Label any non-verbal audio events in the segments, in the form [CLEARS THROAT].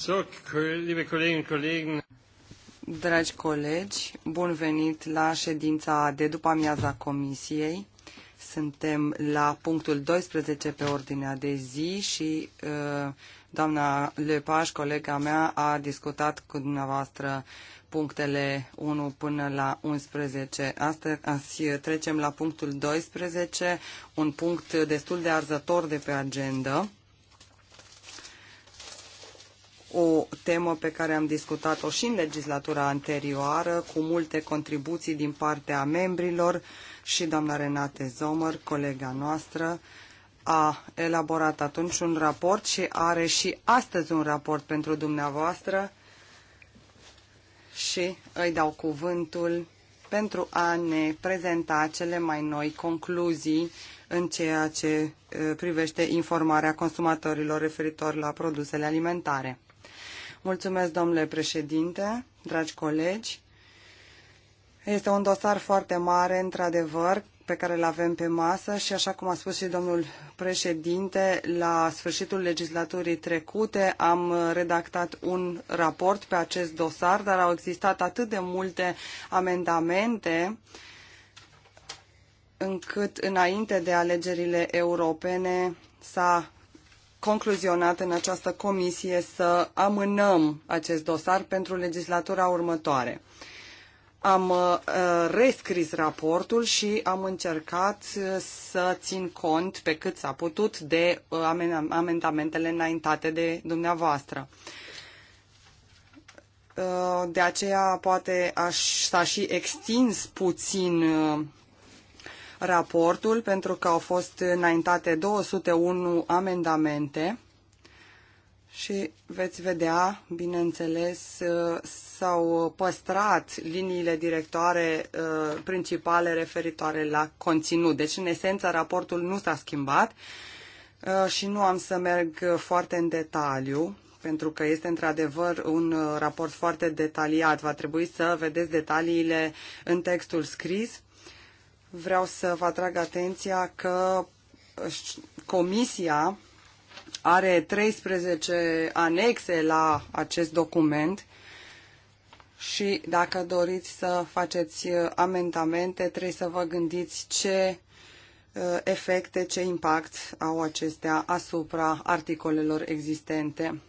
So, liebe Kolleginnen Kollegen. Dragi colegi, bun venit la ședința de după amiaza Comisiei. Suntem la punctul 12 pe ordinea de zi și uh, doamna Lepaș, colega mea, a discutat cu dumneavoastră punctele 1 până la 11. Astăzi trecem la punctul 12, un punct destul de arzător de pe agenda o temă pe care am discutat-o și în legislatura anterioară, cu multe contribuții din partea membrilor și doamna Renate Zomăr, colega noastră, a elaborat atunci un raport și are și astăzi un raport pentru dumneavoastră și îi dau cuvântul pentru a ne prezenta cele mai noi concluzii în ceea ce eh, privește informarea consumatorilor referitor la produsele alimentare. Mulțumesc, domnule președinte, dragi colegi. Este un dosar foarte mare, într-adevăr, pe care îl avem pe masă și, așa cum a spus și domnul președinte, la sfârșitul legislaturii trecute am redactat un raport pe acest dosar, dar au existat atât de multe amendamente încât înainte de alegerile europene s-a concluzionat în această comisie să amânăm acest dosar pentru legislatura următoare. Am uh, rescris raportul și am încercat uh, să țin cont pe cât s-a putut de uh, amendamentele înaintate de dumneavoastră. De aceea poate aș, s-a și extins puțin raportul pentru că au fost înaintate 201 amendamente și veți vedea, bineînțeles, s-au păstrat liniile directoare uh, principale referitoare la conținut. Deci, în esență, raportul nu s-a schimbat uh, și nu am să merg foarte în detaliu, pentru că este într-adevăr un uh, raport foarte detaliat. Va trebui să vedeți detaliile în textul scris vreau să vă atrag atenția că Comisia are 13 anexe la acest document și dacă doriți să faceți uh, amendamente, trebuie să vă gândiți ce uh, efecte, ce impact au acestea asupra articolelor existente.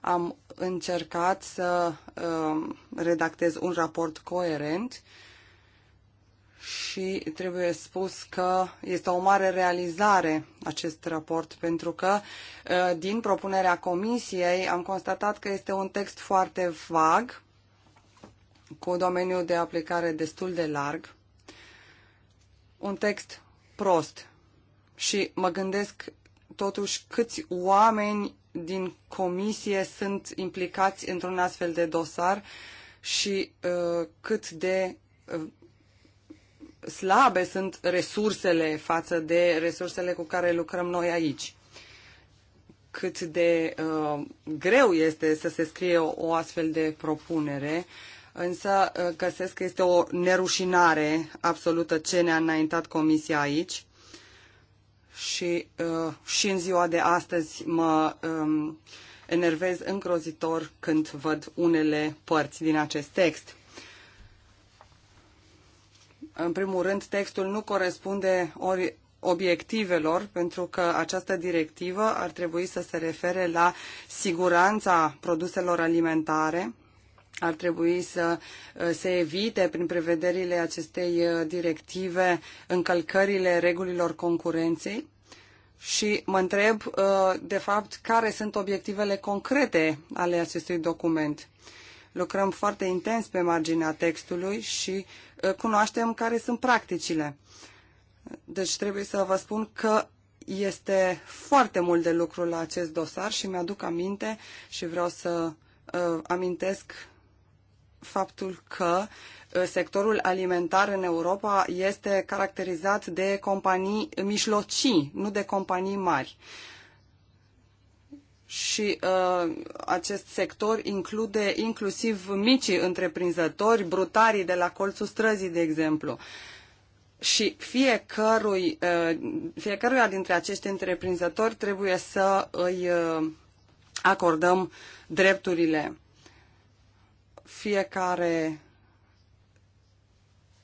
Am încercat să uh, redactez un raport coerent și trebuie spus că este o mare realizare acest raport, pentru că uh, din propunerea comisiei am constatat că este un text foarte vag, cu un domeniu de aplicare destul de larg, un text prost. Și mă gândesc totuși câți oameni din comisie sunt implicați într-un astfel de dosar și uh, cât de uh, slabe sunt resursele față de resursele cu care lucrăm noi aici. Cât de uh, greu este să se scrie o, o astfel de propunere, însă uh, găsesc că este o nerușinare absolută ce ne-a înaintat Comisia aici și, uh, și în ziua de astăzi mă um, enervez îngrozitor când văd unele părți din acest text. În primul rând, textul nu corespunde ori obiectivelor, pentru că această directivă ar trebui să se refere la siguranța produselor alimentare, ar trebui să uh, se evite prin prevederile acestei uh, directive încălcările regulilor concurenței și mă întreb, uh, de fapt, care sunt obiectivele concrete ale acestui document. Lucrăm foarte intens pe marginea textului și uh, Eh, cunoaștem care sunt practicile. Deci trebuie să vă spun că este foarte mult de lucru la acest dosar și mi-aduc aminte și vreau să uh, amintesc faptul că eh, sectorul alimentar în Europa este caracterizat de companii mijlocii, nu de companii mari. Uh, și uh, acest sector include inclusiv micii întreprinzători, brutarii de la colțul străzii, de exemplu. Și fiecărui, uh, fiecăruia dintre acești întreprinzători trebuie să îi uh, acordăm drepturile. Fiecare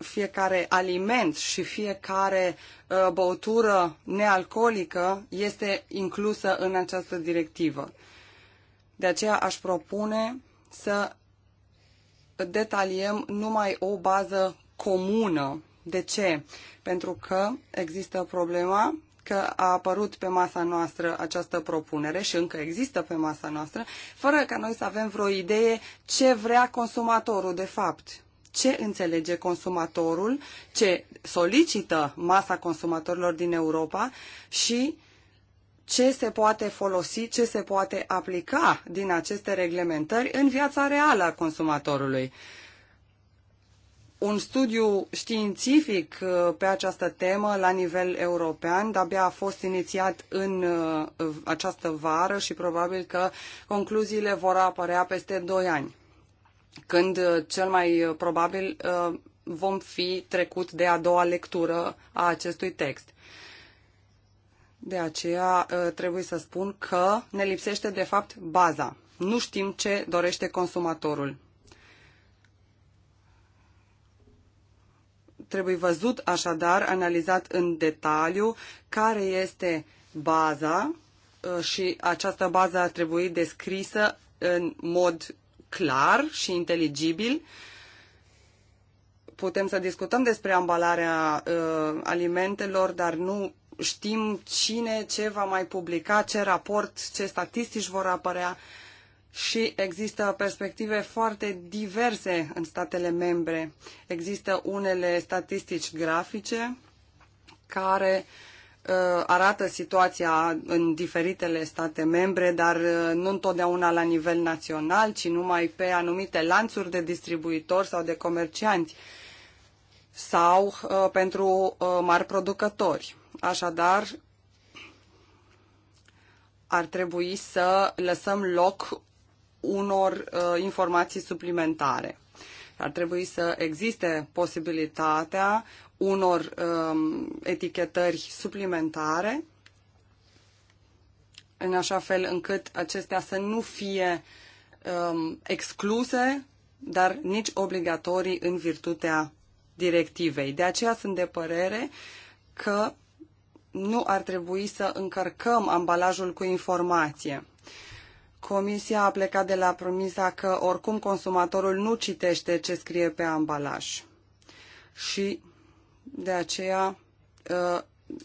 fiecare aliment și fiecare uh, băutură nealcoolică este inclusă în această directivă. De aceea aș propune să detaliem numai o bază comună. De ce? Pentru că există problema că a apărut pe masa noastră această propunere și încă există pe masa noastră, fără ca noi să avem vreo idee ce vrea consumatorul de fapt ce înțelege consumatorul, ce solicită masa consumatorilor din Europa și ce se poate folosi, ce se poate aplica din aceste reglementări în viața reală a consumatorului. Un studiu științific uh, pe această temă la nivel european abia a fost inițiat în uh, această vară și probabil că concluziile vor apărea peste 2 ani când uh, cel mai uh, probabil uh, vom fi trecut de a doua lectură a acestui text. De aceea trebuie să spun că ne lipsește de fapt baza. Nu știm ce dorește consumatorul. Trebuie văzut așadar, analizat în detaliu, care este baza și această bază ar trebui descrisă în mod clar și inteligibil. Putem să discutăm despre ambalarea uh, alimentelor, dar nu știm cine, ce va mai publica, ce raport, ce statistici vor apărea și există perspective foarte diverse în statele membre. Există unele statistici grafice care uh, Uh, arată situația în diferitele state membre, dar uh, nu întotdeauna la nivel național, ci numai pe anumite lanțuri de distribuitori sau de comercianți sau uh, pentru uh, mari producători. Așadar, ar trebui să lăsăm loc unor uh, informații suplimentare. Ar trebui să existe posibilitatea unor um, etichetări suplimentare, în așa fel încât acestea să nu fie um, excluse, dar nici obligatorii în virtutea directivei. De aceea sunt de părere că nu ar trebui să încărcăm ambalajul cu informație. Comisia a plecat de la promisa că oricum consumatorul nu citește ce scrie pe ambalaj. Și de aceea, uh,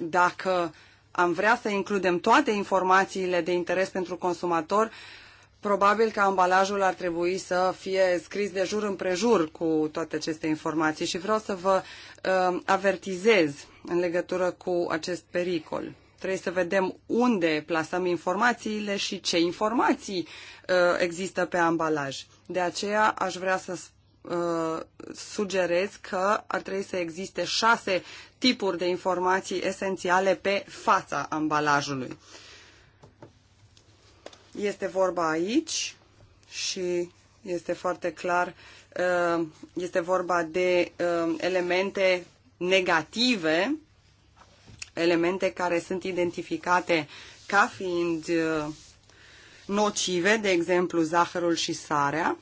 dacă am vrea să includem toate informațiile de interes pentru consumator, probabil că ambalajul ar trebui să fie scris de jur împrejur cu toate aceste informații și vreau să vă uh, avertizez în legătură cu acest pericol trebuie să vedem unde plasăm informațiile și ce informații uh, există pe ambalaj. De aceea aș vrea să uh, sugerez că ar trebui să existe șase tipuri de informații esențiale pe fața ambalajului. Este vorba aici și este foarte clar, uh, este vorba de uh, elemente negative, elemente care sunt identificate ca fiind uh, nocive, de exemplu zahărul și sarea,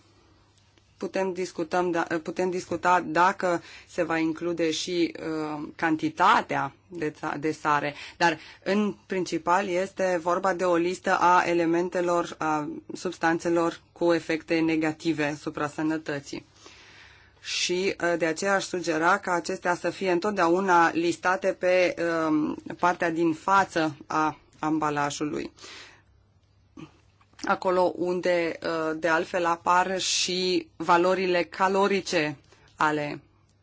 putem discuta, da, putem discuta dacă se va include și uh, cantitatea de, de sare, dar în principal este vorba de o listă a elementelor, a substanțelor cu efecte negative asupra sănătății. Și uh, de aceea aș sugera ca acestea să fie întotdeauna listate pe uh, partea din față a ambalajului acolo unde uh, de altfel apar și valorile calorice ale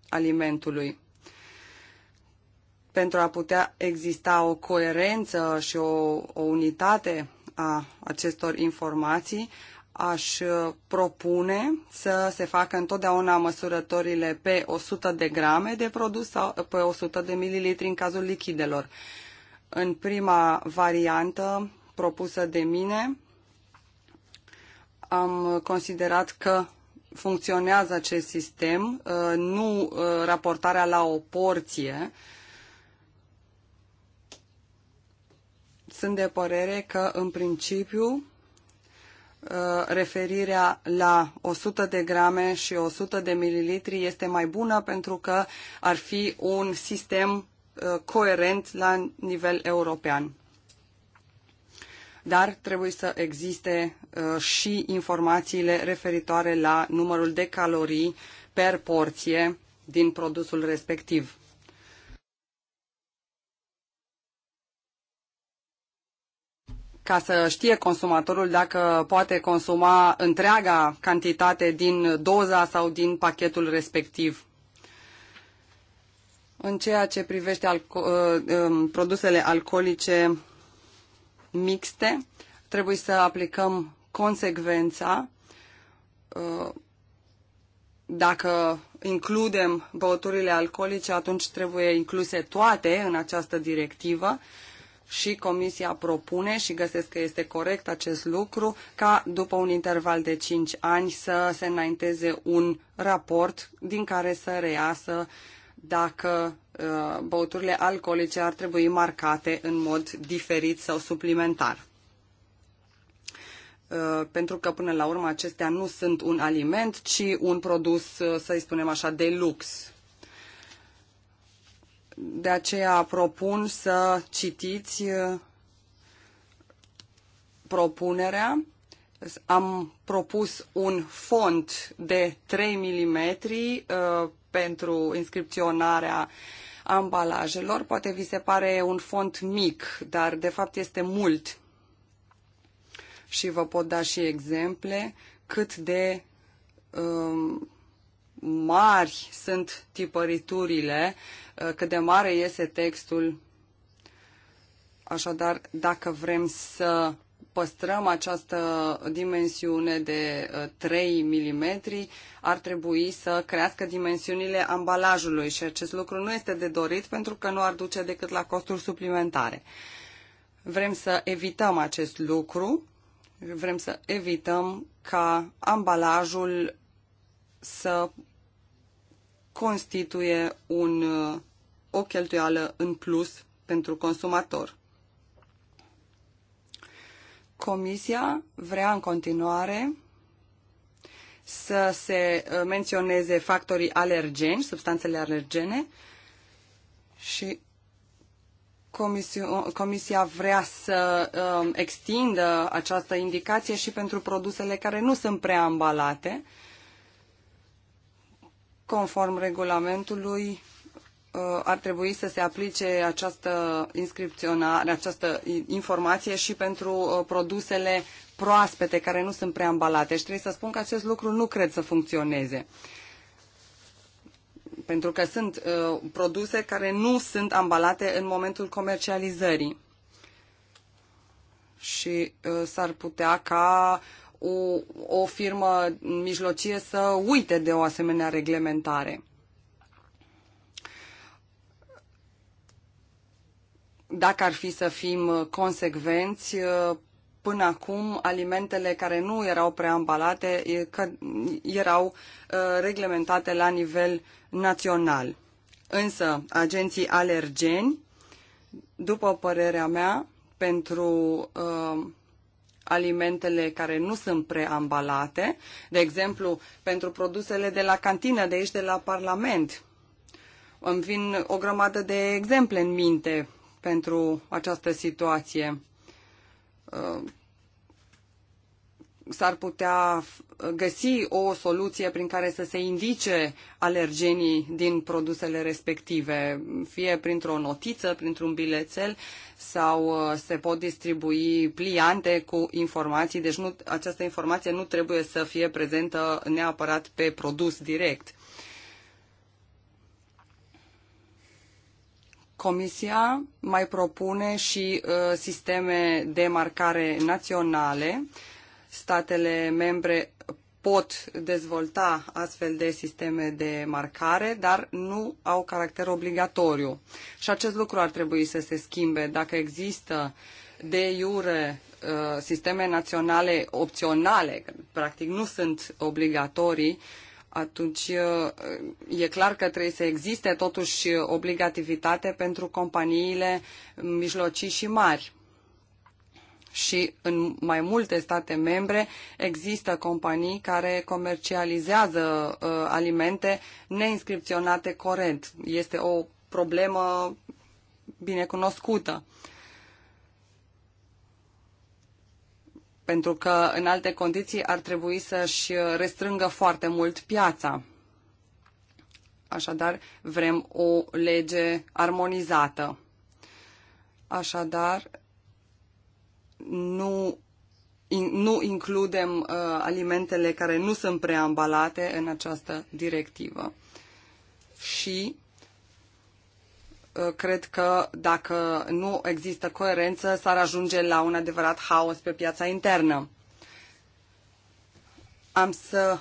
alimentului. Pentru a putea exista o coerență și o, o unitate a acestor informații, aș uh, propune să se facă întotdeauna măsurătorile pe 100 de grame de produs sau uh, pe 100 de mililitri în cazul lichidelor. În prima variantă propusă de mine, am considerat că funcționează acest sistem, uh, nu uh, raportarea la o porție. Sunt de părere că, în principiu, uh, referirea la 100 de grame și 100 de mililitri este mai bună pentru că ar fi un sistem coerent la nivel european. Dar trebuie să existe Uh, și informațiile referitoare la numărul de calorii per porție din produsul respectiv. ca să știe consumatorul dacă poate consuma întreaga cantitate din doza sau din pachetul respectiv. În ceea ce privește alco uh, um, produsele alcoolice mixte, trebuie să aplicăm consecvența uh, dacă includem băuturile alcoolice, atunci trebuie incluse toate în această directivă și Comisia propune și găsesc că este corect acest lucru ca după un interval de 5 ani să se înainteze un raport din care să reiasă dacă uh, băuturile alcoolice ar trebui marcate în mod diferit sau suplimentar. Uh, pentru că până la urmă acestea nu sunt un aliment, ci un produs, uh, să-i spunem așa, de lux. De aceea propun să citiți uh, propunerea. Am propus un font de 3 mm pentru inscripționarea ambalajelor. Poate vi se pare un font mic, dar de fapt este mult și vă pot da și exemple cât de um, mari sunt tipăriturile, uh, cât de mare este textul. Așadar, dacă vrem să păstrăm această dimensiune de 3 uh, mm, ar trebui să crească dimensiunile ambalajului și acest lucru nu este de dorit pentru că nu ar duce decât la costuri suplimentare. Vrem să evităm acest lucru Vrem să evităm ca ambalajul să constituie un, uh, o cheltuială în plus pentru consumator. Comisia vrea în continuare să se uh, menționeze factorii alergeni, substanțele alergene și Comisia vrea să um, extindă această indicație și pentru produsele care nu sunt preambalate, conform regulamentului uh, ar trebui să se aplice această inscripționare, această informație și pentru uh, produsele proaspete care nu sunt preambalate. Și trebuie să spun că acest lucru nu cred să funcționeze. Uh, pentru că sunt uh, produse care nu sunt ambalate în momentul comercializării. Și uh, s-ar putea ca o, o firmă mijlocie să uite de o asemenea reglementare. Dacă ar fi să fim consecvenți, uh, până acum alimentele care nu erau preambalate erau uh, reglementate la nivel național. Însă, agenții alergeni, după părerea mea, pentru uh, alimentele care nu sunt preambalate, de exemplu, pentru produsele de la cantină de aici, de la Parlament. Îmi vin o grămadă de exemple în minte pentru această situație. Uh, s-ar putea găsi o soluție prin care să se indice alergenii din produsele respective, fie printr-o notiță, printr-un bilețel sau uh, se pot distribui pliante cu informații, deci nu, această informație nu trebuie să fie prezentă neapărat pe produs direct. Comisia mai propune și uh, sisteme de marcare naționale. Statele membre pot dezvolta astfel de sisteme de marcare, dar nu au caracter obligatoriu. Și acest lucru ar trebui să se schimbe. Dacă există de iure uh, sisteme naționale opționale, practic nu sunt obligatorii, uh, atunci e clar că trebuie să existe totuși obligativitate pentru companiile mijlocii și mari. Și în mai multe state membre există companii care comercializează uh, alimente neinscripționate corent. Este o problemă binecunoscută. Uh, pentru că în alte condiții ar trebui să-și restrângă foarte mult piața. Așadar, vrem o lege armonizată. Așadar, nu, in, nu includem uh, alimentele care nu sunt preambalate în această directivă. Și Uh, cred că dacă nu există coerență, s-ar ajunge la un adevărat haos pe piața internă. Am să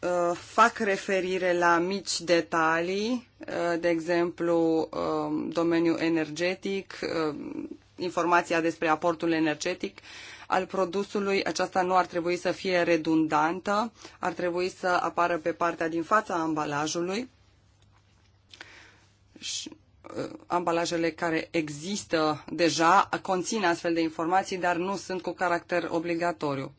uh, fac referire la mici detalii, uh, de exemplu, um, domeniul energetic, um, informația despre aportul energetic al produsului, aceasta nu ar trebui să fie redundantă, ar trebui să apară pe partea din fața ambalajului. Și ambalajele care există deja conțin astfel de informații, dar nu sunt cu caracter obligatoriu.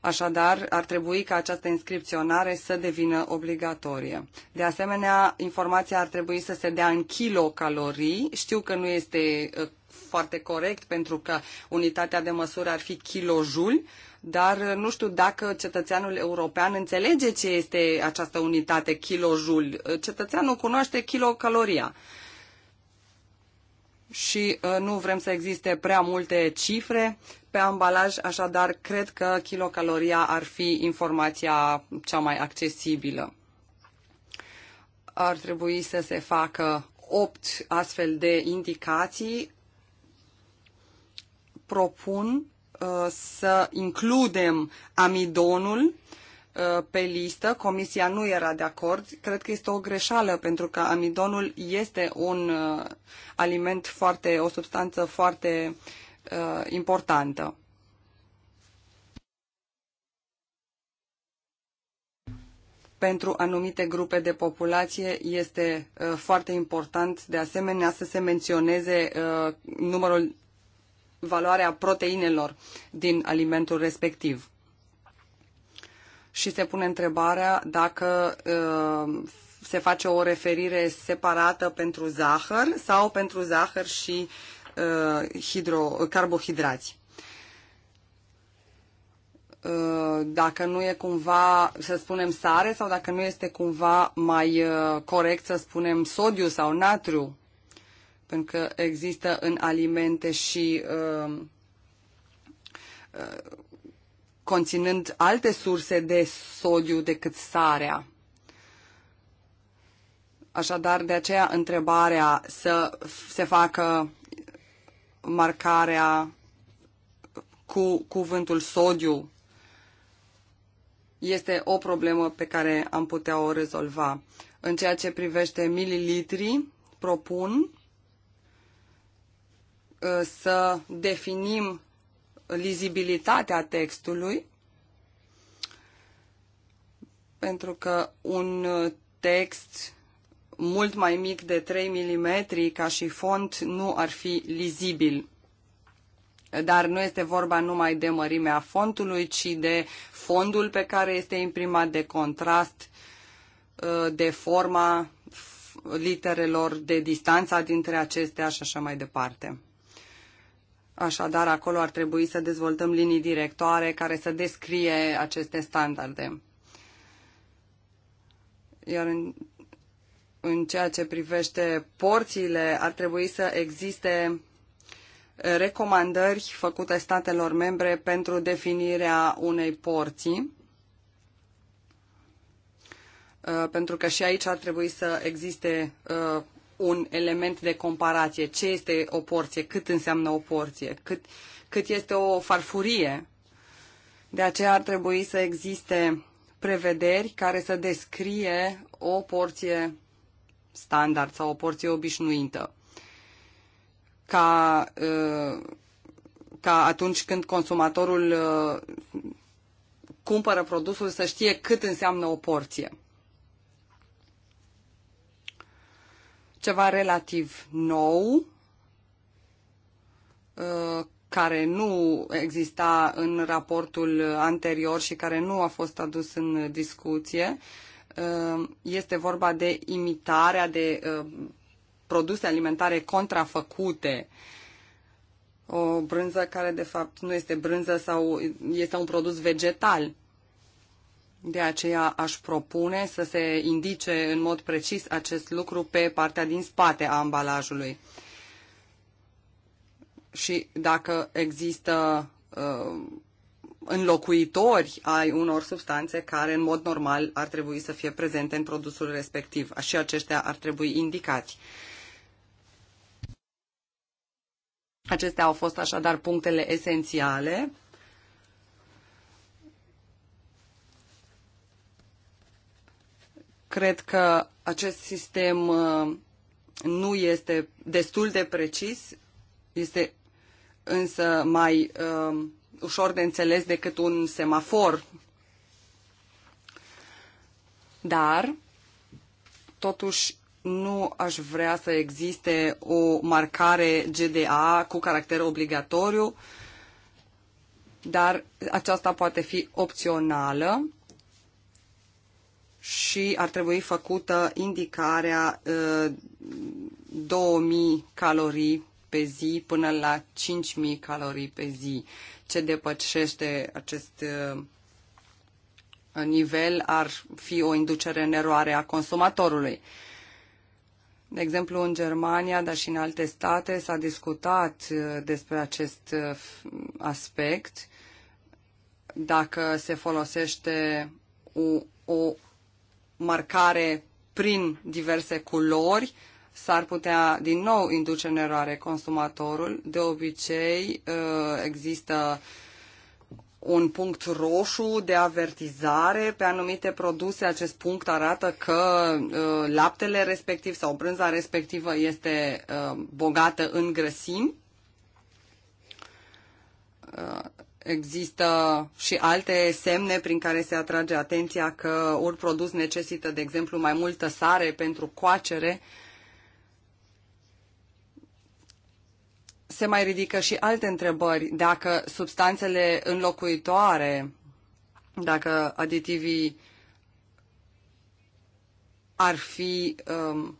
Așadar, ar trebui ca această inscripționare să devină obligatorie. De asemenea, informația ar trebui să se dea în kilocalorii. Știu că nu este ă, foarte corect pentru că unitatea de măsură ar fi kilojul, dar nu știu dacă cetățeanul european înțelege ce este această unitate kilojul. Cetățeanul cunoaște kilocaloria și uh, nu vrem să existe prea multe cifre pe ambalaj, așadar cred că kilocaloria ar fi informația cea mai accesibilă. Ar trebui să se facă 8 astfel de indicații. Propun uh, să includem amidonul Uh, pe listă. Comisia nu era de acord. Cred că este o greșeală pentru că amidonul este un uh, aliment foarte, o substanță foarte uh, importantă. Pentru anumite grupe de populație este uh, foarte important de asemenea să se menționeze uh, numărul, valoarea proteinelor din alimentul respectiv și se pune întrebarea dacă uh, se face o referire separată pentru zahăr sau pentru zahăr și uh, hidro, carbohidrați uh, dacă nu e cumva, să spunem, sare sau dacă nu este cumva mai corect să spunem sodiu sau natriu, pentru că există în alimente și uh, conținând alte surse de sodiu decât sarea. Așadar, de aceea întrebarea să se facă marcarea cu cuvântul sodiu este o problemă pe care am putea o rezolva. În ceea ce privește mililitri, propun uh, să definim lizibilitatea textului, pentru că un text mult mai mic de 3 mm ca și font nu ar fi lizibil. Dar nu este vorba numai de mărimea fontului, ci de fondul pe care este imprimat, de contrast, de forma literelor, de distanța dintre acestea și așa mai departe. Așadar, acolo ar trebui să dezvoltăm linii directoare care să descrie aceste standarde. Iar în, în ceea ce privește porțiile, ar trebui să existe eh, recomandări făcute statelor membre pentru definirea unei porții, eh, pentru că și aici ar trebui să existe eh, un element de comparație. Ce este o porție? Cât înseamnă o porție? Cât, cât este o farfurie? De aceea ar trebui să existe prevederi care să descrie o porție standard sau o porție obișnuită. Ca, uh, ca atunci când consumatorul uh, cumpără produsul să știe cât înseamnă o porție. ceva relativ nou, uh, care nu exista în raportul anterior și care nu a fost adus în discuție. Uh, este vorba de imitarea de uh, produse alimentare contrafăcute. O brânză care de fapt nu este brânză sau este un produs vegetal. De aceea aș propune să se indice în mod precis acest lucru pe partea din spate a ambalajului. Și dacă există uh, înlocuitori ai unor substanțe care în mod normal ar trebui să fie prezente în produsul respectiv și aceștia ar trebui indicați. Acestea au fost așadar punctele esențiale Cred că acest sistem uh, nu este destul de precis, este însă mai uh, ușor de înțeles decât un semafor. Dar, totuși, nu aș vrea să existe o marcare GDA cu caracter obligatoriu, dar aceasta poate fi opțională și ar trebui făcută indicarea 2000 uh, calorii pe zi până la 5000 calorii pe zi. Ce depășește acest uh, nivel ar fi o inducere în eroare a consumatorului. De exemplu, în Germania, dar și în alte state s-a discutat uh, despre acest aspect. Dacă se folosește o, o marcare prin diverse culori, s-ar putea din nou induce în eroare consumatorul. De obicei uh, există un punct roșu de avertizare pe anumite produse. Acest punct arată că uh, laptele respectiv sau brânza respectivă este uh, bogată în grăsimi Există și alte semne prin care se atrage atenția că un produs necesită, de exemplu, mai multă sare pentru coacere. Se mai ridică și alte întrebări. Dacă substanțele înlocuitoare, dacă aditivii ar fi um,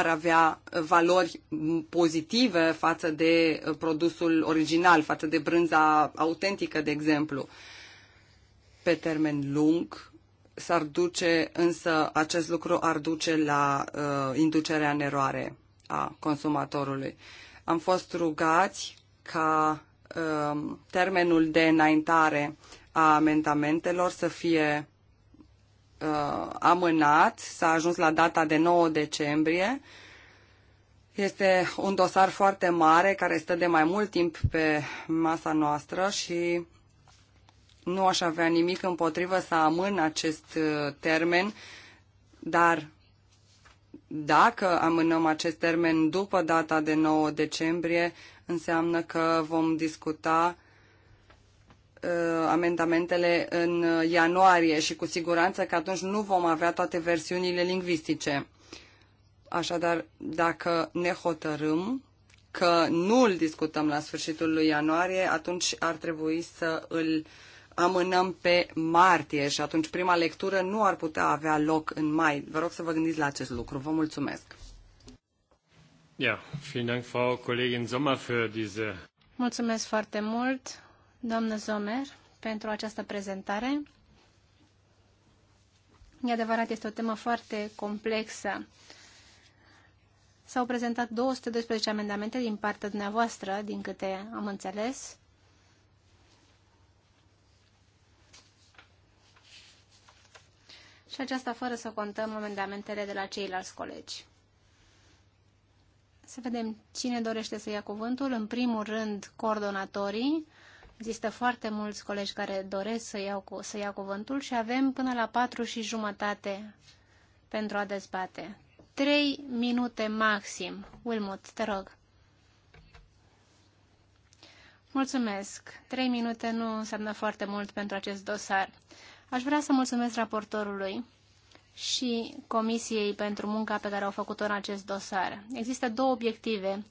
ar avea uh, valori pozitive față de uh, produsul original, față de brânza autentică, de exemplu. Pe termen lung, s-ar duce, însă acest lucru ar duce la uh, inducerea în eroare a consumatorului. Am fost rugați ca uh, termenul de înaintare a amendamentelor să fie uh, amânat, s-a ajuns la data de 9 decembrie. Este un dosar foarte mare care stă de mai mult timp pe masa noastră și nu aș avea nimic împotrivă să amân acest uh, termen, dar dacă amânăm acest termen după data de 9 decembrie, înseamnă că vom discuta uh, Uh, amendamentele în ianuarie și cu siguranță că atunci nu vom avea toate versiunile lingvistice. Așadar, dacă ne hotărâm că nu îl discutăm la sfârșitul lui ianuarie, atunci ar trebui să îl amânăm pe martie și atunci prima lectură nu ar putea avea loc în mai. Vă rog să vă gândiți la acest lucru. Vă mulțumesc. Ja, vielen Dank, Frau Kollegin Sommer, für diese Mulțumesc foarte mult doamnă Zomer, pentru această prezentare. E adevărat, este o temă foarte complexă. S-au prezentat 212 amendamente din partea dumneavoastră, din câte am înțeles. Și aceasta fără să contăm amendamentele de la ceilalți colegi. Să vedem cine dorește să ia cuvântul. În primul rând, coordonatorii. Există foarte mulți colegi care doresc să, iau, să iau cuvântul și avem până la patru și jumătate pentru a dezbate. Trei minute maxim. Wilmut, te rog. Mulțumesc. Trei minute nu înseamnă foarte mult pentru acest dosar. Aș vrea să mulțumesc raportorului și Comisiei pentru munca pe care au făcut-o în acest dosar. Există două obiective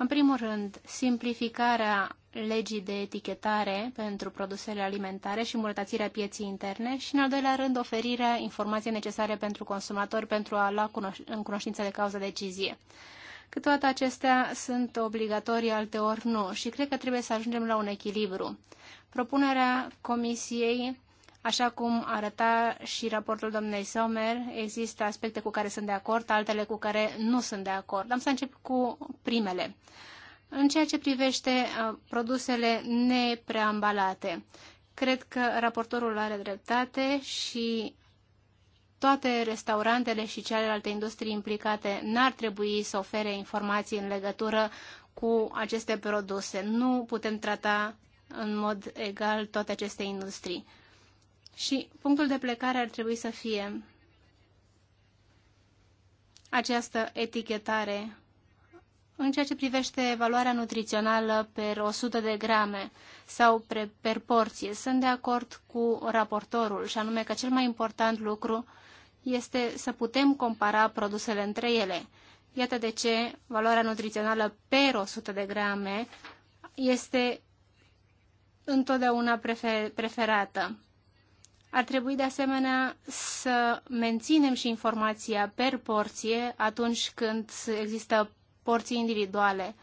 în primul rând, simplificarea legii de etichetare pentru produsele alimentare și îmbunătățirea pieții interne și, în al doilea rând, oferirea informației necesare pentru consumatori pentru a lua cunoș- în cunoștință de cauză decizie. toate acestea sunt obligatorii, alteori nu, și cred că trebuie să ajungem la un echilibru. Propunerea Comisiei Așa cum arăta și raportul domnei Sommer, există aspecte cu care sunt de acord, altele cu care nu sunt de acord. Am să încep cu primele. În ceea ce privește uh, produsele nepreambalate, cred că raportorul are dreptate și toate restaurantele și celelalte industrii implicate n-ar trebui să ofere informații în legătură cu aceste produse. Nu putem trata în mod egal toate aceste industrii. Și punctul de plecare ar trebui să fie această etichetare în ceea ce privește valoarea nutrițională per 100 de grame sau per porție. Sunt de acord cu raportorul și anume că cel mai important lucru este să putem compara produsele între ele. Iată de ce valoarea nutrițională per 100 de grame este întotdeauna prefer- preferată. Ar trebui de asemenea să menținem și informația per porție atunci când există porții individuale.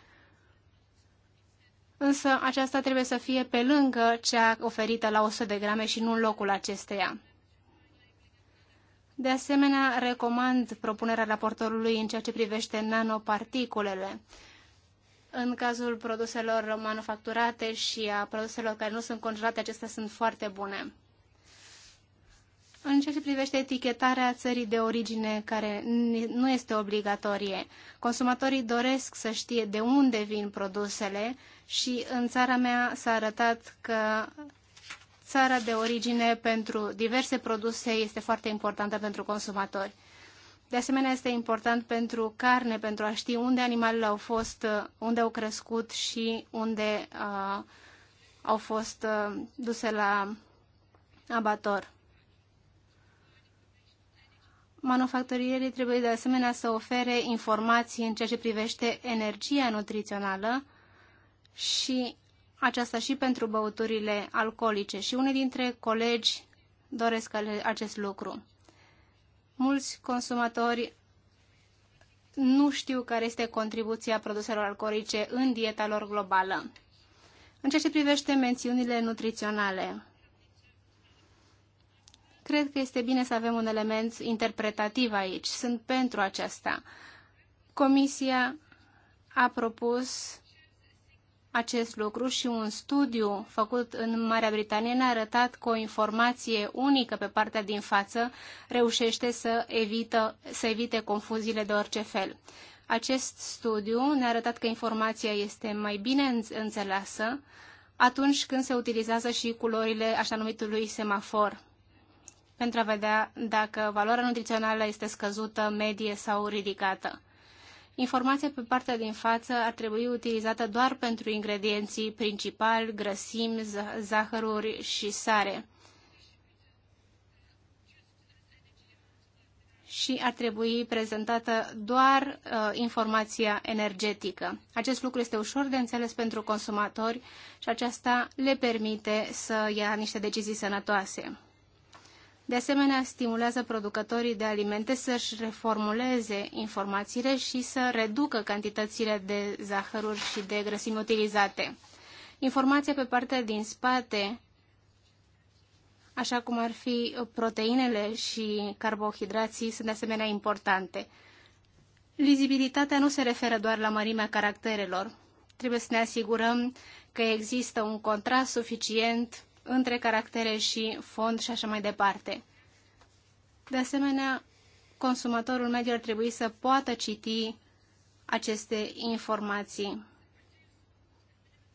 Însă aceasta trebuie să fie pe lângă cea oferită la 100 de grame și nu în locul acesteia. De asemenea, recomand propunerea raportorului în ceea ce privește nanoparticulele. În cazul produselor manufacturate și a produselor care nu sunt congelate, acestea sunt foarte bune. În ceea ce privește etichetarea țării de origine, care nu este obligatorie, consumatorii doresc să știe de unde vin produsele și în țara mea s-a arătat că țara de origine pentru diverse produse este foarte importantă pentru consumatori. De asemenea, este important pentru carne, pentru a ști unde animalele au fost, unde au crescut și unde uh, au fost uh, duse la abator. Manufacturierii trebuie de asemenea să ofere informații în ceea ce privește energia nutrițională și aceasta și pentru băuturile alcoolice și unii dintre colegi doresc acest lucru. Mulți consumatori nu știu care este contribuția produselor alcoolice în dieta lor globală. În ceea ce privește mențiunile nutriționale, Cred că este bine să avem un element interpretativ aici. Sunt pentru aceasta. Comisia a propus acest lucru și un studiu făcut în Marea Britanie ne-a arătat că o informație unică pe partea din față reușește să, evită, să evite confuziile de orice fel. Acest studiu ne-a arătat că informația este mai bine înțeleasă atunci când se utilizează și culorile așa numitului semafor pentru a vedea dacă valoarea nutrițională este scăzută, medie sau ridicată. Informația pe partea din față ar trebui utilizată doar pentru ingredienții principali, grăsimi, zahăruri și sare. și ar trebui prezentată doar uh, informația energetică. Acest lucru este ușor de înțeles pentru consumatori și aceasta le permite să ia niște decizii sănătoase. De asemenea, stimulează producătorii de alimente să-și reformuleze informațiile și să reducă cantitățile de zahăruri și de grăsimi utilizate. Informația pe partea din spate, așa cum ar fi proteinele și carbohidrații, sunt de asemenea importante. Lizibilitatea nu se referă doar la mărimea caracterelor. Trebuie să ne asigurăm că există un contrast suficient între caractere și fond și așa mai departe. De asemenea, consumatorul mediu ar trebui să poată citi aceste informații.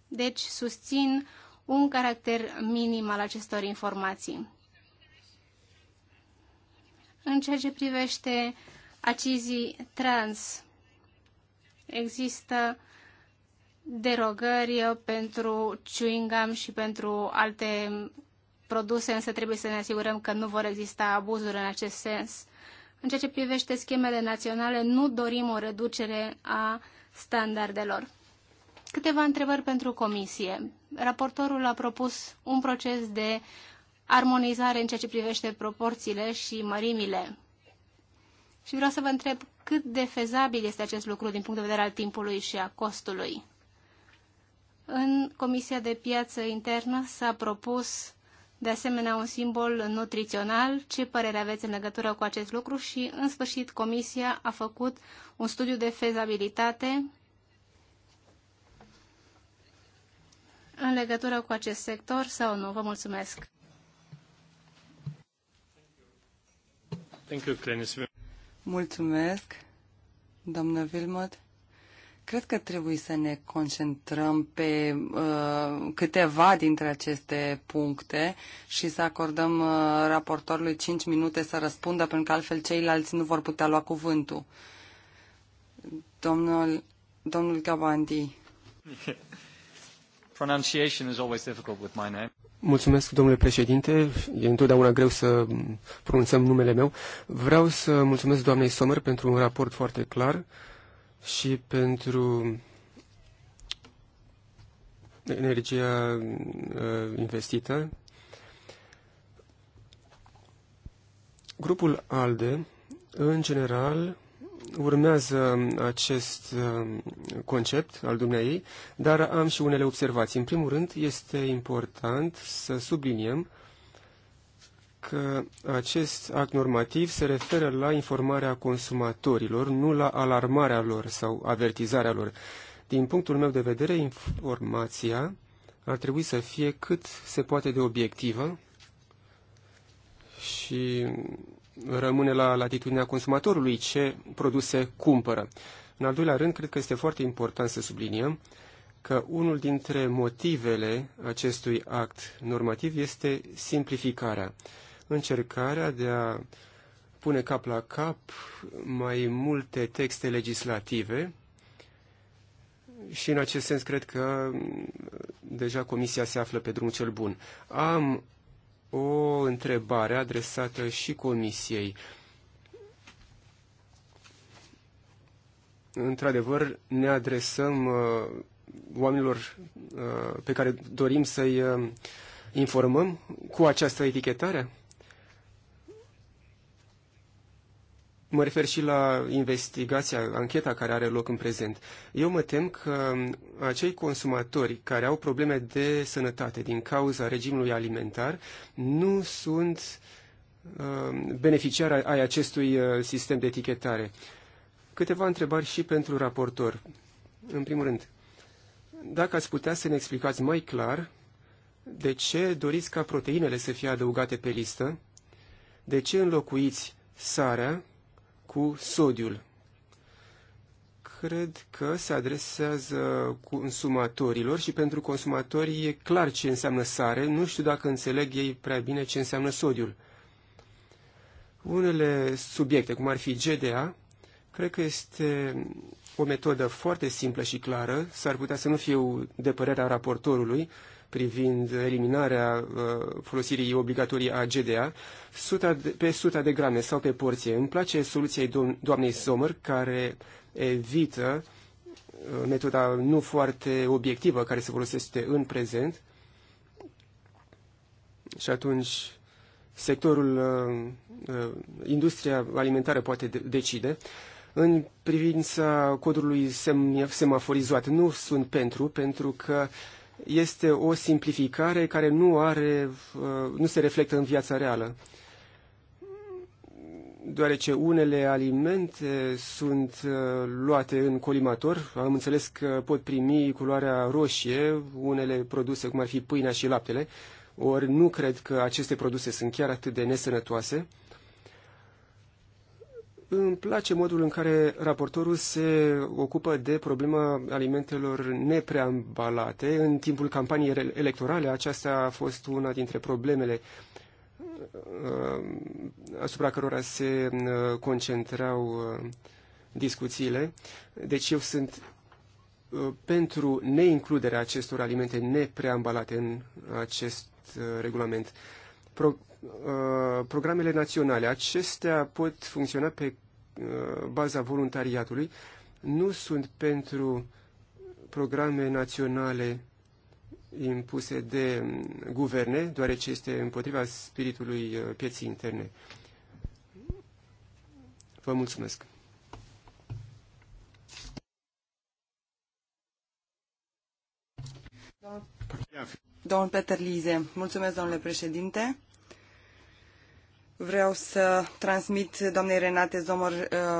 Deci, susțin un caracter minim al acestor informații. În ceea ce privește acizii trans, există derogări pentru chewing gum și pentru alte produse, însă trebuie să ne asigurăm că nu vor exista abuzuri în acest sens. În ceea ce privește schemele naționale, nu dorim o reducere a standardelor. Câteva întrebări pentru comisie. Raportorul a propus un proces de armonizare în ceea ce privește proporțiile și mărimile. Și vreau să vă întreb cât de fezabil este acest lucru din punct de vedere al timpului și a costului. În Comisia de Piață Internă s-a propus de asemenea un simbol nutrițional. Ce părere aveți în legătură cu acest lucru? Și, în sfârșit, Comisia a făcut un studiu de fezabilitate în legătură cu acest sector sau nu? Vă mulțumesc! Mulțumesc, doamnă Vilmot. Cred că trebuie să ne concentrăm pe uh, câteva dintre aceste puncte și să acordăm uh, raportorului 5 minute să răspundă, pentru că altfel ceilalți nu vor putea lua cuvântul. Domnul, domnul Gabandi. [LAUGHS] Pronunciation is always difficult with my name. Mulțumesc, domnule președinte. E întotdeauna greu să pronunțăm numele meu. Vreau să mulțumesc doamnei Sommer pentru un raport foarte clar și pentru energia uh, investită. Grupul ALDE, în general, urmează acest uh, concept al dumneai, dar am și unele observații. În primul rând, este important să subliniem că acest act normativ se referă la informarea consumatorilor, nu la alarmarea lor sau avertizarea lor. Din punctul meu de vedere, informația ar trebui să fie cât se poate de obiectivă și rămâne la latitudinea consumatorului ce produse cumpără. În al doilea rând, cred că este foarte important să subliniem că unul dintre motivele acestui act normativ este simplificarea încercarea de a pune cap la cap mai multe texte legislative și în acest sens cred că mm, deja Comisia se află pe drumul cel bun. Am o întrebare adresată și Comisiei. Într-adevăr, ne adresăm uh, oamenilor uh, pe care dorim să-i uh, informăm cu această etichetare? Mă refer și la investigația, ancheta care are loc în prezent. Eu mă tem că um, acei consumatori care au probleme de sănătate din cauza regimului alimentar nu sunt uh, beneficiari ai acestui uh, sistem de etichetare. Câteva întrebări și pentru raportor. În primul rând, dacă ați putea să ne explicați mai clar de ce doriți ca proteinele să fie adăugate pe listă, de ce înlocuiți sarea cu sodiul. Cred că se adresează consumatorilor și pentru consumatori e clar ce înseamnă sare. Nu știu dacă înțeleg ei prea bine ce înseamnă sodiul. Unele subiecte, cum ar fi GDA, cred că este o metodă foarte simplă și clară. S-ar putea să nu fiu de părerea raportorului, privind eliminarea uh, folosirii obligatorii a GDA 100 pe 100 de grame sau pe porție. Îmi place soluția doamnei Sommer care evită uh, metoda nu foarte obiectivă care se folosește în prezent și atunci sectorul, uh, industria alimentară poate decide. În privința codului semaforizat, nu sunt pentru, pentru că este o simplificare care nu, are, uh, nu se reflectă în viața reală. Deoarece unele alimente sunt uh, luate în colimator, am înțeles că pot primi culoarea roșie, unele produse cum ar fi pâinea și laptele, ori nu cred că aceste produse sunt chiar atât de nesănătoase îmi place modul în care raportorul se ocupă de problema alimentelor nepreambalate. În timpul campaniei electorale aceasta a fost una dintre problemele uh, asupra cărora se uh, concentrau uh, discuțiile. Deci eu sunt pentru neincluderea acestor alimente nepreambalate în acest regulament. Uh, programele naționale. Acestea pot funcționa pe uh, baza voluntariatului. Nu sunt pentru programe naționale impuse de um, guverne, deoarece este împotriva spiritului uh, pieții interne. Vă mulțumesc! Domnul Peter Lize, mulțumesc, domnule președinte. Vreau să transmit doamnei Renate Zomor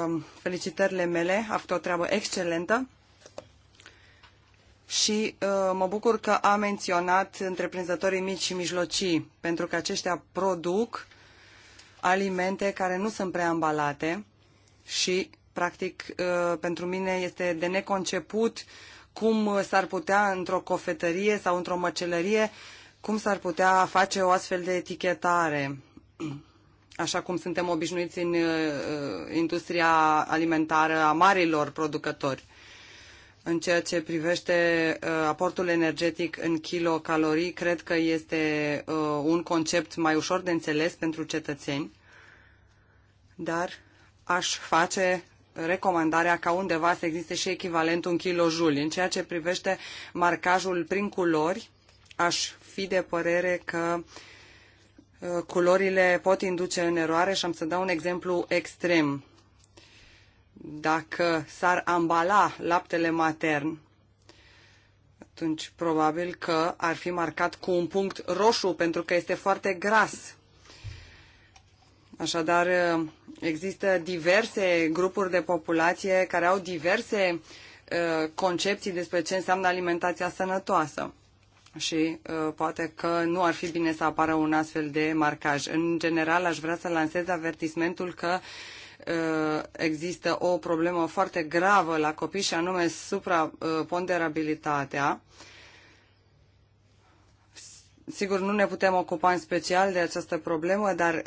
uh, felicitările mele. A făcut o treabă excelentă și uh, mă bucur că a menționat întreprinzătorii mici și mijlocii, pentru că aceștia produc alimente care nu sunt pre-ambalate și, practic, uh, pentru mine este de neconceput cum s-ar putea într-o cofetărie sau într-o măcelărie, cum s-ar putea face o astfel de etichetare. [CLEARS THROAT] așa cum suntem obișnuiți în uh, uh, industria alimentară a marilor producători. În ceea ce privește uh, aportul energetic în kilocalorii, cred că este un concept mai ușor de înțeles pentru cetățeni, dar aș face recomandarea ca undeva să existe și echivalentul în kilojul. În ceea ce privește marcajul prin culori, aș fi de părere că uh, culorile pot induce în eroare și am să dau un exemplu extrem. Dacă s-ar ambala laptele matern, atunci probabil că ar fi marcat cu un punct roșu pentru că este foarte gras. Așadar, există diverse grupuri de populație care au diverse uh, concepții despre ce înseamnă alimentația sănătoasă și uh, poate că nu ar fi bine să apară un astfel de marcaj. În general, aș vrea să lansez avertismentul că uh, există o problemă foarte gravă la copii și anume supraponderabilitatea. Uh, Sigur, nu ne putem ocupa în special de această problemă, dar uh,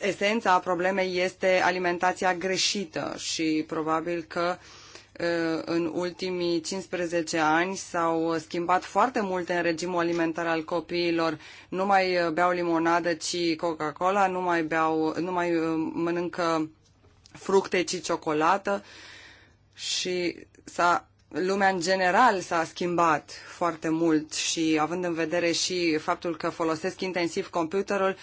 esența problemei este alimentația greșită și probabil că uh, Uh, în ultimii 15 ani s-au schimbat foarte multe în regimul alimentar al copiilor. Nu mai uh, beau limonadă, ci Coca-Cola, nu mai, beau, nu mai uh, mănâncă fructe, ci ciocolată și s-a, lumea în general s-a schimbat foarte mult și având în vedere și faptul că folosesc intensiv computerul,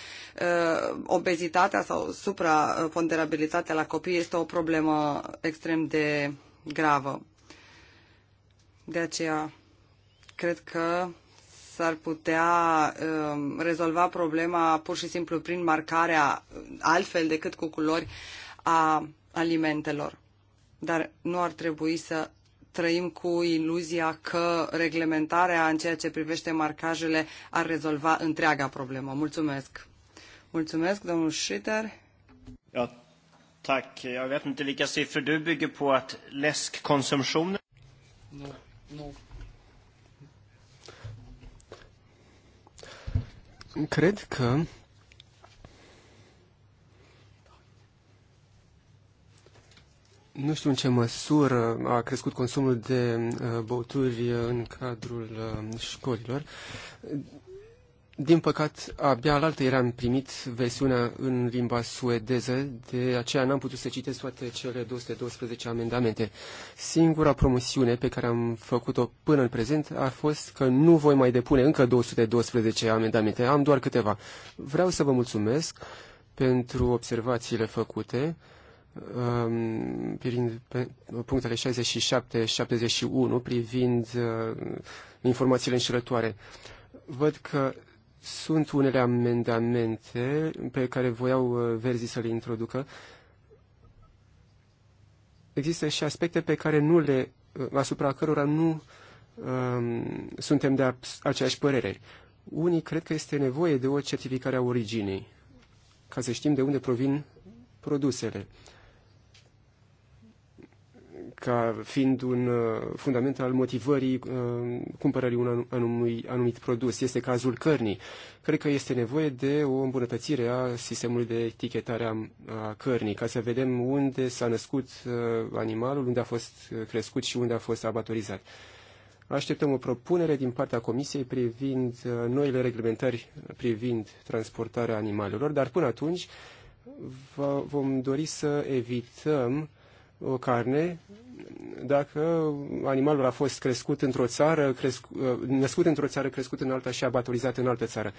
obezitatea sau supraponderabilitatea la copii este o problemă extrem de gravă. De aceea, cred că s-ar putea um, rezolva problema pur și simplu prin marcarea uh, altfel decât cu culori a alimentelor. Dar nu ar trebui să trăim cu iluzia că reglementarea în ceea ce privește marcajele ar rezolva întreaga problemă. Mulțumesc! Mulțumesc, domnul Schitter! Yeah. Tack. Jag vet inte vilka siffror du bygger på att läskkonsumtionen... No, no. Cred că nu știu în ce măsură a crescut consumul de uh, băuturi în cadrul uh, școlilor, din păcat, abia la ieri am primit versiunea în limba suedeză, de aceea n-am putut să citesc toate cele 212 amendamente. Singura promisiune pe care am făcut-o până în prezent a fost că nu voi mai depune încă 212 amendamente, am doar câteva. Vreau să vă mulțumesc pentru observațiile făcute um, privind punctele 67-71 privind uh, informațiile înșelătoare. Văd că sunt unele amendamente pe care voiau uh, verzii să le introducă. Există și aspecte pe care nu le, uh, asupra cărora nu uh, suntem de aceeași părere. Unii cred că este nevoie de o certificare a originii, ca să știm de unde provin produsele. Uh, ca fiind un uh, fundament al motivării uh, cumpărării un anumit, anumit produs. Este cazul cărnii. Cred că este nevoie de o îmbunătățire a sistemului de etichetare a cărnii, ca să vedem unde s-a născut uh, animalul, unde a fost crescut și unde a fost abatorizat. Așteptăm o propunere din partea Comisiei privind noile reglementări privind transportarea animalelor, dar până atunci vom dori să evităm o carne dacă animalul a fost crescut într-o țară, cresc, uh, născut într-o țară, crescut în alta și abatorizat în altă țară.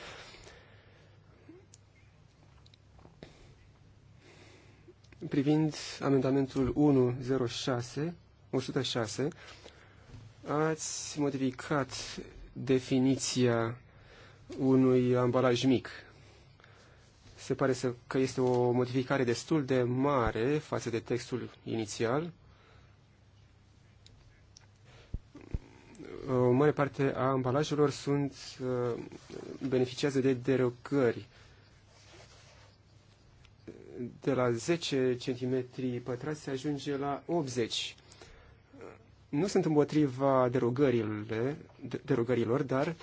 Privind amendamentul 106, 106, ați modificat definiția unui ambalaj mic. Se pare să, că este o modificare destul de mare față de textul inițial, o mare parte a ambalajelor sunt, uh, beneficiază de derogări de la 10 cm pătrați se ajunge la 80. Nu sunt împotriva derogările, derogărilor, dar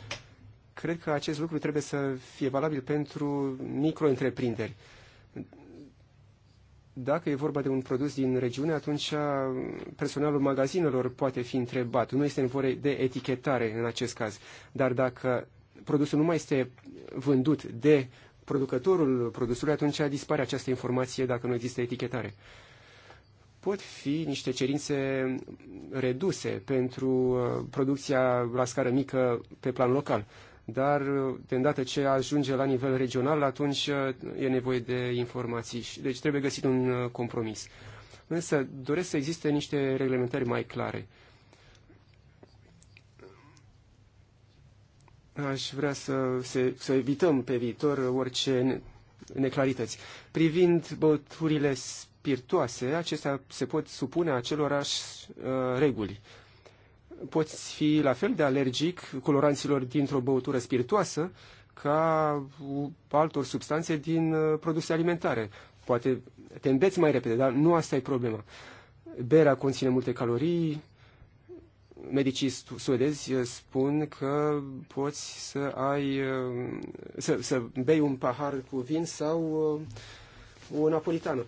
cred că acest lucru trebuie să fie valabil pentru micro-întreprinderi dacă e vorba de un produs din regiune, atunci personalul magazinelor poate fi întrebat. Nu este nevoie de etichetare în acest caz. Dar dacă produsul nu mai este vândut de producătorul produsului, atunci dispare această informație dacă nu există etichetare. Pot fi niște cerințe reduse pentru uh, producția la scară mică pe plan local dar de îndată ce ajunge la nivel regional, atunci uh, e nevoie de informații. Deci trebuie găsit un uh, compromis. Însă doresc să existe niște reglementări mai clare. Aș vrea să, să, să evităm pe viitor orice neclarități. Privind băuturile spiritoase, acestea se pot supune acelorași uh, reguli. Uh, poți fi la fel de alergic coloranților dintr-o băutură spiritoasă ca altor substanțe din uh, produse alimentare. Poate te înveți mai repede, dar nu asta e problema. Berea conține multe calorii, medicii suedezi uh, spun că poți să ai uh, să, să bei un pahar cu vin sau o napolitană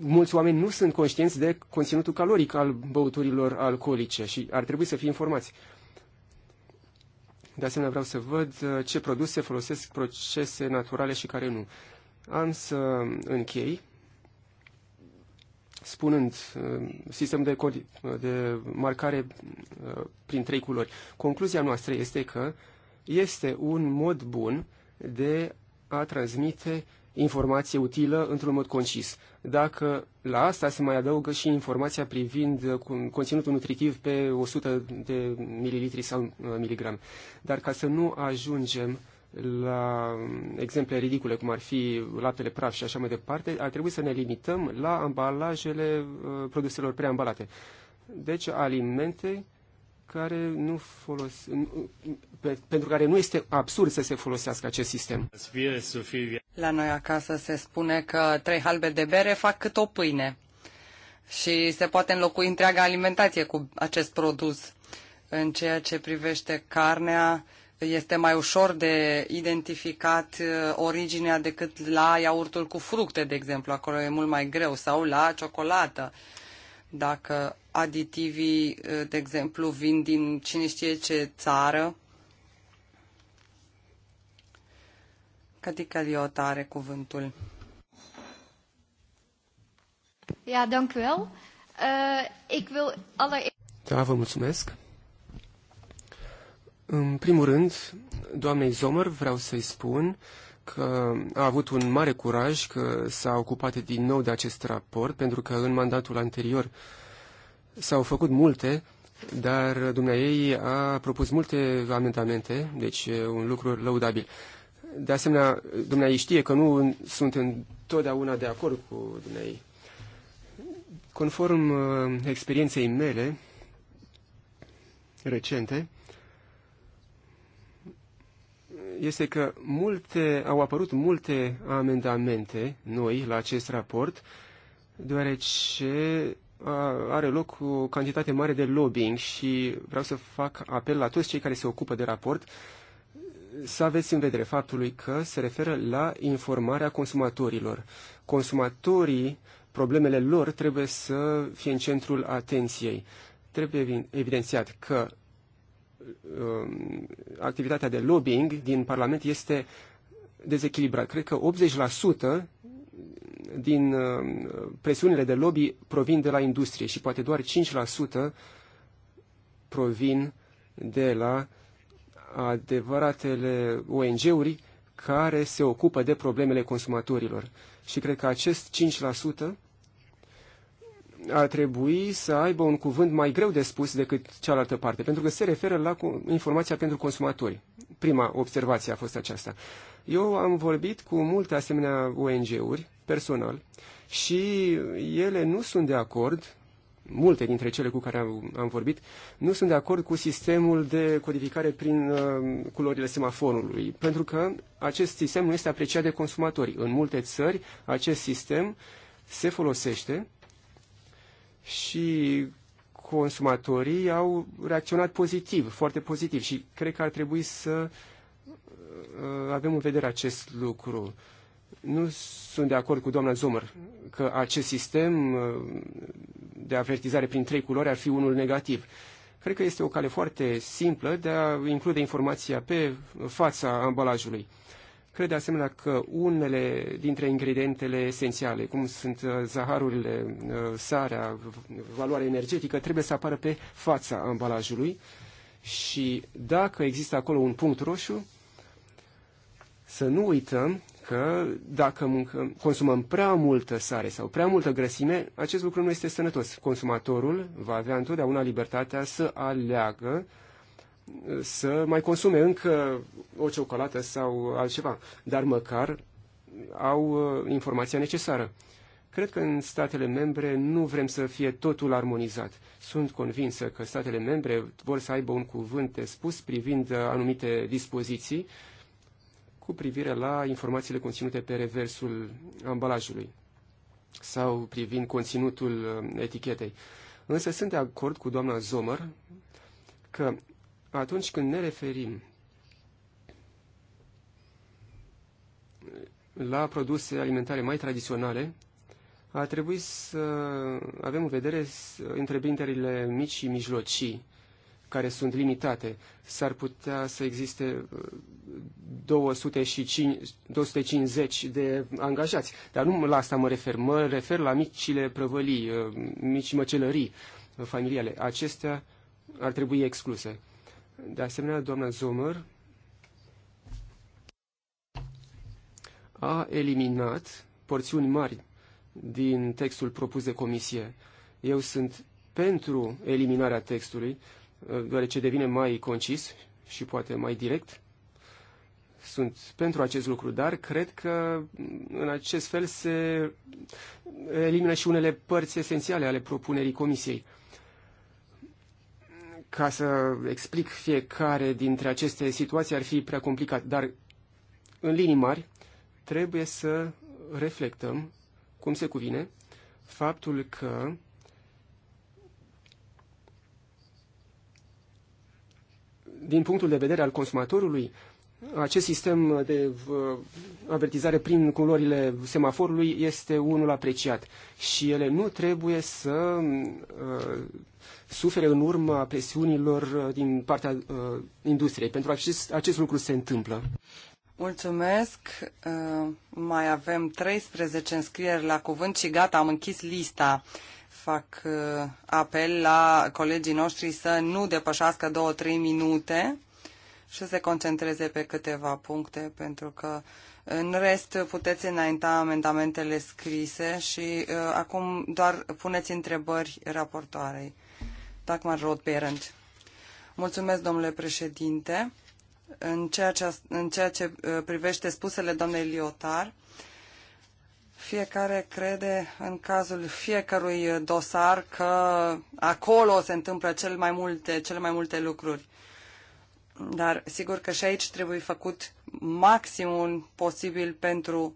mulți oameni nu sunt conștienți de conținutul caloric al băuturilor alcoolice și ar trebui să fie informați. De asemenea, vreau să văd uh, ce produse folosesc procese naturale și care nu. Am să închei spunând uh, sistem de, uh, de marcare prin trei culori. Concluzia noastră este că este un mod bun de a transmite informație utilă într-un mod concis. Dacă la asta se mai adaugă și informația privind uh, conținutul nutritiv pe 100 de mililitri sau uh, miligram, Dar ca să nu ajungem la um, exemple ridicule, cum ar fi laptele praf și așa mai departe, ar trebui să ne limităm la ambalajele uh, produselor preambalate. Deci alimente care nu folos, pe, pentru care nu este absurd să se folosească acest sistem. La noi acasă se spune că trei halbe de bere fac cât o pâine și se poate înlocui întreaga alimentație cu acest produs. În ceea ce privește carnea, este mai ușor de identificat uh, originea decât la iaurtul cu fructe, de exemplu. Acolo e mult mai greu, sau la ciocolată. Uh, dacă aditivii, eh, de exemplu, vin din cine știe ce țară, Cadica Liota are cuvântul. Ja, dank u wel. Uh, ik wil allereerst... Da, vă mulțumesc. În primul rând, doamnei Zomer vreau să-i spun uh, că a avut un mare curaj că s-a ocupat din nou de acest raport, pentru că în mandatul anterior s-au făcut multe, dar dumneaei a propus multe amendamente, deci un lucru lăudabil. De asemenea, dumneai știe că nu sunt întotdeauna de acord cu dumneai. Conform uh, experienței mele recente, este că multe, au apărut multe amendamente noi la acest raport, deoarece are loc o cantitate mare de lobbying și vreau să fac apel la toți cei care se ocupă de raport să aveți în vedere faptului că se referă la informarea consumatorilor. Consumatorii, problemele lor trebuie să fie în centrul atenției. Trebuie evidențiat că Um, activitatea de lobbying din Parlament este dezechilibrat. Cred că 80% din um, presiunile de lobby provin de la industrie și poate doar 5% provin de la adevăratele ONG-uri care se ocupă de problemele consumatorilor. Și cred că acest 5% ar trebui să aibă un cuvânt mai greu de spus decât cealaltă parte, pentru că se referă la informația pentru consumatori. Prima observație a fost aceasta. Eu am vorbit cu multe asemenea ONG-uri, personal, și ele nu sunt de acord, multe dintre cele cu care am, am vorbit, nu sunt de acord cu sistemul de codificare prin uh, culorile semaforului, pentru că acest sistem nu este apreciat de consumatori. În multe țări, acest sistem se folosește și consumatorii au reacționat pozitiv, foarte pozitiv și cred că ar trebui să uh, avem în vedere acest lucru. Nu sunt de acord cu doamna Zomăr că acest sistem uh, de avertizare prin trei culori ar fi unul negativ. Cred că este o cale foarte simplă de a include informația pe fața ambalajului. Cred de asemenea că unele dintre ingredientele esențiale, cum sunt uh, zaharurile, uh, sarea, valoarea energetică, trebuie să apară pe fața ambalajului și dacă există acolo un punct roșu, să nu uităm că dacă mâncăm, consumăm prea multă sare sau prea multă grăsime, acest lucru nu este sănătos. Consumatorul va avea întotdeauna libertatea să aleagă să mai consume încă o ciocolată sau altceva, dar măcar au uh, informația necesară. Cred că în statele membre nu vrem să fie totul armonizat. Sunt convinsă că statele membre vor să aibă un cuvânt de spus privind uh, anumite dispoziții cu privire la informațiile conținute pe reversul ambalajului sau privind conținutul uh, etichetei. Însă sunt de acord cu doamna Zomer că atunci când ne referim la produse alimentare mai tradiționale, a trebuit să avem în vedere întreprinderile mici și mijlocii, care sunt limitate. S-ar putea să existe 250 uh, de angajați, dar nu la asta mă refer. Mă refer la micile prăvălii, uh, mici măcelării uh, familiale. Acestea ar trebui excluse. De asemenea, doamna Zomăr a eliminat porțiuni mari din textul propus de comisie. Eu sunt pentru eliminarea textului, deoarece devine mai concis și poate mai direct. Sunt pentru acest lucru, dar cred că în acest fel se elimină și unele părți esențiale ale propunerii comisiei ca să explic fiecare dintre aceste situații ar fi prea complicat, dar în linii mari trebuie să reflectăm, cum se cuvine, faptul că din punctul de vedere al consumatorului, acest sistem de uh, avertizare prin culorile semaforului este unul apreciat și ele nu trebuie să uh, sufere în urma presiunilor uh, din partea industriei. Pentru acest, acest lucru se întâmplă. Mulțumesc. Mai avem 13 înscrieri la cuvânt și gata, am închis lista. Fac apel la colegii noștri să nu depășească 2-3 minute și se concentreze pe câteva puncte, pentru că în rest puteți înainta amendamentele scrise și uh, acum doar puneți întrebări raportoarei. Dagmar Rothberend. Mulțumesc, domnule președinte. În ceea ce, în ceea ce uh, privește spusele doamnei Liotar, fiecare crede în cazul fiecărui dosar că acolo se întâmplă cel mai multe, cele mai multe lucruri. Dar sigur că și aici trebuie făcut maximul posibil pentru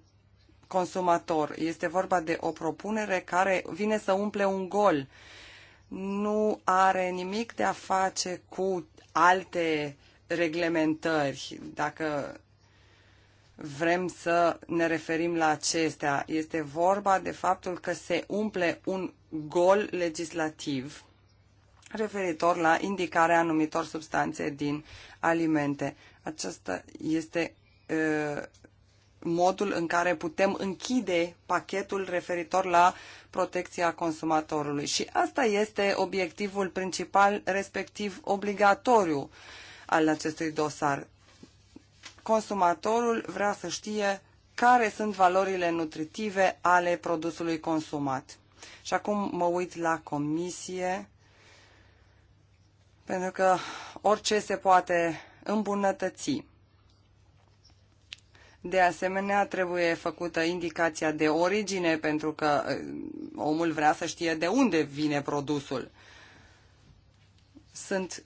consumator. Este vorba de o propunere care vine să umple un gol. Nu are nimic de a face cu alte reglementări. Dacă vrem să ne referim la acestea, este vorba de faptul că se umple un gol legislativ referitor la indicarea anumitor substanțe din alimente. Acesta este modul în care putem închide pachetul referitor la protecția consumatorului. Și asta este obiectivul principal, respectiv obligatoriu al acestui dosar. Consumatorul vrea să știe care sunt valorile nutritive ale produsului consumat. Și acum mă uit la comisie pentru că orice se poate îmbunătăți. De asemenea, trebuie făcută indicația de origine, pentru că uh, omul vrea să știe de unde vine produsul. Sunt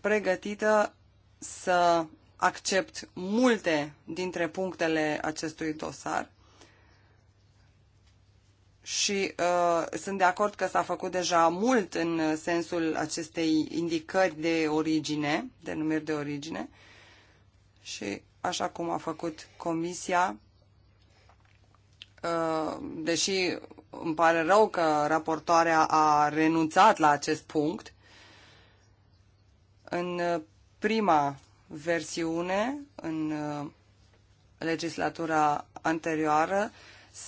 pregătită să accept multe dintre punctele acestui dosar și uh, sunt de acord că s-a făcut deja mult în sensul acestei indicări de origine, de numiri de origine și așa cum a făcut comisia, uh, deși îmi pare rău că raportoarea a renunțat la acest punct, în prima versiune, în uh, legislatura anterioară,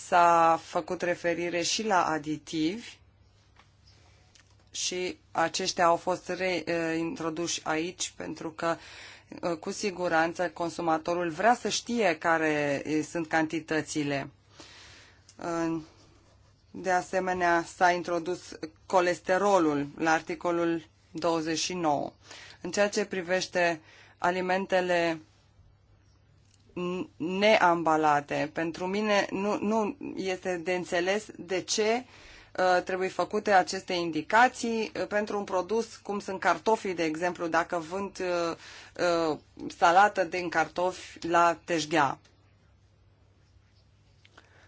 S-a făcut referire și la aditivi și aceștia au fost reintroduși uh, aici pentru că uh, cu siguranță consumatorul vrea să știe care uh, sunt cantitățile. De asemenea, s-a introdus colesterolul la articolul 29. În ceea ce privește alimentele neambalate. Pentru mine nu, nu este de înțeles de ce uh, trebuie făcute aceste indicații uh, pentru un produs cum sunt cartofii, de exemplu, dacă vând uh, uh salată din cartofi la teșghea.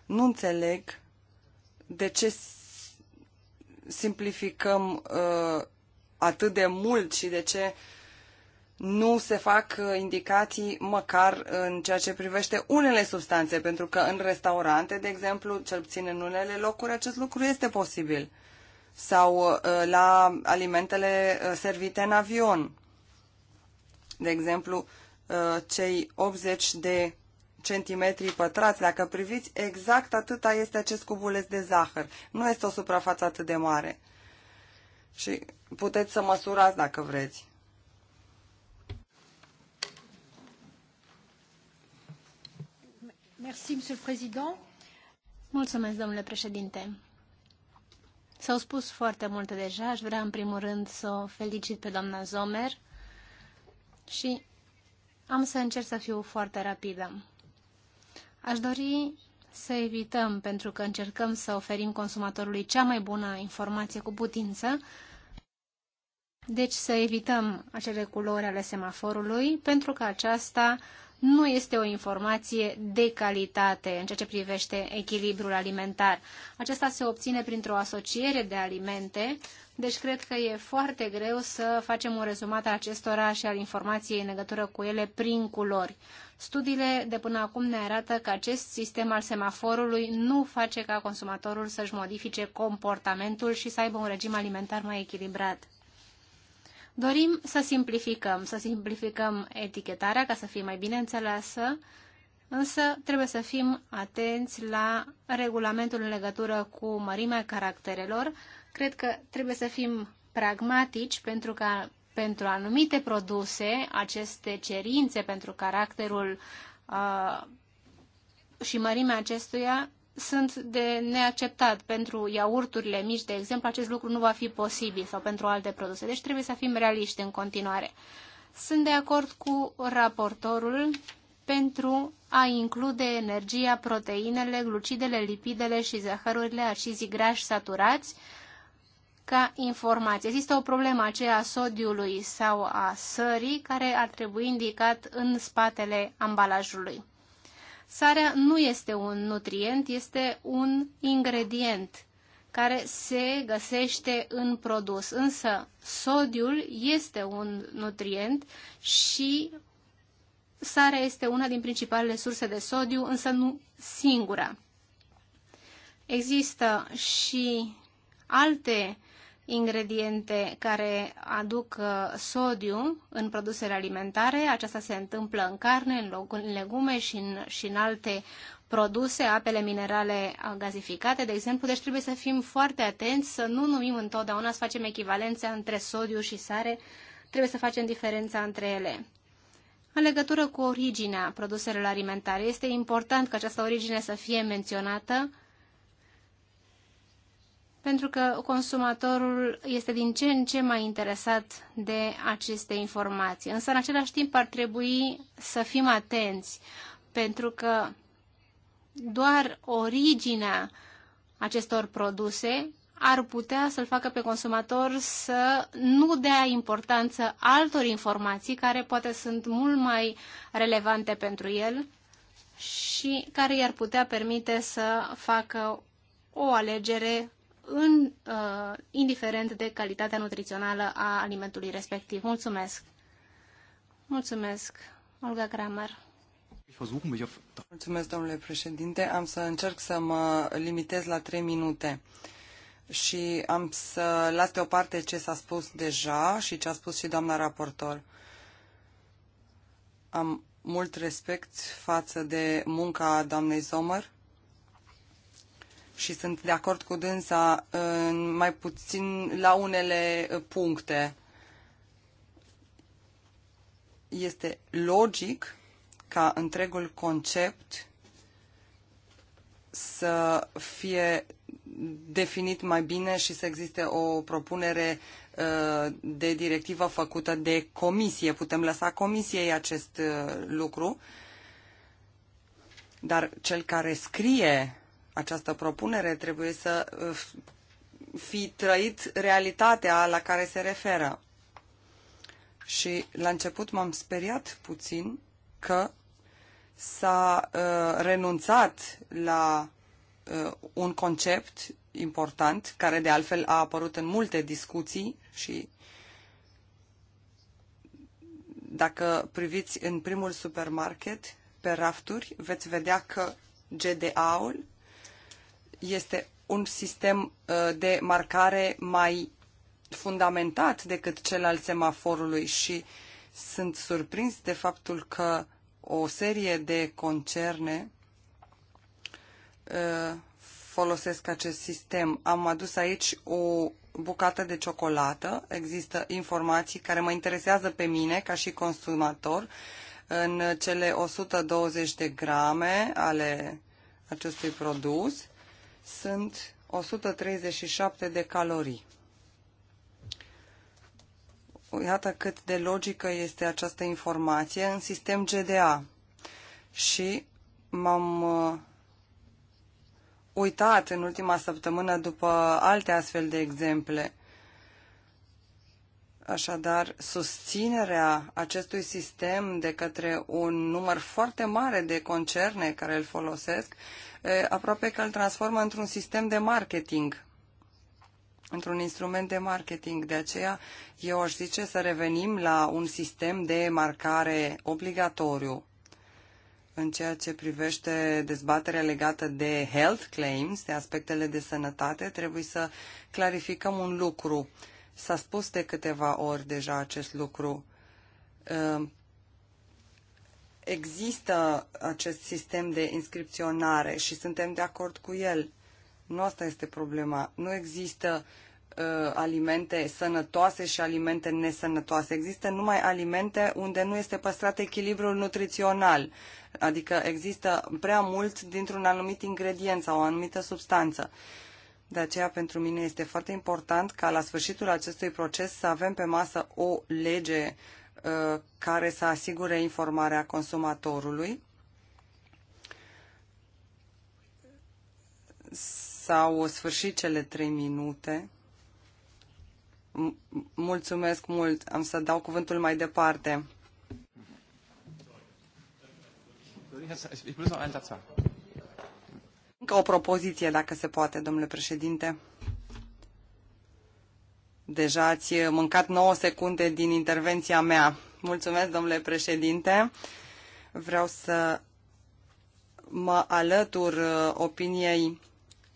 Nu înțeleg de ce simplificăm uh, atât de mult și de ce uh, nu se fac uh, indicații măcar în ceea ce privește unele substanțe, pentru că în restaurante, de exemplu, cel puțin în unele locuri, acest lucru este posibil. Sau uh, la alimentele uh, servite în avion. De exemplu, cei 80 de centimetri pătrați, dacă priviți, exact atâta este acest cubuleț de zahăr. Nu este o suprafață atât de mare. Și puteți să măsurați dacă vreți. Mulțumesc, domnule președinte. S-au spus foarte multe deja. Aș vrea, în primul rând, să o felicit pe doamna Zomer și am să încerc să fiu foarte rapidă. Aș dori să evităm, pentru că încercăm să oferim consumatorului cea mai bună informație cu putință, deci să evităm acele culori ale semaforului, pentru că aceasta nu este o informație de calitate în ceea ce privește echilibrul alimentar. Acesta se obține printr-o asociere de alimente, deci cred că e foarte greu să facem un rezumat al acestora și al informației în legătură cu ele prin culori. Studiile de până acum ne arată că acest sistem al semaforului nu face ca consumatorul să-și modifice comportamentul și să aibă un regim alimentar mai echilibrat. Dorim să simplificăm, să simplificăm etichetarea ca să fie mai bine înțeleasă, însă trebuie să fim atenți la regulamentul în legătură cu mărimea caracterelor. Cred că trebuie să fim pragmatici pentru că pentru anumite produse aceste cerințe pentru caracterul uh, și mărimea acestuia sunt de neacceptat. Pentru iaurturile mici, de exemplu, acest lucru nu va fi posibil sau pentru alte produse. Deci trebuie să fim realiști în continuare. Sunt de acord cu raportorul pentru a include energia, proteinele, glucidele, lipidele și zahărurile, acizii grași saturați ca informație. Există o problemă aceea a sodiului sau a sării care ar trebui indicat în spatele ambalajului. Sarea nu este un nutrient, este un ingredient care se găsește în produs. Însă sodiul este un nutrient și sarea este una din principalele surse de sodiu, însă nu singura. Există și alte ingrediente care aduc uh, sodiu în produsele alimentare. Aceasta se întâmplă în carne, în legume și în, și în alte produse, apele minerale uh, gazificate, de exemplu. Deci trebuie să fim foarte atenți, să nu numim întotdeauna, să facem echivalența între sodiu și sare. Trebuie să facem diferența între ele. În legătură cu originea produselor alimentare, este important ca această origine să fie menționată pentru că consumatorul este din ce în ce mai interesat de aceste informații. Însă, în același timp, ar trebui să fim atenți, pentru că doar originea acestor produse ar putea să-l facă pe consumator să nu dea importanță altor informații care poate sunt mult mai relevante pentru el și care i-ar putea permite să facă o alegere în, uh, indiferent de calitatea nutrițională a alimentului respectiv. Mulțumesc! Mulțumesc, Olga Kramer. Mulțumesc, domnule președinte. Am să încerc să mă limitez la trei minute și am să las deoparte ce s-a spus deja și ce a spus și doamna raportor. Am mult respect față de munca doamnei Zomăr, și sunt de acord cu dânsa uh, în mai puțin la unele uh, puncte. Este logic ca întregul concept să fie definit mai bine și să existe o propunere uh, de directivă făcută de comisie. Putem lăsa comisiei acest lucru, dar cel care scrie această propunere trebuie să uh, fi trăit realitatea la care se referă. Și la început m-am speriat puțin că s-a uh, renunțat la uh, un concept important, care de altfel a apărut în multe discuții și dacă priviți în primul supermarket pe rafturi, veți vedea că GDA-ul este un sistem uh, de marcare mai fundamentat decât cel al semaforului și sunt surprins de faptul că o serie de concerne uh, folosesc acest sistem. Am adus aici o bucată de ciocolată. Există informații care mă interesează pe mine ca și consumator în cele 120 de grame ale acestui produs sunt 137 de calorii. Iată cât de logică este această informație în sistem GDA. Și m-am uh, uitat în ultima săptămână după alte astfel de exemple. Așadar, susținerea acestui sistem de către un număr foarte mare de concerne care îl folosesc Eh, aproape că îl transformă într-un sistem de marketing într-un instrument de marketing. De aceea eu aș zice să revenim la un sistem de marcare obligatoriu în ceea ce privește dezbaterea legată de health claims, de aspectele de sănătate, trebuie să clarificăm un lucru. S-a spus de câteva ori deja acest lucru. Eh, există acest sistem de inscripționare și suntem de acord cu el. Nu asta este problema. Nu există uh, alimente sănătoase și alimente nesănătoase. Există numai alimente unde nu este păstrat echilibrul nutrițional. Adică există prea mult dintr-un anumit ingredient sau o anumită substanță. De aceea, pentru mine este foarte important ca la sfârșitul acestui proces să avem pe masă o lege uh, Uh, care să asigure informarea consumatorului sau au sfârșit cele trei minute. Mulțumesc mult. Am să dau cuvântul mai departe. Încă o propoziție, dacă se poate, domnule președinte. Deja ați mâncat 9 secunde din intervenția mea. Mulțumesc, domnule președinte. Vreau să mă alătur uh, opiniei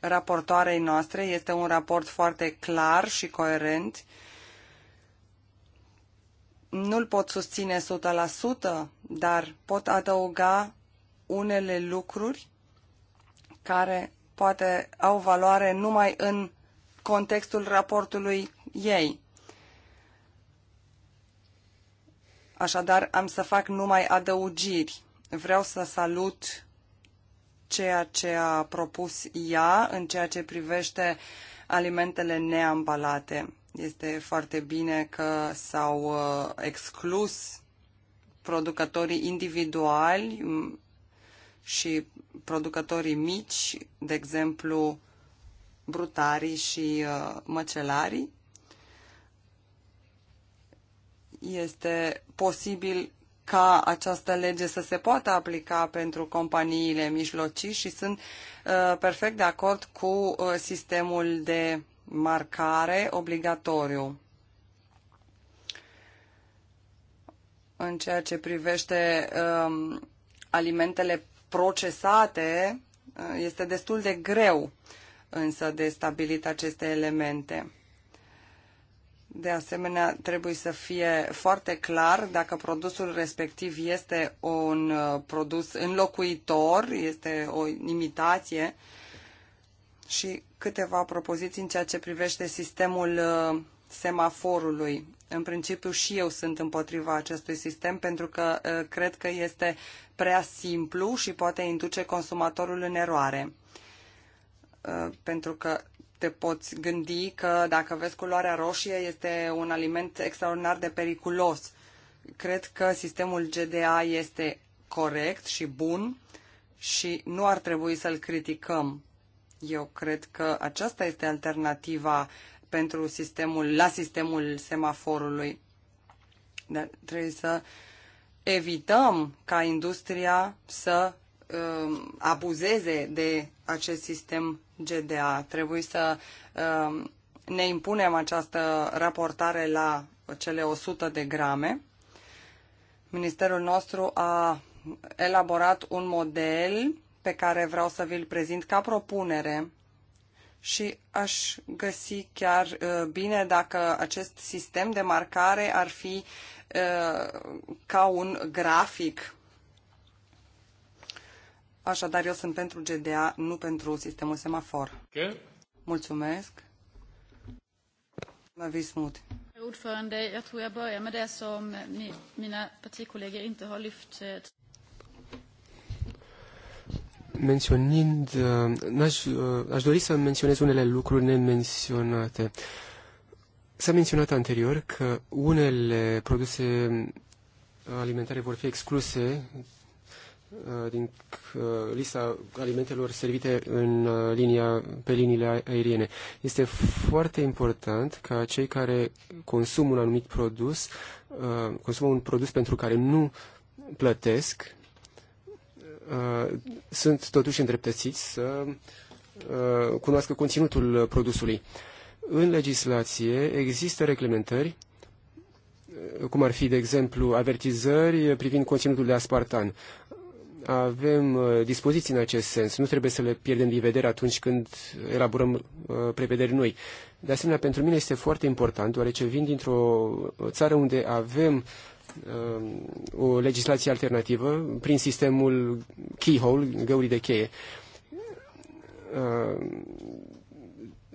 raportoarei noastre. Este un raport foarte clar și coerent. Nu-l pot susține 100%, dar pot adăuga unele lucruri care poate au valoare numai în contextul raportului ei. Așadar, am să fac numai adăugiri. Vreau să salut ceea ce a propus ea în ceea ce privește alimentele neambalate. Este foarte bine că s-au uh, exclus producătorii individuali și producătorii mici, de exemplu, brutarii și uh, măcelarii este posibil ca această lege să se poată aplica pentru companiile mijlocii și sunt uh, perfect de acord cu uh, sistemul de marcare obligatoriu. În ceea ce privește um, alimentele procesate, uh, este destul de greu însă de stabilit aceste elemente. De asemenea, trebuie să fie foarte clar dacă produsul respectiv este un uh, produs înlocuitor, este o imitație și câteva propoziții în ceea ce privește sistemul uh, semaforului. În principiu și eu sunt împotriva acestui sistem pentru că uh, cred că este prea simplu și poate induce consumatorul în eroare. Pentru că te poți gândi că dacă vezi culoarea roșie este un aliment extraordinar de periculos. Cred că sistemul GDA este corect și bun și nu ar trebui să-l criticăm. Eu cred că aceasta este alternativa pentru sistemul, la sistemul semaforului. Dar trebuie să evităm ca industria să uh, abuzeze de acest sistem GDA. Trebuie să um, ne impunem această raportare la cele 100 de grame. Ministerul nostru a elaborat un model pe care vreau să vi-l prezint ca propunere și aș găsi chiar uh, bine dacă acest sistem de marcare ar fi uh, ca un grafic Așadar, eu sunt pentru GDA, nu pentru sistemul semafor. Okay. Mulțumesc. La Vismut. Ordförande, jag tror jag börjar med det som mina partikolleger inte har lyft. Eh, Menționând, eh, aș, eh, aș dori să menționez unele lucruri nemenționate. S-a menționat anterior că unele produse alimentare vor fi excluse Uh, din uh, lista alimentelor servite în uh, linia, pe liniile aeriene. Este foarte important ca cei care consumă un anumit produs, consumă un produs pentru care nu plătesc, sunt totuși îndreptățiți să cunoască conținutul produsului. În legislație există reglementări cum ar fi, de exemplu, avertizări privind conținutul de aspartan avem uh, dispoziții în acest sens. Nu trebuie să le pierdem din vedere atunci când elaborăm uh, prevederi noi. De asemenea, pentru mine este foarte important, deoarece vin dintr-o uh, țară unde avem o legislație alternativă prin sistemul keyhole, găurii de cheie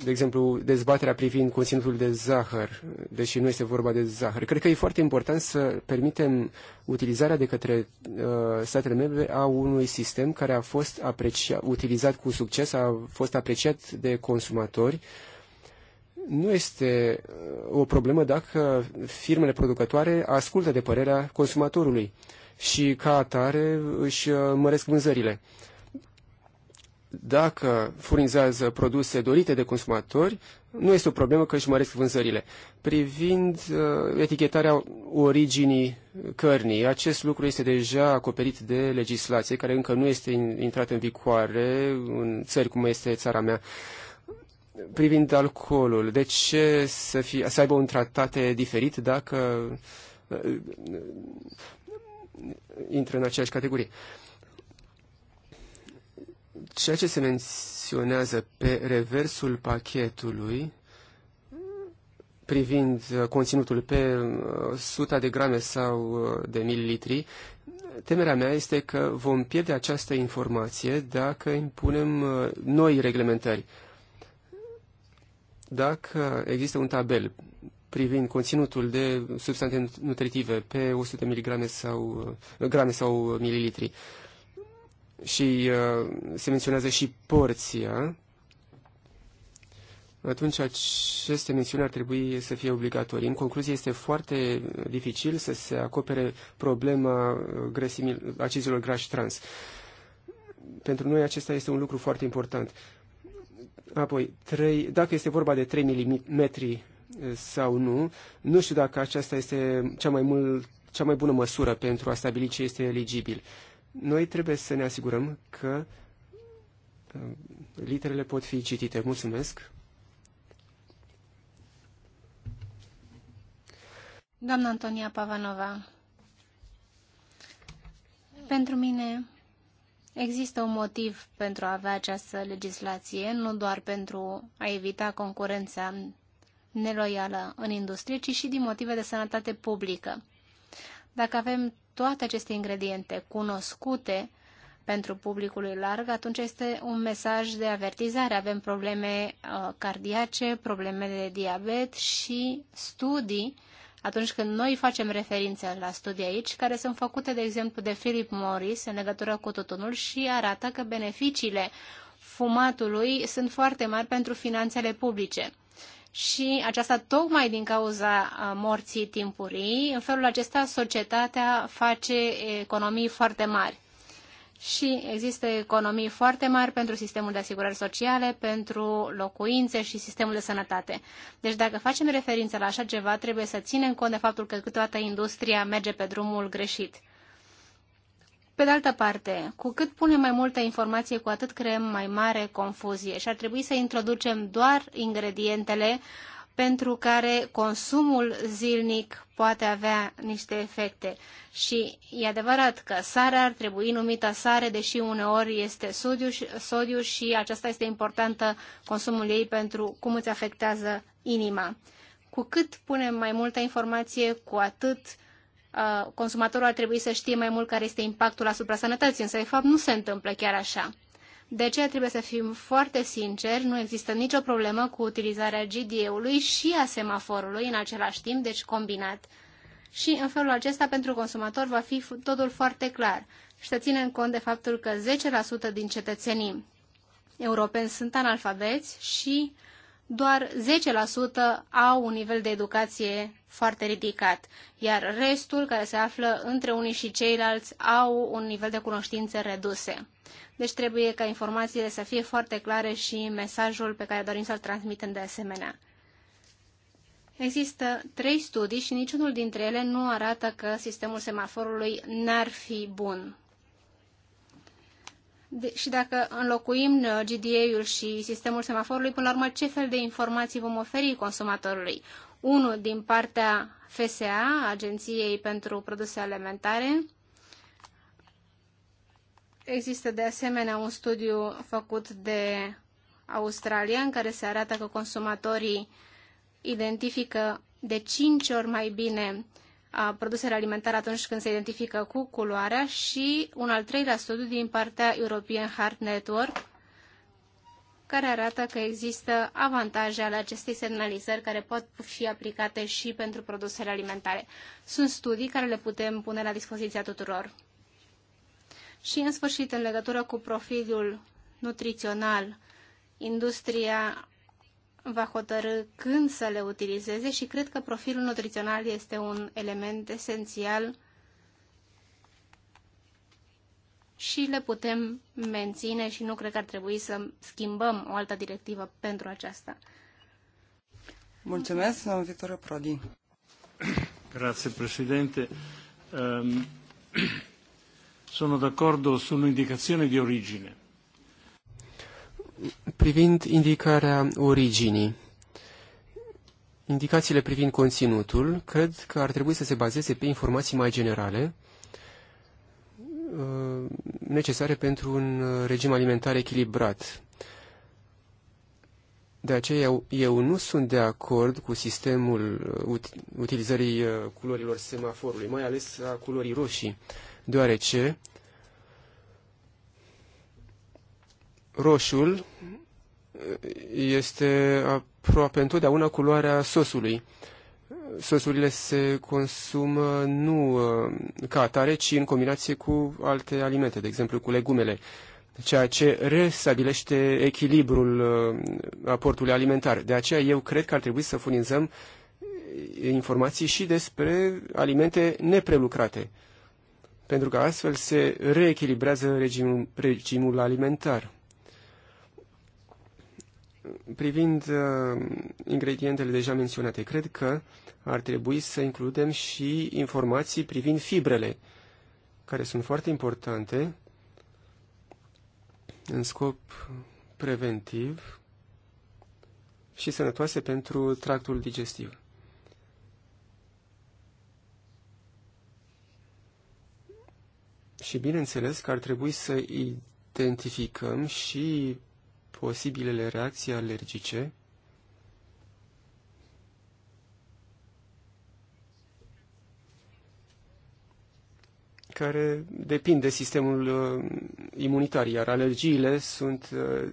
de exemplu, dezbaterea privind conținutul de zahăr, deși nu este vorba de zahăr. Cred că e foarte important să permitem utilizarea de către uh, statele membre a unui sistem care a fost aprecia, utilizat cu succes, a fost apreciat de consumatori. Nu este uh, o problemă dacă firmele producătoare ascultă de părerea consumatorului și ca atare își uh, măresc vânzările. Uh, dacă furnizează produse dorite de consumatori, nu este o problemă că își măresc vânzările. Privind uh, etichetarea originii cărnii, acest lucru este deja acoperit de legislație care încă nu este intrată în vigoare în țări cum este țara mea. Privind alcoolul, de ce să, fie, să aibă un tratate diferit dacă uh, uh, intră în aceeași categorie? Uh, Ceea ce se menționează pe reversul pachetului privind uh, conținutul pe uh, suta de grame sau uh, de mililitri, temerea mea este că vom pierde această informație dacă impunem noi reglementări. Dacă există un tabel privind conținutul de substanțe nutritive pe 100 mg sau, grame sau mililitri, și uh, se menționează și porția, atunci aceste mențiuni ar trebui să fie obligatorii. În concluzie, este foarte dificil să se acopere problema uh, acizilor grași trans. Pentru noi acesta este un lucru foarte important. Apoi, trei, dacă este vorba de 3 mm uh, sau nu, nu știu dacă aceasta este cea mai, mult, cea mai bună măsură pentru a stabili ce este eligibil. Uh, noi trebuie să ne asigurăm că uh, literele pot fi citite. Mulțumesc! Doamna Antonia Pavanova, pentru mine există un motiv pentru a avea această legislație, nu doar pentru a evita concurența neloială în industrie, ci și din motive de sănătate publică. Dacă avem toate aceste ingrediente cunoscute pentru publicul larg, atunci este un mesaj de avertizare. Avem probleme uh, cardiace, probleme de diabet și studii atunci când noi facem referințe la studii aici, care sunt făcute, de exemplu, de Philip Morris în legătură cu tutunul și arată că beneficiile fumatului sunt foarte mari pentru finanțele publice și aceasta tocmai din cauza morții timpurii. În felul acesta, societatea face economii foarte mari. Și există economii foarte mari pentru sistemul de asigurări sociale, pentru locuințe și sistemul de sănătate. Deci dacă facem referință la așa ceva, trebuie să ținem cont de faptul că câteodată industria merge pe drumul greșit. Pe de altă parte, cu cât punem mai multă informație, cu atât creăm mai mare confuzie și ar trebui să introducem doar ingredientele pentru care consumul zilnic poate avea niște efecte. Și e adevărat că sarea ar trebui numită sare, deși uneori este sodiu și, sodiu și aceasta este importantă consumul ei pentru cum îți afectează inima. Cu cât punem mai multă informație, cu atât uh, Uh, consumatorul ar trebui să știe mai mult care este impactul asupra sănătății, însă de fapt nu se întâmplă chiar așa. De aceea trebuie să fim foarte sinceri, nu există nicio problemă cu utilizarea GDE-ului și a semaforului în același timp, deci combinat. Și în felul acesta pentru consumator va fi totul foarte clar și să ținem cont de faptul că 10% din cetățenii europeni sunt analfabeți și uh, doar 10% au un nivel de educație foarte ridicat, iar restul, care se află între unii și ceilalți, au un nivel de cunoștințe reduse. Deci trebuie ca informațiile să fie foarte clare și mesajul pe care dorim să-l transmitem de asemenea. Există trei studii și niciunul dintre ele nu arată că sistemul semaforului n-ar fi bun de, și dacă înlocuim uh, GDA-ul și sistemul semaforului, până la urmă ce fel de informații vom oferi consumatorului? Unul din partea FSA, Agenției pentru Produse Alimentare. Există de asemenea un studiu făcut de Australia în care se arată că consumatorii identifică de 5 ori mai bine a produselor alimentare atunci când se identifică cu culoarea și un al treilea studiu din partea European Heart Network care arată că există avantaje ale acestei semnalizări care pot fi aplicate și pentru produsele alimentare. Sunt studii care le putem pune la dispoziția tuturor. Și, în sfârșit, în legătură cu profilul nutrițional, industria va hotărâ când să le utilizeze și cred că profilul nutrițional este un element esențial și le putem menține și nu cred că ar trebui să schimbăm o altă directivă pentru aceasta. Mulțumesc, domnul Victor Prodi. Grazie, Președinte. Um, [CLEARS THROAT] sono d'accordo sull'indicazione di origine privind indicarea originii. Indicațiile privind conținutul, cred că ar trebui să se bazeze pe informații mai generale uh, necesare pentru un regim alimentar echilibrat. De aceea eu nu sunt de acord cu sistemul uh, utilizării uh, culorilor semaforului, mai ales a culorii roșii, deoarece Roșul eh, este aproape întotdeauna culoarea sosului. Sosurile se consumă nu eh, ca atare, ci în combinație cu alte alimente, de exemplu cu legumele, ceea ce restabilește echilibrul eh, aportului alimentar. De aceea eu cred că ar trebui să furnizăm informații și despre alimente neprelucrate, pentru că astfel se reechilibrează regimul, regimul alimentar privind uh, ingredientele deja menționate, cred că ar trebui să includem și informații privind fibrele, care sunt foarte importante în scop preventiv și sănătoase pentru tractul digestiv. Și bineînțeles că ar trebui să identificăm și posibilele reacții alergice care depind de sistemul uh, imunitar, iar alergiile sunt uh,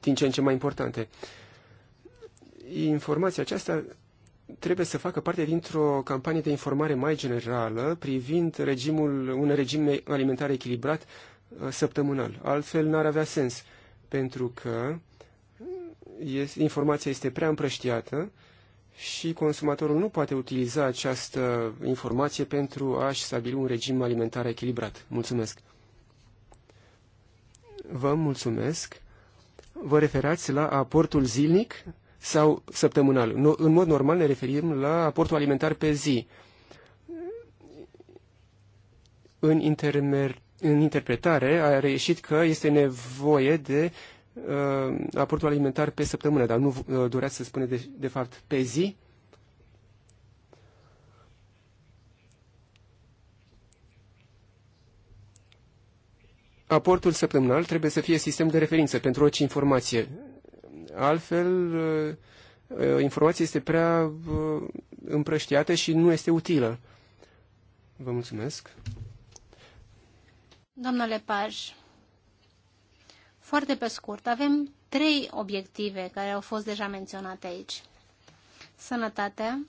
din ce în ce mai importante. Informația aceasta trebuie să facă parte dintr-o campanie de informare mai generală privind regimul, un regim alimentar echilibrat uh, săptămânal. Altfel n-ar avea sens pentru că informația este prea împrăștiată și consumatorul nu poate utiliza această informație pentru a-și stabili un regim alimentar echilibrat. Mulțumesc! Vă mulțumesc! Vă referați la aportul zilnic sau săptămânal? No, în mod normal ne referim la aportul alimentar pe zi. În intermer în interpretare a reieșit că este nevoie de uh, aportul alimentar pe săptămână, dar nu uh, dorea să spune de, de fapt pe zi. Aportul săptămânal trebuie să fie sistem de referință pentru orice informație. Altfel, uh, uh, informația este prea uh, împrăștiată și nu este utilă. Vă mulțumesc. Domnule Paj, foarte pe scurt, avem trei obiective care au fost deja menționate aici. Sănătatea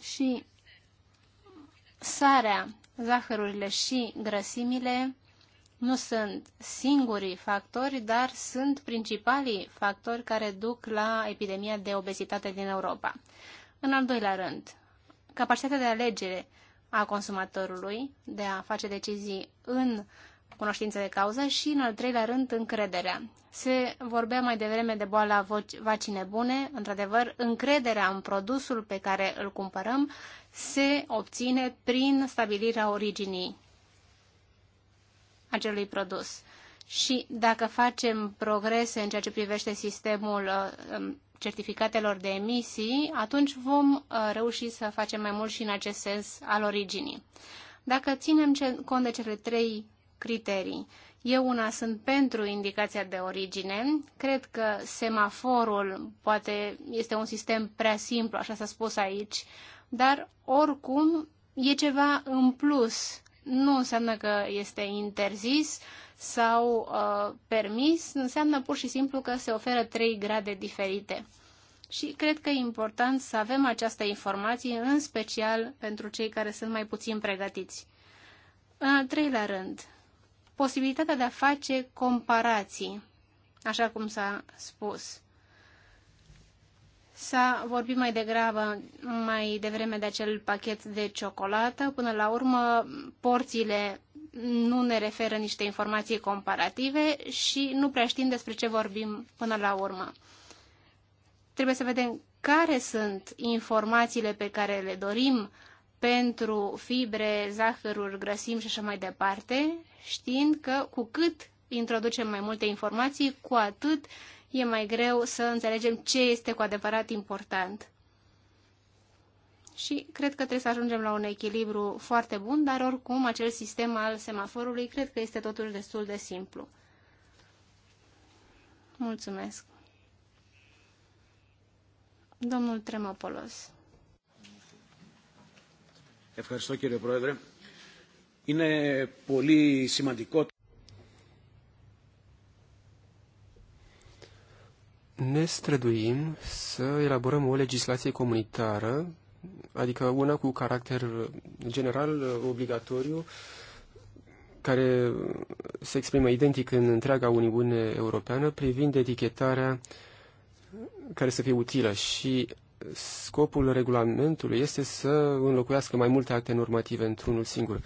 și sarea, zahărurile și grăsimile nu sunt singurii factori, dar sunt principalii factori care duc la epidemia de obezitate din Europa. În al doilea rând, capacitatea de alegere a consumatorului de a face decizii în cunoștință de cauză și, în al treilea rând, încrederea. Se vorbea mai devreme de boala vacine bune. Într-adevăr, încrederea în produsul pe care îl cumpărăm se obține prin stabilirea originii acelui produs. Și dacă facem progrese în ceea ce privește sistemul uh, um, certificatelor de emisii, atunci vom uh, reuși să facem mai mult și în acest sens al originii. Dacă ținem cont de cele trei criterii, eu una sunt pentru indicația de origine. Cred că semaforul poate este un sistem prea simplu, așa s-a spus aici, dar oricum e ceva în plus. Nu înseamnă că este interzis, sau uh, permis, înseamnă pur și simplu că se oferă trei grade diferite. Și cred că e important să avem această informație, în special pentru cei care sunt mai puțin pregătiți. În al treilea rând, posibilitatea de a face comparații, așa cum s-a spus. S-a vorbit mai degrabă, mai devreme de acel pachet de ciocolată. Până la urmă, porțiile nu ne referă niște informații comparative și nu prea știm despre ce vorbim până la urmă. Trebuie să vedem care sunt informațiile pe care le dorim pentru fibre, zahăruri, grăsimi și așa mai departe, știind că cu cât introducem mai multe informații, cu atât e mai greu să înțelegem ce este cu adevărat important și cred că trebuie să ajungem la un echilibru foarte bun, dar oricum acel sistem al semaforului cred că este totuși destul de simplu. Mulțumesc. Domnul Tremopolos. Ευχαριστώ κύριε Πρόεδρε. Είναι πολύ σημαντικό ne străduim să elaborăm o legislație comunitară adică una cu caracter general, obligatoriu, care se exprimă identic în întreaga Uniune Europeană privind etichetarea care să fie utilă și scopul regulamentului este să înlocuiască mai multe acte normative într-unul singur.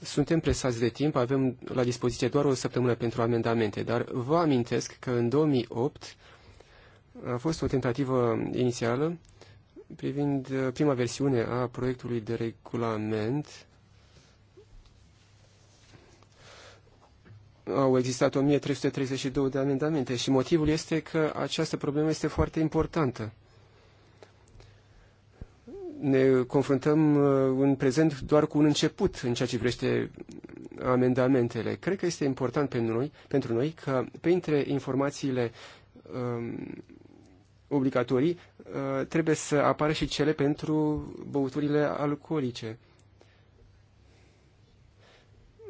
Suntem presați de timp, avem la dispoziție doar o săptămână pentru amendamente, dar vă amintesc că în 2008 a fost o tentativă inițială privind uh, prima versiune a proiectului de regulament. Au existat 1332 de amendamente și motivul este că această problemă este foarte importantă. Ne confruntăm uh, în prezent doar cu un început în ceea ce privește amendamentele. Cred că este important pentru noi, pentru noi că printre informațiile um, obligatorii, uh, trebuie să apară și cele pentru băuturile alcoolice.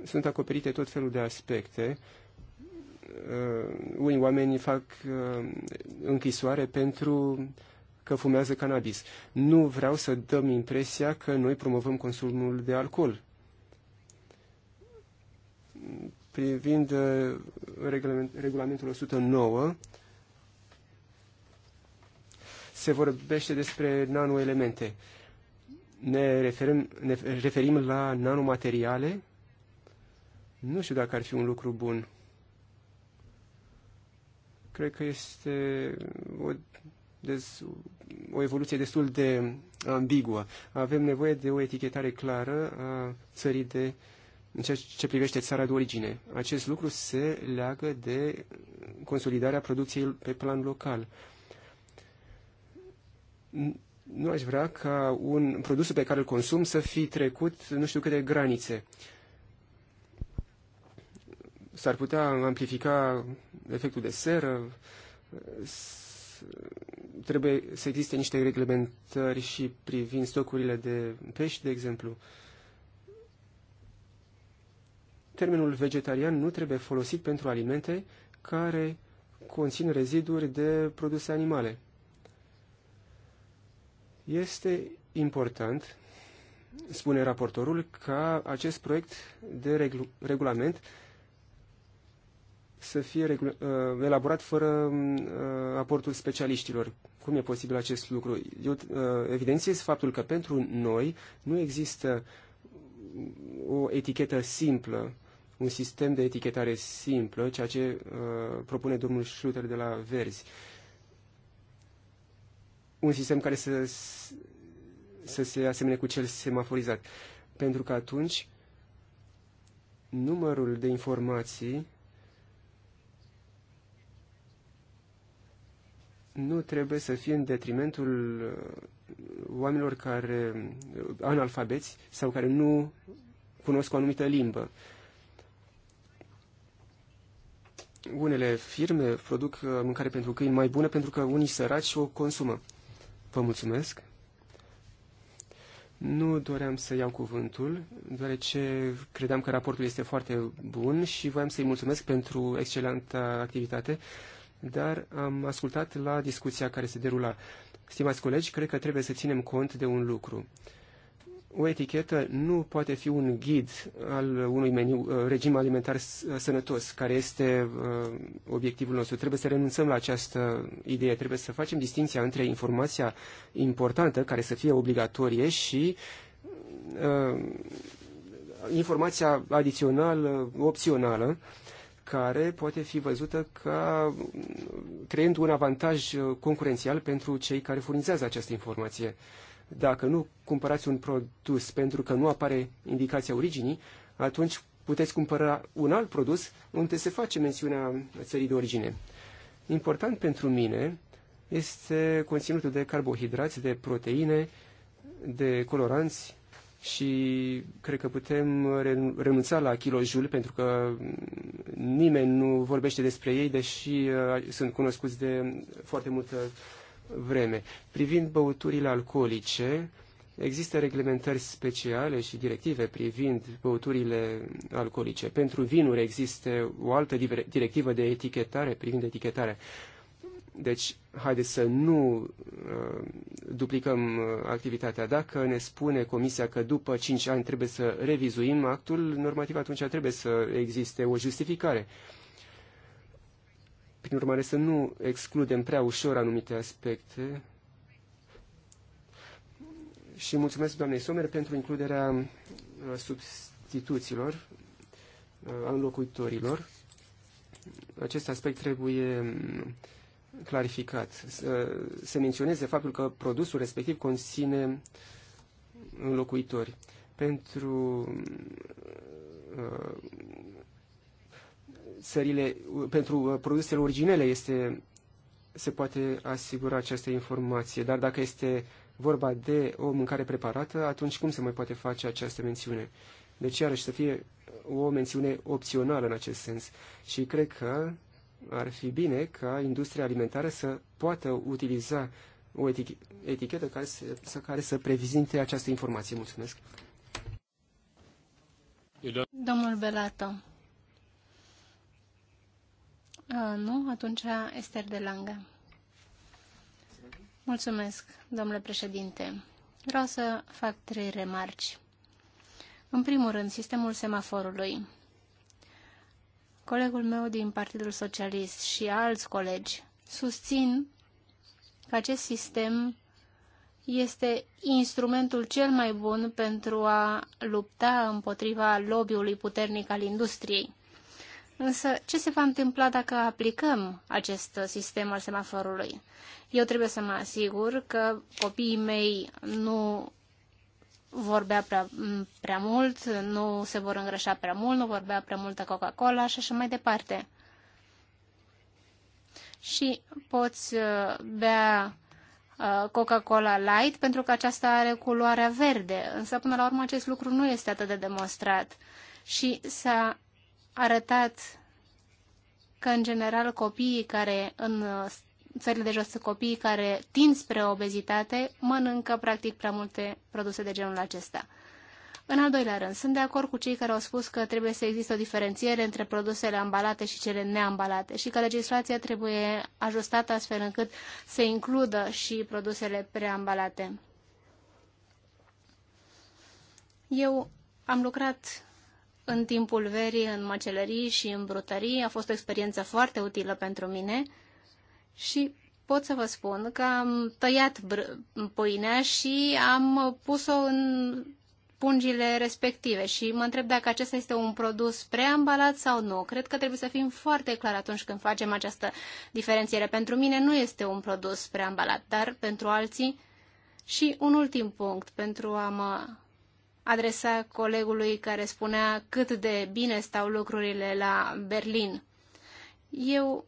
Sunt acoperite tot felul de aspecte. Uh, unii oameni fac uh, închisoare pentru că fumează cannabis. Nu vreau să dăm impresia că noi promovăm consumul de alcool. Privind regulamentul 109, se vorbește despre nanoelemente. Ne referim, ne referim la nanomateriale? Nu știu dacă ar fi un lucru bun. Cred că este o, des, o evoluție destul de ambiguă. Avem nevoie de o etichetare clară a țării de în ceea ce privește țara de origine. Acest lucru se leagă de consolidarea producției pe plan local nu aș vrea ca un produs pe care îl consum să fi trecut nu știu câte granițe. S-ar putea amplifica efectul de seră, trebuie să existe niște reglementări și privind stocurile de pești, de exemplu. Termenul vegetarian nu trebuie folosit pentru alimente care conțin reziduri de produse animale. Este important, spune raportorul, ca acest proiect de regl regulament să fie regl uh, elaborat fără uh, aportul specialiștilor. Cum e posibil acest lucru? Eu uh, evidențiez faptul că pentru noi nu există o etichetă simplă, un sistem de etichetare simplă, ceea ce propune domnul Schluter de la Verzi. Uh, un sistem care să, să se asemene cu cel semaforizat. Pentru că atunci numărul de informații nu trebuie să fie în detrimentul uh, oamenilor care uh, analfabeți sau care nu cunosc o anumită limbă. Unele firme produc uh, mâncare pentru câini mai bună pentru că unii săraci o consumă. Vă mulțumesc. Nu doream să iau cuvântul, deoarece credeam că raportul este foarte bun și voiam să-i mulțumesc pentru excelentă activitate, dar am ascultat la discuția care se derula. Stimați colegi, cred că trebuie să ținem cont de un lucru o etichetă nu poate fi un ghid al unui meniu, uh, regim alimentar uh, sănătos, care este uh, obiectivul nostru. Trebuie să renunțăm la această idee, trebuie să facem distinția între informația importantă, care să fie obligatorie, și informația adițională, opțională, care poate fi văzută ca creând un avantaj concurențial pentru cei care furnizează această informație. Dacă nu cumpărați un produs pentru că nu apare indicația originii, atunci puteți cumpăra un alt produs unde se face mențiunea țării de origine. Important pentru mine este conținutul de carbohidrați, de proteine, de coloranți și cred că putem renunța la kilojul pentru că nimeni nu vorbește despre ei, deși uh, sunt cunoscuți de foarte multă vreme. Privind băuturile alcoolice, există reglementări speciale și directive privind băuturile alcoolice. Pentru vinuri există o altă directivă de etichetare privind etichetarea. Deci, haideți să nu uh, duplicăm uh, activitatea. Dacă ne spune Comisia că după 5 ani trebuie să revizuim actul normativ, atunci trebuie să existe o justificare. Uh, prin urmare, să nu excludem prea ușor anumite aspecte. Și mulțumesc doamnei Somer pentru includerea uh, substituțiilor, a uh, înlocuitorilor. Acest aspect trebuie um, clarificat. Uh, se menționeze faptul că produsul respectiv conține înlocuitori. Pentru țările, pentru uh, produsele originele este, se poate asigura această informație, dar dacă este vorba de o mâncare preparată, atunci cum se mai poate face această mențiune? Deci, iarăși, să fie o mențiune opțională în acest sens. Și cred că ar fi bine ca industria alimentară să poată utiliza o etichetă care să, să, care să prezinte această informație. Mulțumesc! Domnul Belato. Nu? Atunci Esther de langa. Mulțumesc, domnule președinte. Vreau să fac trei remarci. În primul rând, sistemul semaforului. Colegul meu din Partidul Socialist și alți colegi susțin că acest sistem este instrumentul cel mai bun pentru a lupta împotriva lobby-ului puternic al industriei. Însă, ce se va întâmpla dacă aplicăm acest sistem al semaforului? Eu trebuie să mă asigur că copiii mei nu vor bea prea, prea mult, nu se vor îngrășa prea mult, nu vor bea prea multă Coca-Cola și așa mai departe. Și poți uh, bea uh, Coca-Cola Light pentru că aceasta are culoarea verde, însă până la urmă acest lucru nu este atât de demonstrat și s-a arătat că, în general, copiii care în uh, țările de jos, copiii care tind spre obezitate, mănâncă, practic, prea multe produse de genul acesta. În al doilea rând, sunt de acord cu cei care au spus că trebuie să existe o diferențiere între produsele ambalate și cele neambalate și că legislația trebuie ajustată astfel încât să includă și produsele preambalate. Eu am lucrat în timpul verii în macelării și în brutării. A fost o experiență foarte utilă pentru mine și pot să vă spun că am tăiat pâinea și am pus-o în pungile respective și mă întreb dacă acesta este un produs preambalat sau nu. Cred că trebuie să fim foarte clar atunci când facem această diferențiere. Pentru mine nu este un produs preambalat, dar pentru alții și un ultim punct pentru a mă adresa colegului care spunea cât de bine stau lucrurile la Berlin. Eu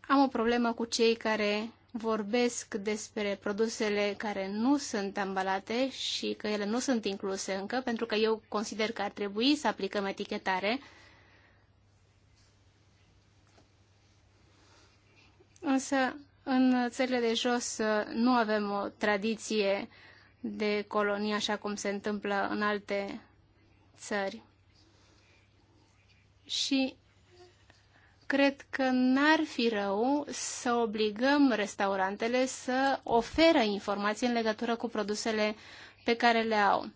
am o problemă cu cei care vorbesc despre produsele care nu sunt ambalate și că ele nu sunt incluse încă, pentru că eu consider că ar trebui să aplicăm etichetare. Însă, în țările de jos nu avem o tradiție uh, de colonii, așa cum se întâmplă în alte țări. Și cred că n-ar fi rău să obligăm restaurantele să oferă informații în legătură cu produsele pe care le au.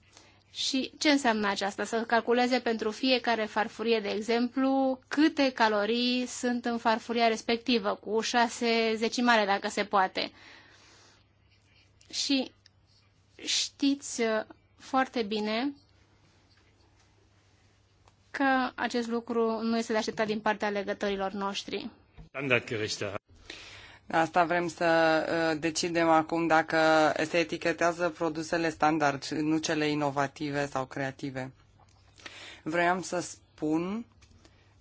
Și ce înseamnă aceasta? Să calculeze pentru fiecare farfurie, de exemplu, câte calorii sunt în farfuria respectivă, cu șase zecimare, dacă se poate. Și știți uh, foarte bine că acest lucru nu este de așteptat din partea legătorilor noștri. asta vrem să uh, decidem acum dacă se etichetează produsele standard, nu cele inovative sau creative. Vreau să spun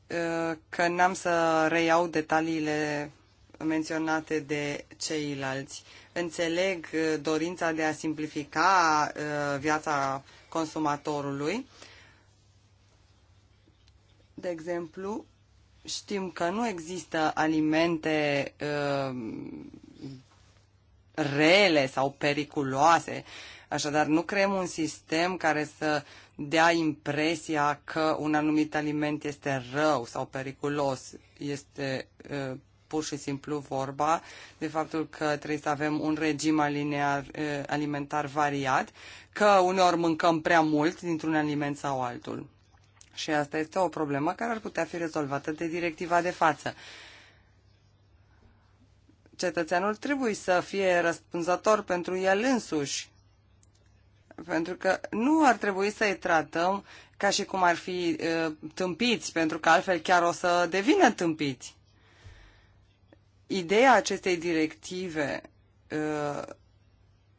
uh, că n-am să reiau detaliile menționate de ceilalți înțeleg uh, dorința de a simplifica uh, viața consumatorului. De exemplu, știm că nu există alimente uh, rele sau periculoase. Așadar, nu creăm un sistem care să dea impresia că un anumit aliment este rău sau periculos. Este pur și simplu vorba de faptul că trebuie să avem un regim alinear, eh, alimentar variat, că uneori mâncăm prea mult dintr-un aliment sau altul. Și asta este o problemă care ar putea fi rezolvată de directiva de față cetățeanul trebuie să fie răspunzător pentru el însuși. Pentru că nu ar trebui să-i tratăm ca și cum ar fi e, eh, tâmpiți, pentru că altfel chiar o să devină tâmpiți. Ideea acestei directive uh,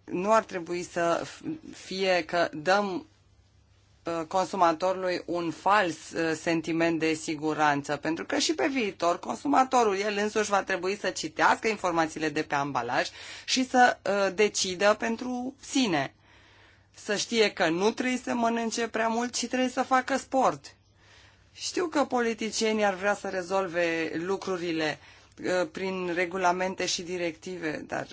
nu ar trebui să fie că dăm uh, consumatorului un fals uh, sentiment de siguranță, pentru că și pe viitor consumatorul el însuși va trebui să citească informațiile de pe ambalaj și să decidă pentru sine. Să știe că nu trebuie să mănânce prea mult, ci trebuie să facă sport. Știu că politicienii ar vrea să rezolve lucrurile Uh, prin regulamente și directive, dar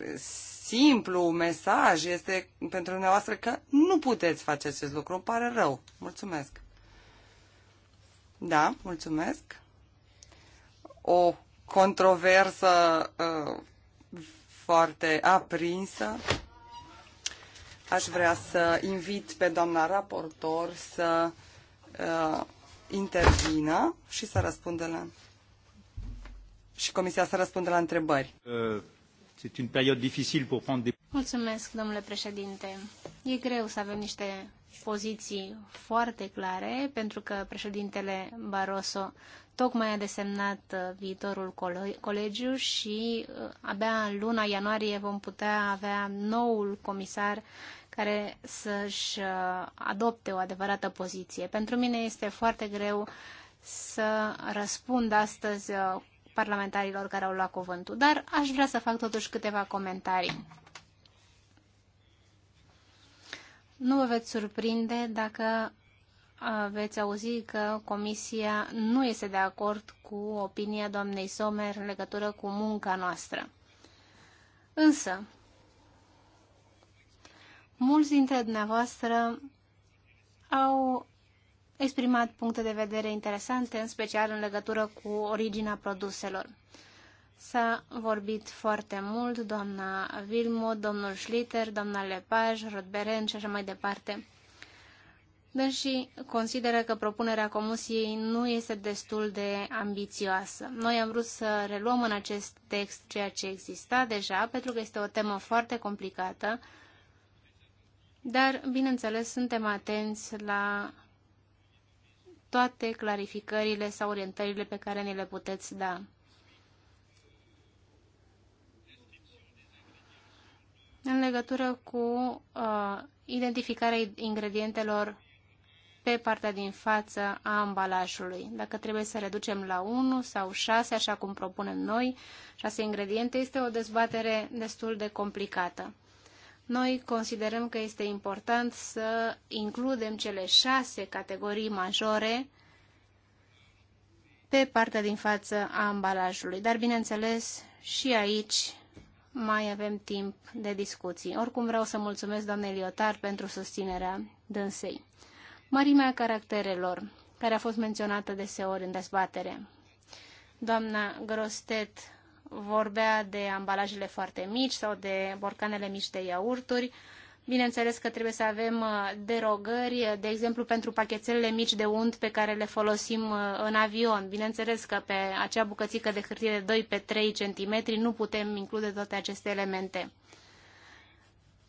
simplu mesaj este pentru dumneavoastră că nu puteți face acest lucru, îmi pare rău. Mulțumesc. Da, mulțumesc. O controversă uh, foarte aprinsă. Aș vrea să invit pe doamna raportor să uh, intervină și să răspundă la și Comisia să răspundă la întrebări. Uh, Mulțumesc, domnule președinte. E greu să avem niște poziții foarte clare, pentru că președintele Barroso tocmai a desemnat uh, viitorul colegiu și uh, abia în luna ianuarie vom putea avea noul comisar care să-și adopte o adevărată poziție. Pentru mine este foarte greu să răspund astăzi parlamentarilor care au luat cuvântul, dar aș vrea să fac totuși câteva comentarii. Nu vă veți surprinde dacă veți auzi că Comisia nu este de acord cu opinia doamnei Sommer în legătură cu munca noastră. Însă, mulți dintre dumneavoastră au exprimat puncte de vedere interesante, în special în legătură cu originea produselor. S-a vorbit foarte mult, doamna Vilmo, domnul Schlitter, doamna Lepage, Rodberen și așa mai departe. Deși consideră că propunerea Comisiei nu este destul de ambițioasă. Noi am vrut să reluăm în acest text ceea ce exista deja, pentru că este o temă foarte complicată, dar, bineînțeles, suntem atenți la toate clarificările sau orientările pe care ni le puteți da. În legătură cu uh, identificarea ingredientelor pe partea din față a ambalajului. Dacă trebuie să reducem la 1 sau 6, așa cum propunem noi, 6 ingrediente, este o dezbatere destul de complicată. Noi considerăm că este important să includem cele șase categorii majore pe partea din față a ambalajului. Dar, bineînțeles, și aici mai avem timp de discuții. Oricum vreau să mulțumesc doamnei Liotar pentru susținerea dânsei. Mărimea caracterelor, care a fost menționată deseori în dezbatere. Doamna Grostet vorbea de ambalajele foarte mici sau de borcanele mici de iaurturi. Bineînțeles că trebuie să avem uh, derogări, uh, de exemplu pentru pachetelele mici de unt pe care le folosim uh, în avion. Bineînțeles că pe acea bucățică de hârtie de 2 pe 3 cm nu putem include toate aceste elemente.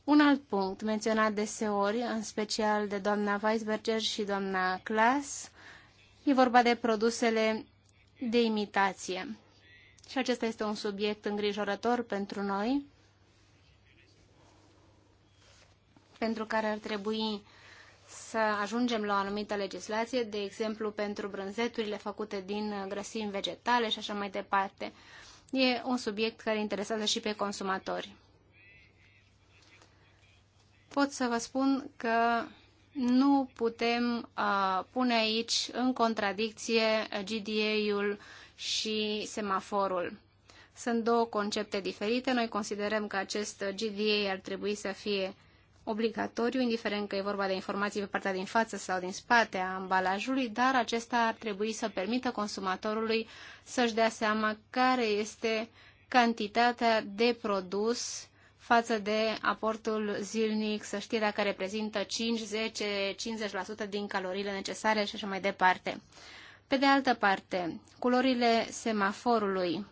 Un alt punct menționat deseori, în special de doamna Weisberger și doamna Klaas, e vorba de produsele de imitație. Și acesta este un subiect îngrijorător pentru noi, pentru care ar trebui să ajungem la o anumită legislație, de exemplu pentru brânzeturile făcute din grăsimi vegetale și așa mai departe. E un subiect care interesează și pe consumatori. Pot să vă spun că nu putem uh, pune aici în contradicție GDA-ul uh, și semaforul. Sunt două concepte diferite. Noi considerăm că acest GDA ar trebui să fie obligatoriu, indiferent că e vorba de informații pe partea din față sau din spate a ambalajului, dar acesta ar trebui să permită consumatorului să-și dea seama care este cantitatea de produs față de aportul zilnic, să știe dacă reprezintă 5, 10, 50% din caloriile necesare și așa mai departe. Pe de altă parte, culorile semaforului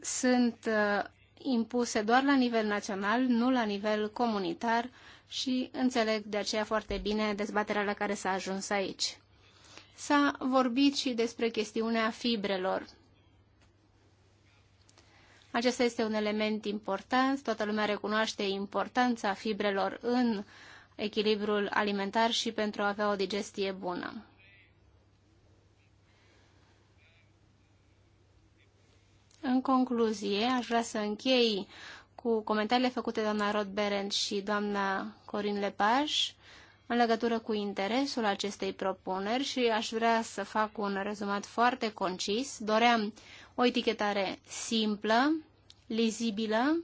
sunt uh, impuse doar la nivel național, nu la nivel comunitar și înțeleg de aceea foarte bine dezbaterea la care s-a ajuns aici. S-a vorbit și despre chestiunea fibrelor. Acesta este un element important, toată lumea recunoaște importanța fibrelor în uh, echilibrul alimentar și pentru a avea o digestie bună. În concluzie, aș vrea să închei cu comentariile făcute doamna Rod Berend și doamna Corin Lepaj în legătură cu interesul acestei propuneri și aș vrea să fac un rezumat foarte concis. Doream o etichetare simplă, lizibilă,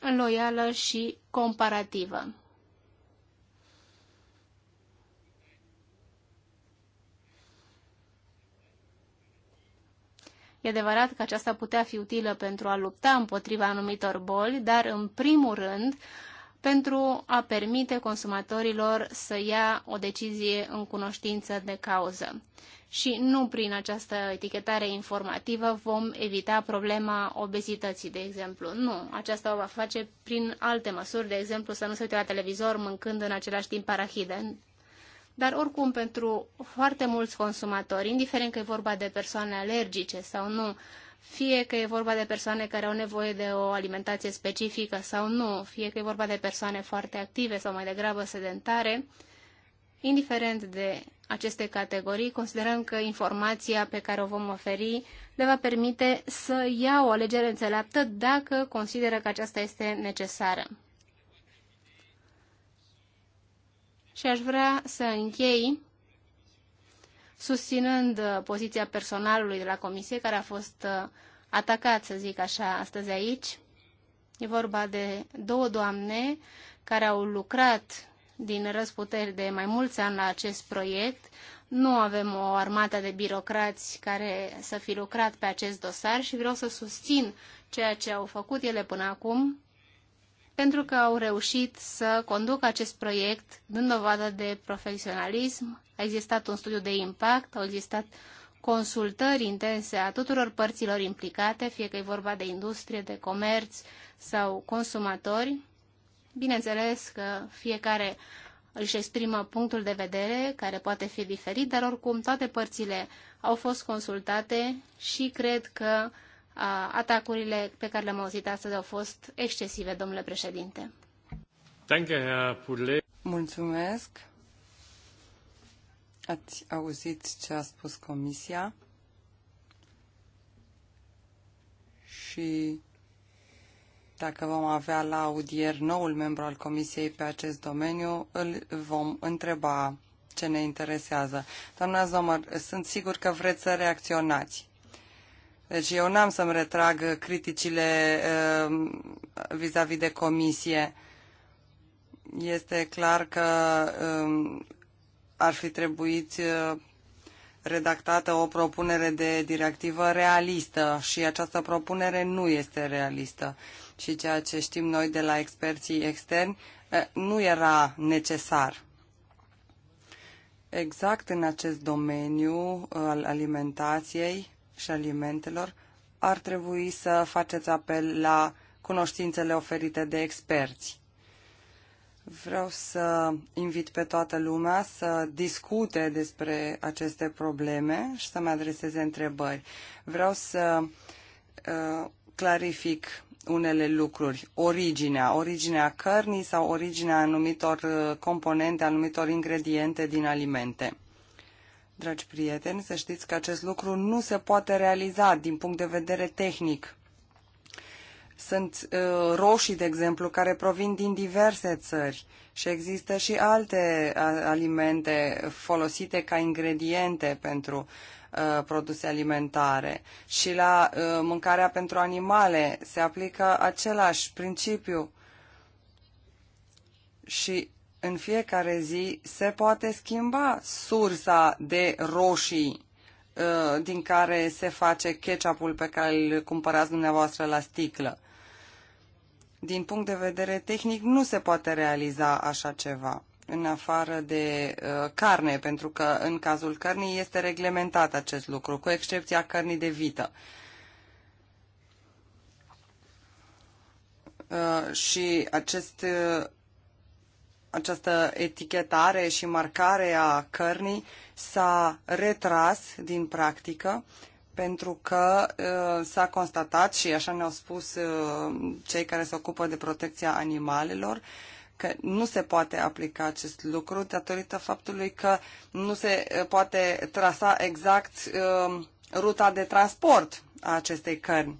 loială și comparativă. E adevărat că aceasta putea fi utilă pentru a lupta împotriva anumitor boli, dar în primul rând pentru a permite consumatorilor să ia o decizie în cunoștință de cauză. Și nu prin această etichetare informativă vom evita problema obezității, de exemplu. Nu, aceasta o va face prin alte măsuri, de exemplu să nu se uite la televizor mâncând în același timp parahide. Dar oricum, pentru foarte mulți consumatori, indiferent că e vorba de persoane alergice sau nu, fie că e vorba de persoane care au nevoie de o alimentație specifică sau nu, fie că e vorba de persoane foarte active sau mai degrabă sedentare, indiferent de aceste categorii, considerăm că informația pe care o vom oferi le va permite să ia o alegere înțeleaptă dacă consideră că aceasta este necesară. Și aș vrea să închei susținând uh, poziția personalului de la comisie care a fost uh, atacat, să zic așa, astăzi aici. E vorba de două doamne care au lucrat din răsputeri de mai mulți ani la acest proiect. Nu avem o armată de birocrați care să fi lucrat pe acest dosar și vreau să susțin ceea ce au făcut ele până acum pentru că au reușit să conducă acest proiect dând dovadă de profesionalism. A existat un studiu de impact, au existat consultări intense a tuturor părților implicate, fie că e vorba de industrie, de comerț sau consumatori. Bineînțeles că fiecare își exprimă punctul de vedere, care poate fi diferit, dar oricum toate părțile au fost consultate și cred că atacurile pe care le-am auzit astăzi au fost excesive, domnule președinte. Mulțumesc. Ați auzit ce a spus Comisia și dacă vom avea la audier noul membru al Comisiei pe acest domeniu, îl vom întreba ce ne interesează. Doamna Zomăr, sunt sigur că vreți să reacționați. Deci eu n-am să-mi retrag criticile ehm, vis-a-vis -vis de comisie. Este clar că ehm, ar fi trebuit eh, redactată o propunere de directivă realistă și această propunere nu este realistă. Și ceea ce știm noi de la experții externi eh, nu era necesar. Exact în acest domeniu al alimentației, și alimentelor, ar trebui să faceți apel la cunoștințele oferite de experți. Vreau să invit pe toată lumea să discute despre aceste probleme și să-mi adreseze întrebări. Vreau să uh, clarific unele lucruri. Originea, originea cărnii sau originea anumitor uh, componente, anumitor ingrediente din alimente dragi prieteni, să știți că acest lucru nu se poate realiza din punct de vedere tehnic. Sunt uh, roșii, de exemplu, care provin din diverse țări și există și alte alimente folosite ca ingrediente pentru uh, produse alimentare. Și la uh, mâncarea pentru animale se aplică același principiu. Și în fiecare zi se poate schimba sursa de roșii uh, din care se face ketchupul pe care îl cumpărați dumneavoastră la sticlă. Din punct de vedere tehnic nu se poate realiza așa ceva în afară de uh, carne, pentru că în cazul cărnii este reglementat acest lucru, cu excepția cărnii de vită. Uh, și acest uh, această etichetare și marcare a cărnii s-a retras din practică pentru că uh, s-a constatat și așa ne-au spus uh, cei care se ocupă de protecția animalelor că nu se poate aplica acest lucru datorită faptului că nu se uh, poate trasa exact uh, ruta de transport a acestei cărni.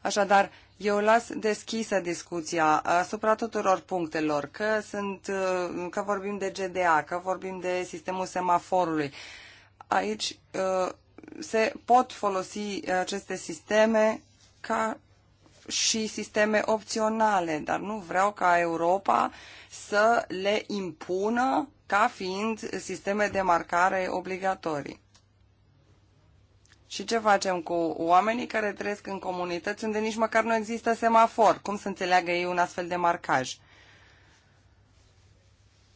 Așadar, eu las deschisă discuția asupra tuturor punctelor, că, sunt, că vorbim de GDA, că vorbim de sistemul semaforului. Aici uh, se pot folosi aceste sisteme ca și sisteme opționale, dar nu vreau ca Europa să le impună ca fiind sisteme de marcare obligatorii. Și ce facem cu oamenii care trăiesc în comunități unde nici măcar nu există semafor? Cum să înțeleagă ei un astfel de marcaj?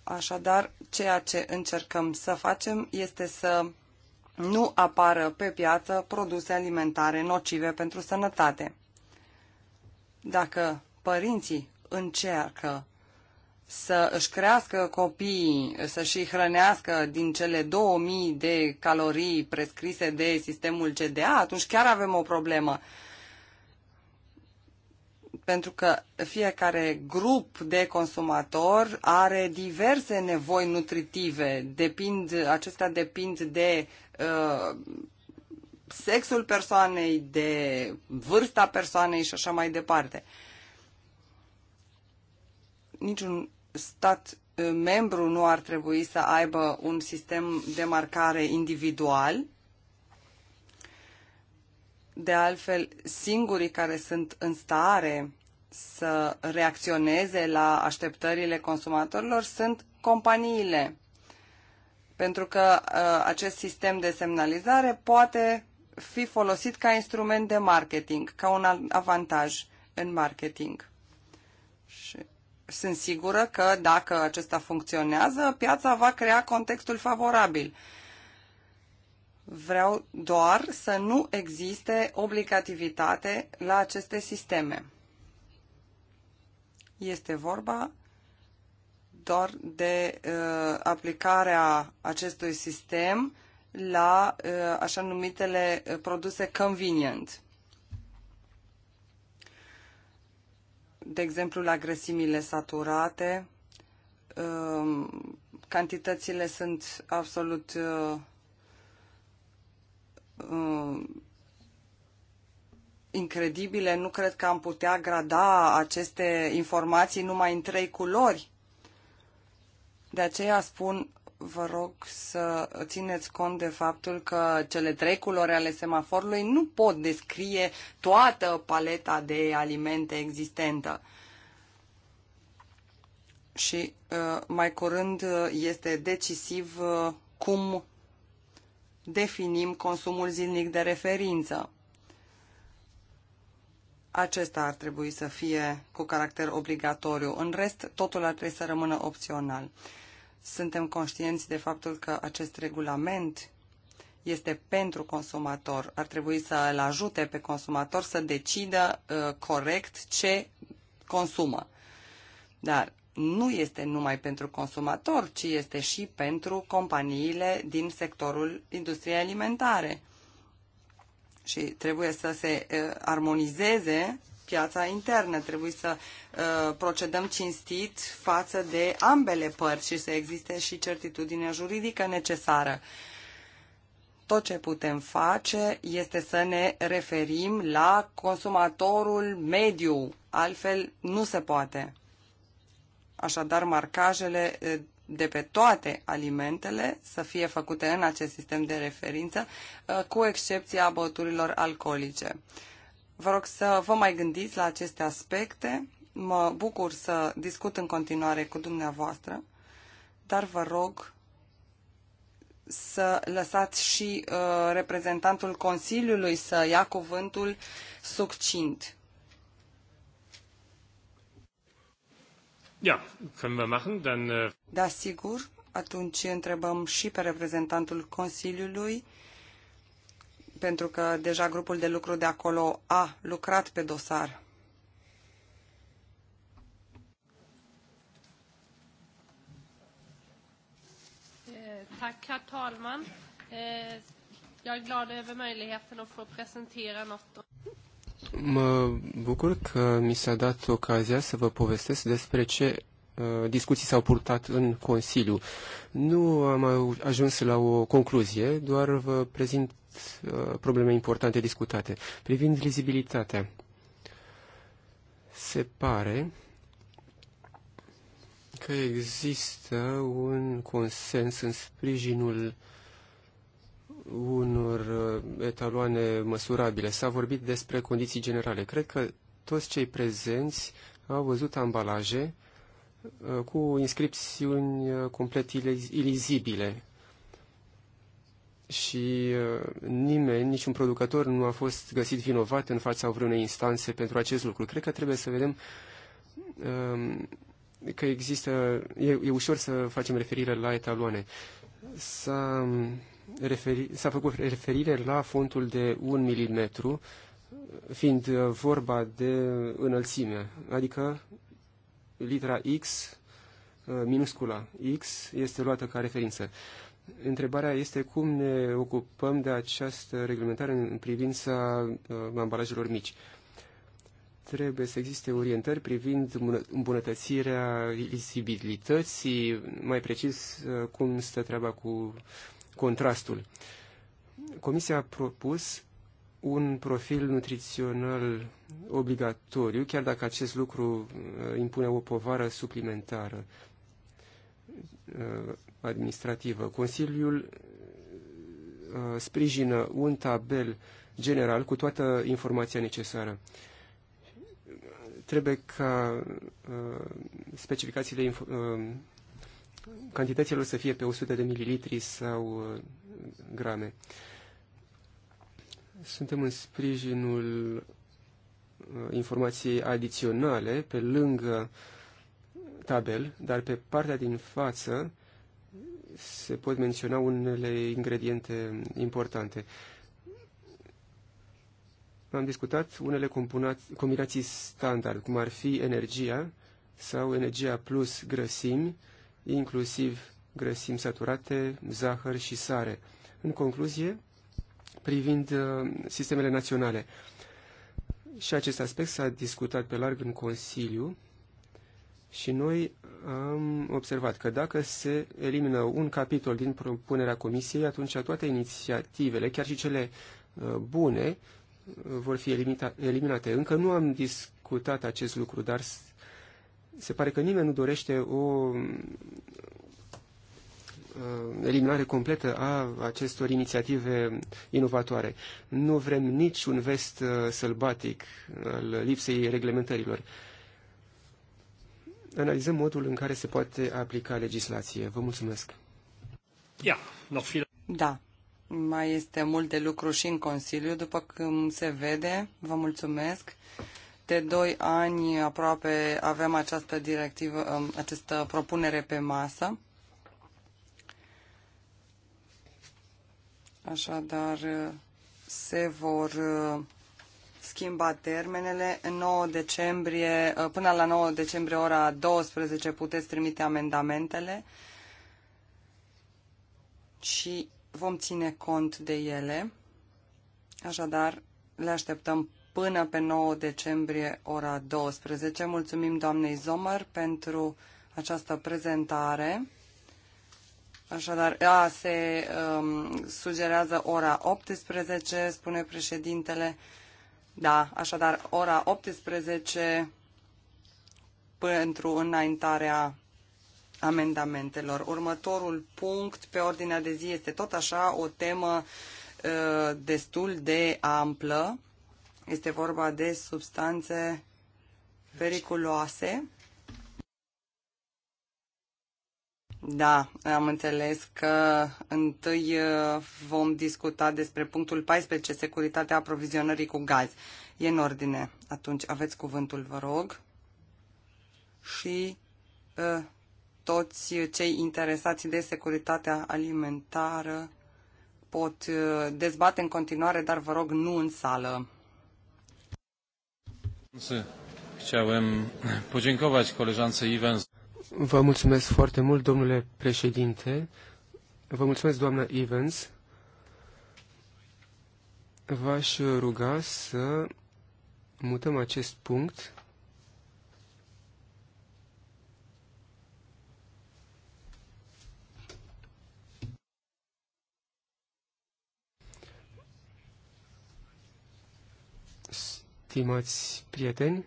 Așadar, ceea ce încercăm să facem este să nu apară pe piață produse alimentare nocive pentru sănătate. Dacă părinții încearcă să își crească copiii, să-și hrănească din cele 2000 de calorii prescrise de sistemul CDA, atunci chiar avem o problemă. Pentru că fiecare grup de consumator are diverse nevoi nutritive. Depind, acestea depind de uh, sexul persoanei, de vârsta persoanei și așa mai departe niciun stat eh, membru nu ar trebui să aibă un sistem de marcare individual. De altfel, singurii care sunt în stare să reacționeze la așteptările consumatorilor sunt companiile. Pentru că uh, acest sistem de semnalizare poate fi folosit ca instrument de marketing, ca un avantaj în marketing sunt sigură că dacă acesta funcționează, piața va crea contextul favorabil. Vreau doar să nu existe obligativitate la aceste sisteme. Este vorba doar de uh, aplicarea acestui sistem la uh, așa numitele uh, produse convenient. de exemplu, la grăsimile saturate, um, cantitățile sunt absolut uh, um, incredibile. Nu cred că am putea grada aceste informații numai în trei culori. De aceea spun vă rog să țineți cont de faptul că cele trei culori ale semaforului nu pot descrie toată paleta de alimente existentă. Și uh, mai curând uh, este decisiv uh, cum definim consumul zilnic de referință. Acesta ar trebui să fie cu caracter obligatoriu. În rest, totul ar trebui să rămână opțional. Suntem conștienți de faptul că acest regulament este pentru consumator. Ar trebui să îl ajute pe consumator să decidă uh, corect ce consumă. Dar nu este numai pentru consumator, ci este și pentru companiile din sectorul industriei alimentare. Și trebuie să se uh, armonizeze piața internă. Trebuie să uh, procedăm cinstit față de ambele părți și să existe și certitudinea juridică necesară. Tot ce putem face este să ne referim la consumatorul mediu, altfel nu se poate. Așadar, marcajele uh, de pe toate alimentele să fie făcute în acest sistem de referință, uh, cu excepția băuturilor alcoolice. Vă rog să vă mai gândiți la aceste aspecte. Mă bucur să discut în continuare cu dumneavoastră, dar vă rog să lăsați și uh, reprezentantul Consiliului să ia cuvântul succint. Ja, können wir machen, dann... Uh, da, sigur. Atunci întrebăm și pe reprezentantul Consiliului pentru că deja grupul de lucru de acolo a lucrat pe dosar. Eh, tack, herr talman. Eh, jag är glad över möjligheten att få presentera något. Mă bucur că mi s-a dat ocazia să vă povestesc despre ce Uh, discuții s-au purtat în Consiliu. Nu am ajuns la o concluzie, doar vă prezint uh, probleme importante discutate. Privind vizibilitatea, se pare că există un consens în sprijinul unor uh, etaloane măsurabile. S-a vorbit despre condiții generale. Cred că toți cei prezenți au văzut ambalaje Uh, cu inscripțiuni uh, complet ilizibile. Și uh, nimeni, niciun producător nu a fost găsit vinovat în fața vreunei instanțe pentru acest lucru. Cred că trebuie să vedem um, că există, e, e ușor să facem referire la etaloane. S-a, um, referi, s-a făcut referire la fontul de 1 mm, fiind vorba de înălțime, adică litera X, uh, minuscula X, este luată ca referință. Întrebarea este cum ne ocupăm de această reglementare în privința uh, ambalajelor mici. Trebuie să existe orientări privind îmbunătățirea lisibilității, mai precis uh, cum stă treaba cu contrastul. Comisia a propus un profil nutrițional obligatoriu, chiar dacă acest lucru uh, impune o povară suplimentară uh, administrativă. Consiliul uh, sprijină un tabel general cu toată informația necesară. Trebuie ca specificațiile cantităților să fie pe 100 de mililitri sau grame. Suntem în sprijinul informații adiționale pe lângă tabel, dar pe partea din față se pot menționa unele ingrediente importante. Am discutat unele combinații standard, cum ar fi energia sau energia plus grăsimi, inclusiv grăsimi saturate, zahăr și sare. În concluzie, privind uh, sistemele naționale, și acest aspect s-a discutat pe larg în Consiliu și noi am observat că dacă se elimină un capitol din propunerea Comisiei, atunci toate inițiativele, chiar și cele uh, bune, uh, vor fi eliminate. Încă nu am discutat acest lucru, dar se pare că nimeni nu dorește o Uh, eliminare completă a acestor inițiative inovatoare. Nu vrem nici un vest uh, sălbatic al lipsei reglementărilor. Analizăm modul în care se poate aplica legislație. Vă mulțumesc. Da, mai este mult de lucru și în Consiliu, după cum se vede. Vă mulțumesc de doi ani aproape avem această directivă, um, această propunere pe masă. Așadar, uh, se vor uh, schimba termenele. În 9 decembrie, uh, până la 9 decembrie, ora 12, puteți trimite amendamentele și vom ține cont de ele. Așadar, le așteptăm până pe 9 decembrie, ora 12. Mulțumim doamnei Zomăr pentru această prezentare. Așadar, a, se um, sugerează ora 18, spune președintele. Da, așadar, ora 18 pentru înaintarea amendamentelor. Următorul punct pe ordinea de zi este tot așa o temă uh, destul de amplă. Este vorba de substanțe periculoase. Da, am înțeles că întâi uh, vom discuta despre punctul 14, securitatea aprovizionării cu gaz. E în ordine. Atunci aveți cuvântul, vă rog. Și uh, toți cei interesați de securitatea alimentară pot uh, dezbate în continuare, dar vă rog nu în sală. Chciałem podziękować koleżance Iwens. Vă mulțumesc foarte mult, domnule președinte. Vă mulțumesc, doamna Evans. V-aș ruga să mutăm acest punct Stimați prieteni,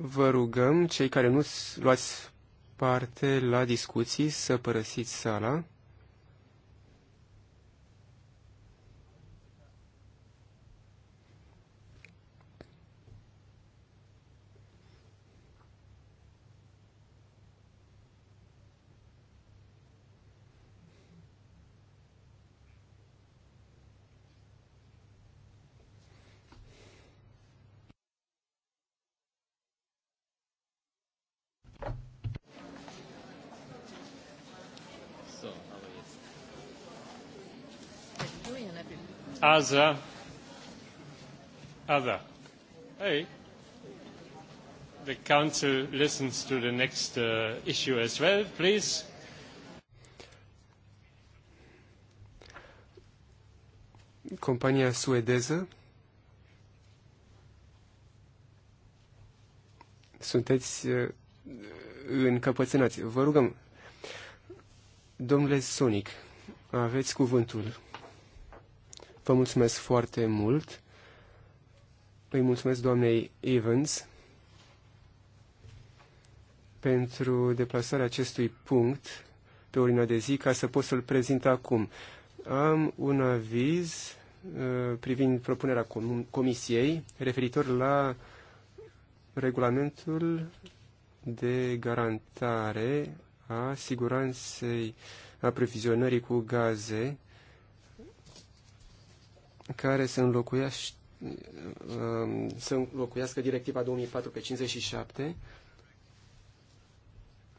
vă rugăm, cei care nu luați parte la discuții, să părăsiți sala. other, other. Hey, the council listens to the next uh, issue as well, please. Compania suedeză. Sunteți uh, încăpățânați. Vă rugăm, domnule Sonic, aveți cuvântul. Vă mulțumesc foarte mult. Îi mulțumesc doamnei Evans pentru deplasarea acestui punct pe ordinea de zi ca să pot să-l prezint acum. Am un aviz uh, privind propunerea com Comisiei referitor la regulamentul de garantare a siguranței aprovizionării cu gaze care să înlocuiască, um, să înlocuiască directiva 2004 pe 57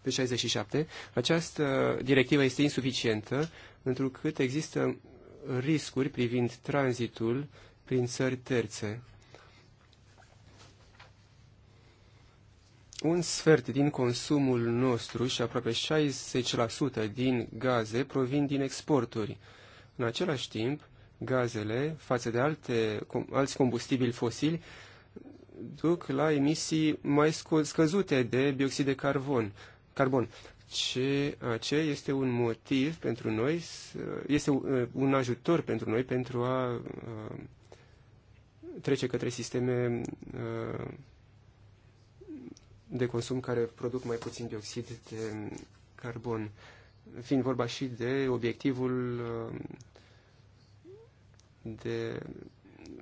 pe 67. Această directivă este insuficientă, întrucât există riscuri privind tranzitul prin țări terțe. Un sfert din consumul nostru și aproape 60% din gaze provin din exporturi. În același timp, gazele față de alte, alți combustibili fosili duc la emisii mai scăzute de dioxid de carbon. carbon. Ce, ce este un motiv pentru noi, este uh, un ajutor pentru noi pentru a trece către sisteme de consum care produc mai puțin dioxid de carbon, fiind vorba și de obiectivul de,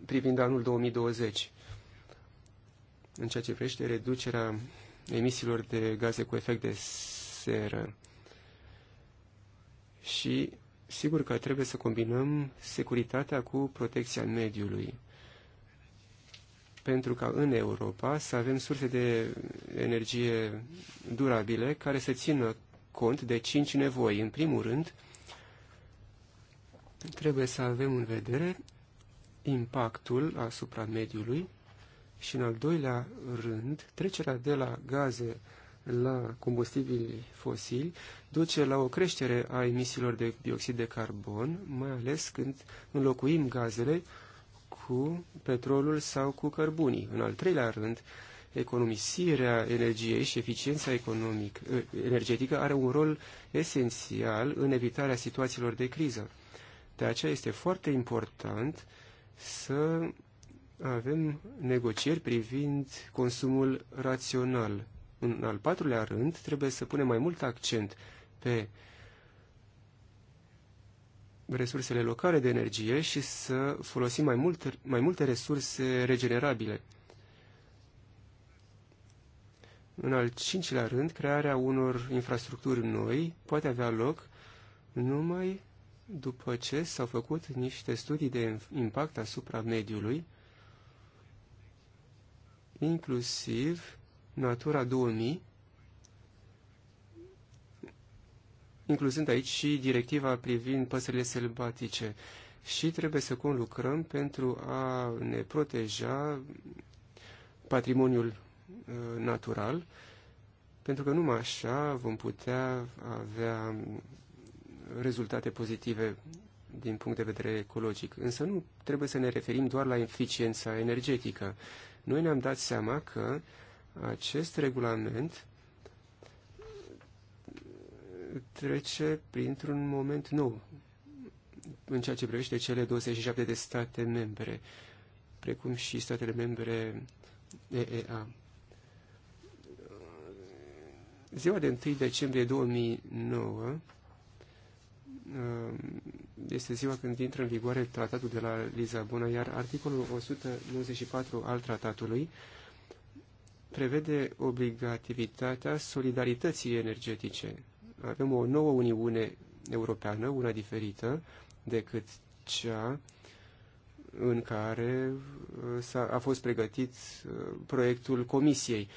privind anul 2020 în ceea ce privește reducerea emisiilor de gaze cu efect de seră. Și sigur că trebuie să combinăm securitatea cu protecția mediului. Pentru ca în Europa să avem surse de energie durabile care să țină cont de cinci nevoi. În primul rând, Trebuie să avem în vedere impactul asupra mediului și, în al doilea rând, trecerea de la gaze la combustibili fosili duce la o creștere a emisiilor de dioxid de carbon, mai ales când înlocuim gazele cu petrolul sau cu cărbunii. În al treilea rând, economisirea energiei și eficiența economic, energetică are un rol esențial în evitarea situațiilor de criză. De aceea este foarte important să avem negocieri privind consumul rațional. În al patrulea rând, trebuie să punem mai mult accent pe resursele locale de energie și să folosim mai multe, mai multe resurse regenerabile. În al cincilea rând, crearea unor infrastructuri noi poate avea loc numai după ce s-au făcut niște studii de impact asupra mediului, inclusiv Natura 2000, incluzând aici și directiva privind păsările sălbatice. Și trebuie să conlucrăm pentru a ne proteja patrimoniul uh, natural, pentru că numai așa vom putea avea rezultate pozitive din punct de vedere ecologic. Însă nu trebuie să ne referim doar la eficiența energetică. Noi ne-am dat seama că acest regulament trece printr-un moment nou în ceea ce privește cele 27 de state membre, precum și statele membre EEA. Ziua de 1 decembrie 2009 Uh, este ziua când intră în vigoare tratatul de la Lisabona, iar articolul 194 al tratatului prevede obligativitatea solidarității energetice. Avem o nouă Uniune Europeană, una diferită decât cea în care uh, a a fost pregătit uh, proiectul Comisiei.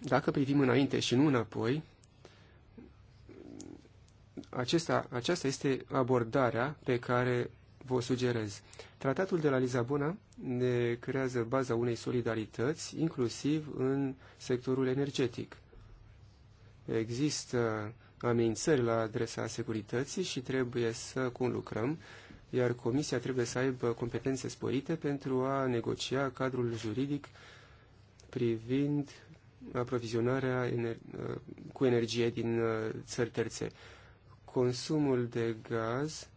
Dacă privim înainte și nu înapoi, acesta, aceasta este abordarea pe care vă sugerez. Tratatul de la Lisabona ne creează baza unei solidarități, inclusiv în sectorul energetic. Există amenințări la adresa securității și trebuie să conlucrăm, iar Comisia trebuie să aibă competențe sporite pentru a negocia cadrul juridic privind aprovizionarea ener cu energie din uh, țări terțe consumul de gaz,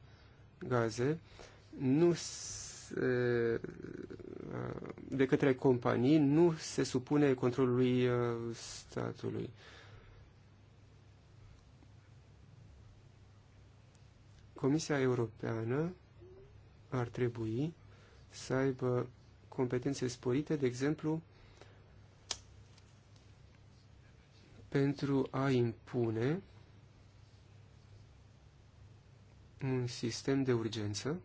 gaze, nu se, de către companii nu se supune controlului uh, statului. Comisia Europeană ar trebui să aibă competențe sporite, de exemplu, pentru a impune un sistem de urgență.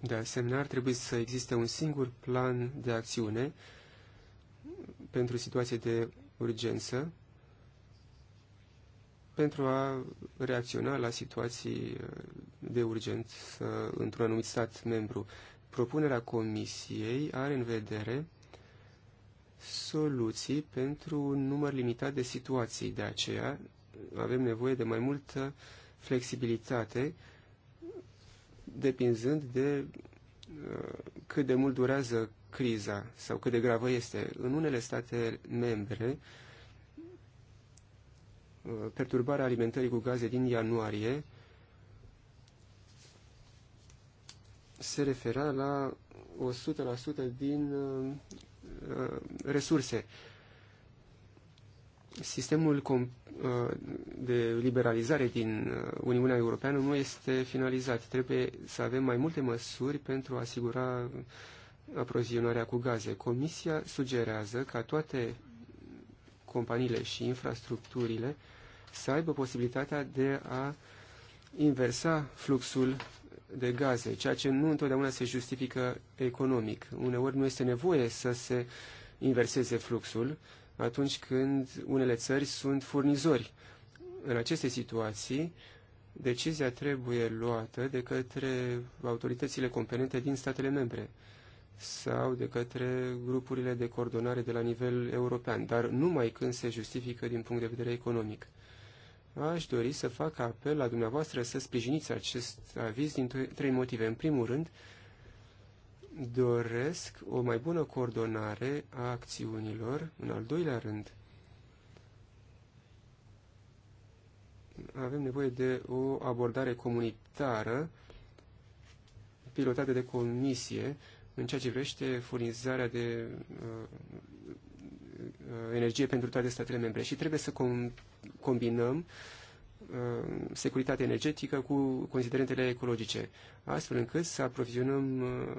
De asemenea, ar trebui să existe un singur plan de acțiune pentru situații de urgență, pentru a reacționa la situații de urgență într-un anumit stat membru. Propunerea Comisiei are în vedere soluții pentru un număr limitat de situații, de aceea avem nevoie de mai multă flexibilitate, depinzând de uh, cât de mult durează criza sau cât de gravă este. În unele state membre, uh, perturbarea alimentării cu gaze din ianuarie se refera la 100% din uh, resurse. Sistemul uh, de liberalizare din uh, Uniunea Europeană nu este finalizat. Trebuie să avem mai multe măsuri pentru a asigura aprovizionarea cu gaze. Comisia sugerează ca toate companiile și infrastructurile să aibă posibilitatea de a inversa fluxul de gaze, ceea ce nu întotdeauna se justifică economic. Uneori nu este nevoie să se inverseze fluxul, atunci când unele țări sunt furnizori. În aceste situații, decizia trebuie luată de către autoritățile competente din statele membre sau de către grupurile de coordonare de la nivel european, dar numai când se justifică din punct de vedere economic. Aș dori să fac apel la dumneavoastră să sprijiniți acest aviz din trei motive. În primul rând, doresc o mai bună coordonare a acțiunilor, în al doilea rând. Avem nevoie de o abordare comunitară pilotată de comisie în ceea ce privește furnizarea de uh, uh energie pentru toate statele membre și trebuie să com combinăm uh, Uh, securitate energetică cu considerentele ecologice, astfel încât să aprovizionăm uh,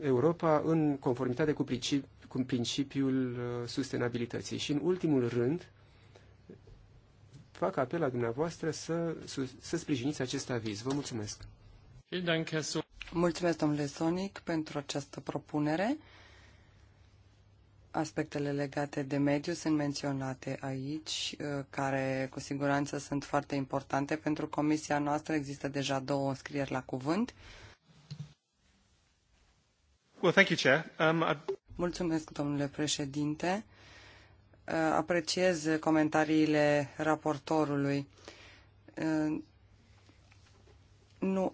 Europa în conformitate cu, principi, cu principiul uh, sustenabilității. Și în ultimul rând, fac apel la dumneavoastră să, să sprijiniți acest aviz. Vă mulțumesc! Mulțumesc, domnule Sonic, pentru această propunere. Aspectele legate de mediu sunt menționate aici, uh, care cu siguranță sunt foarte importante. Pentru comisia noastră există deja două înscrieri la cuvânt. Well, thank you, Chair. Um, I... Mulțumesc, domnule președinte. Uh, apreciez comentariile raportorului. Uh, nu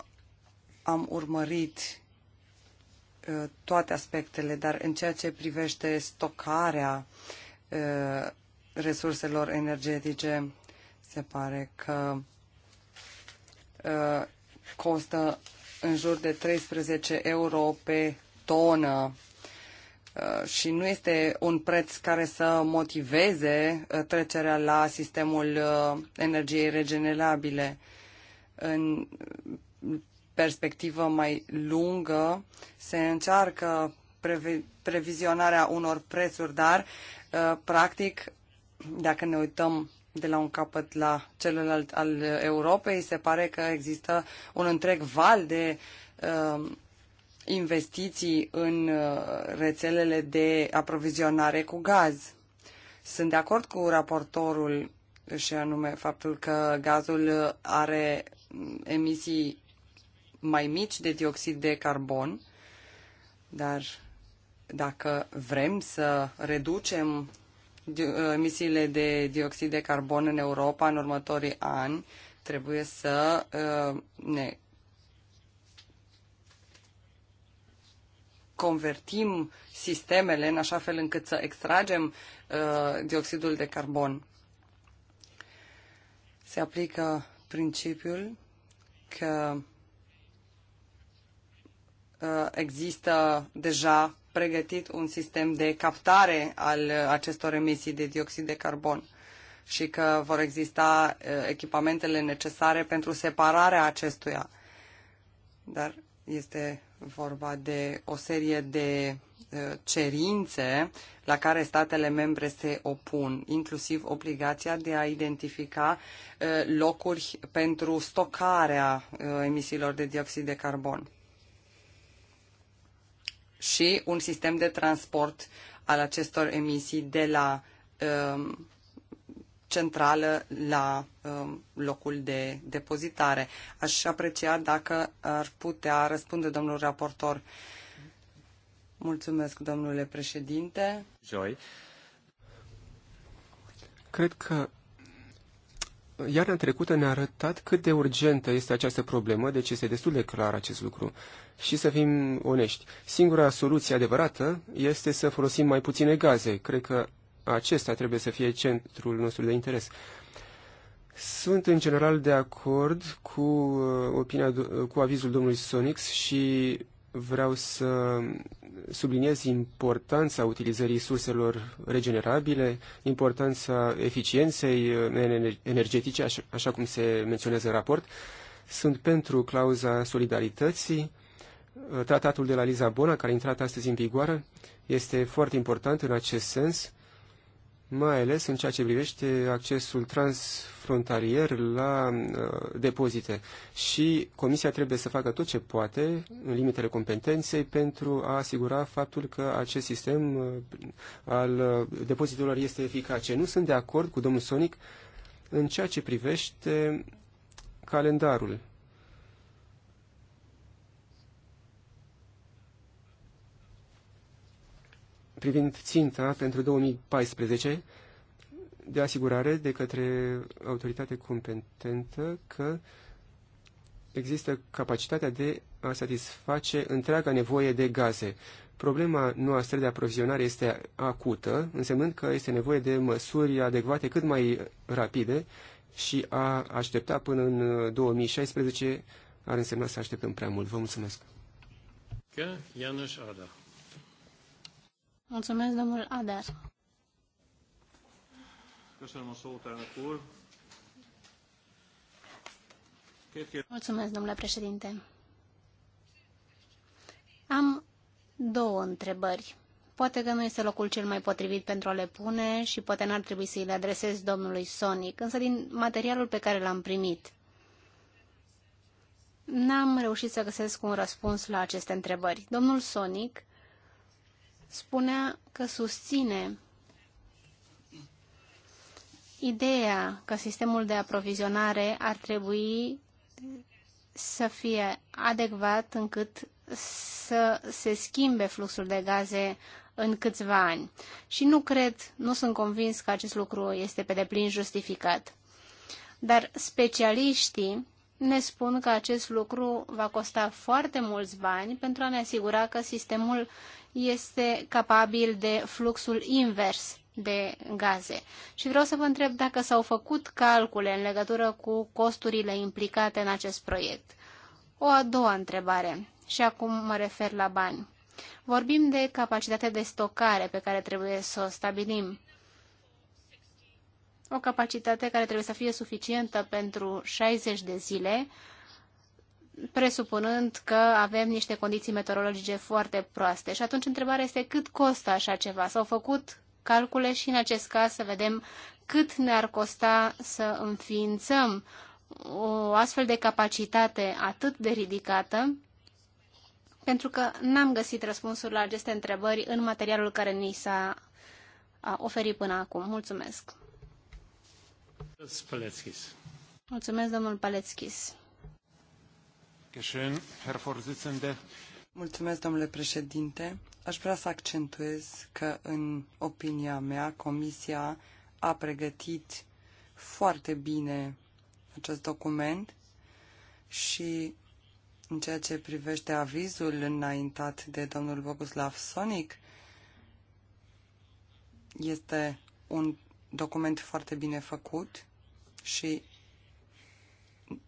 am urmărit Uh, toate aspectele, dar în ceea ce privește stocarea uh, resurselor energetice, se pare că uh, costă în jur de 13 euro pe tonă și nu este un preț care să motiveze trecerea la sistemul energiei regenerabile. În perspectivă mai lungă se încearcă previ- previzionarea unor prețuri, dar uh, practic, dacă ne uităm de la un capăt la celălalt al Europei, se pare că există un întreg val de uh, investiții în uh, rețelele de aprovizionare cu gaz. Sunt de acord cu raportorul și anume faptul că gazul are emisii mai mici de dioxid de carbon, dar dacă vrem să reducem uh, emisiile de dioxid de carbon în Europa în următorii ani, trebuie să uh, ne convertim sistemele în așa fel încât să extragem uh, dioxidul de carbon. Se aplică principiul că Uh, există deja pregătit un sistem de captare al uh, acestor emisii de dioxid de carbon și că vor exista uh, echipamentele necesare pentru separarea acestuia. Dar este vorba de o serie de cerințe la care statele membre se opun, inclusiv obligația de a identifica locuri pentru stocarea emisiilor de dioxid de carbon și un sistem de transport al acestor emisii de la um, centrală la um, locul de depozitare. Aș aprecia dacă ar putea răspunde domnul raportor. Mulțumesc, domnule președinte. Joi. Cred că iarna trecută ne-a arătat cât de urgentă este această problemă, deci este destul de clar acest lucru. Și să fim onești, singura soluție adevărată este să folosim mai puține gaze. Cred că acesta trebuie să fie centrul nostru de interes. Sunt în general de acord cu, uh, opinia, cu avizul domnului Sonix și vreau să subliniez importanța utilizării surselor regenerabile, importanța eficienței energetice, așa cum se menționează în raport. Sunt pentru clauza solidarității. Tratatul de la Lisabona, care a intrat astăzi în vigoare, este foarte important în acest sens mai ales în ceea ce privește accesul transfrontalier la uh, depozite. Și Comisia trebuie să facă tot ce poate, în limitele competenței, pentru a asigura faptul că acest sistem uh, al uh, depozitelor este eficace. Nu sunt de acord cu domnul Sonic în ceea ce privește calendarul. privind ținta pentru 2014 de asigurare de către autoritate competentă că există capacitatea de a satisface întreaga nevoie de gaze. Problema noastră de aprovizionare este acută, însemnând că este nevoie de măsuri adecvate cât mai rapide și a aștepta până în 2016 ar însemna să așteptăm prea mult. Vă mulțumesc! Că Ianuș Ada. Mulțumesc, domnul Adar. Mulțumesc, domnule președinte. Am două întrebări. Poate că nu este locul cel mai potrivit pentru a le pune și poate n-ar trebui să îi le adresez domnului Sonic, însă din materialul pe care l-am primit, n-am reușit să găsesc un răspuns la aceste întrebări. Domnul Sonic spunea că susține ideea că sistemul de aprovizionare ar trebui să fie adecvat încât să se schimbe fluxul de gaze în câțiva ani. Și nu cred, nu sunt convins că acest lucru este pe deplin justificat. Dar specialiștii ne spun că acest lucru va costa foarte mulți bani pentru a ne asigura că sistemul este capabil de fluxul invers de gaze. Și vreau să vă întreb dacă s-au făcut calcule în legătură cu costurile implicate în acest proiect. O a doua întrebare, și acum mă refer la bani. Vorbim de capacitatea de stocare pe care trebuie să o stabilim. O capacitate care trebuie să fie suficientă pentru 60 de zile, presupunând că avem niște condiții meteorologice foarte proaste. Și atunci întrebarea este cât costă așa ceva? S-au făcut calcule și în acest caz să vedem cât ne-ar costa să înființăm o astfel de capacitate atât de ridicată, pentru că n-am găsit răspunsul la aceste întrebări în materialul care ni s-a oferit până acum. Mulțumesc! Mulțumesc, domnul Palețchis. Mulțumesc, domnule președinte. Aș vrea să accentuez că, în opinia mea, Comisia a pregătit foarte bine acest document și în ceea ce privește avizul înaintat de domnul Boguslav Sonic, este un document foarte bine făcut și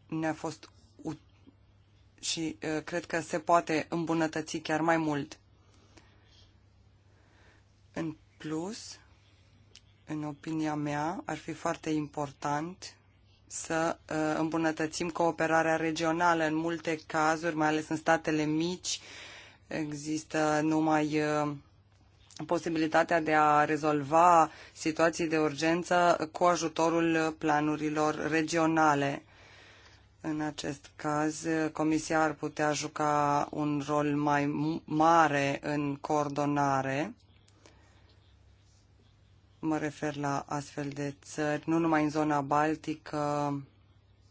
ne-a fost și uh, cred că se poate îmbunătăți chiar mai mult. În plus, în opinia mea, ar fi foarte important să uh, îmbunătățim cooperarea regională. În multe cazuri, mai ales în statele mici, există numai uh, posibilitatea de a rezolva situații de urgență cu ajutorul planurilor regionale. În acest caz, Comisia ar putea juca un rol mai mare în coordonare. Mă refer la astfel de țări, nu numai în zona baltică,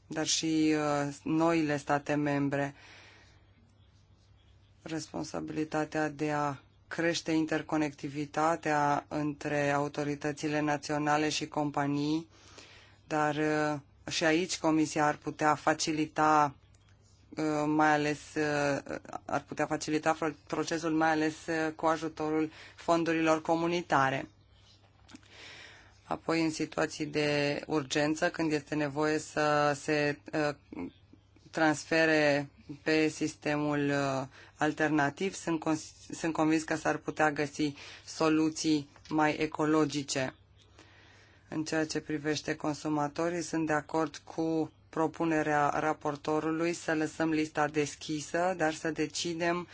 dar și uh, noile state membre. Responsabilitatea de a crește interconectivitatea între autoritățile naționale și companii, dar uh, și aici Comisia ar putea facilita uh, mai ales uh, ar putea facilita procesul mai ales uh, cu ajutorul fondurilor comunitare. Apoi în situații de urgență, când este nevoie să se transfere pe sistemul alternativ, sunt, sunt convins că s-ar putea găsi soluții mai ecologice. În ceea ce privește consumatorii, sunt de acord cu propunerea raportorului să lăsăm lista deschisă, dar să decidem,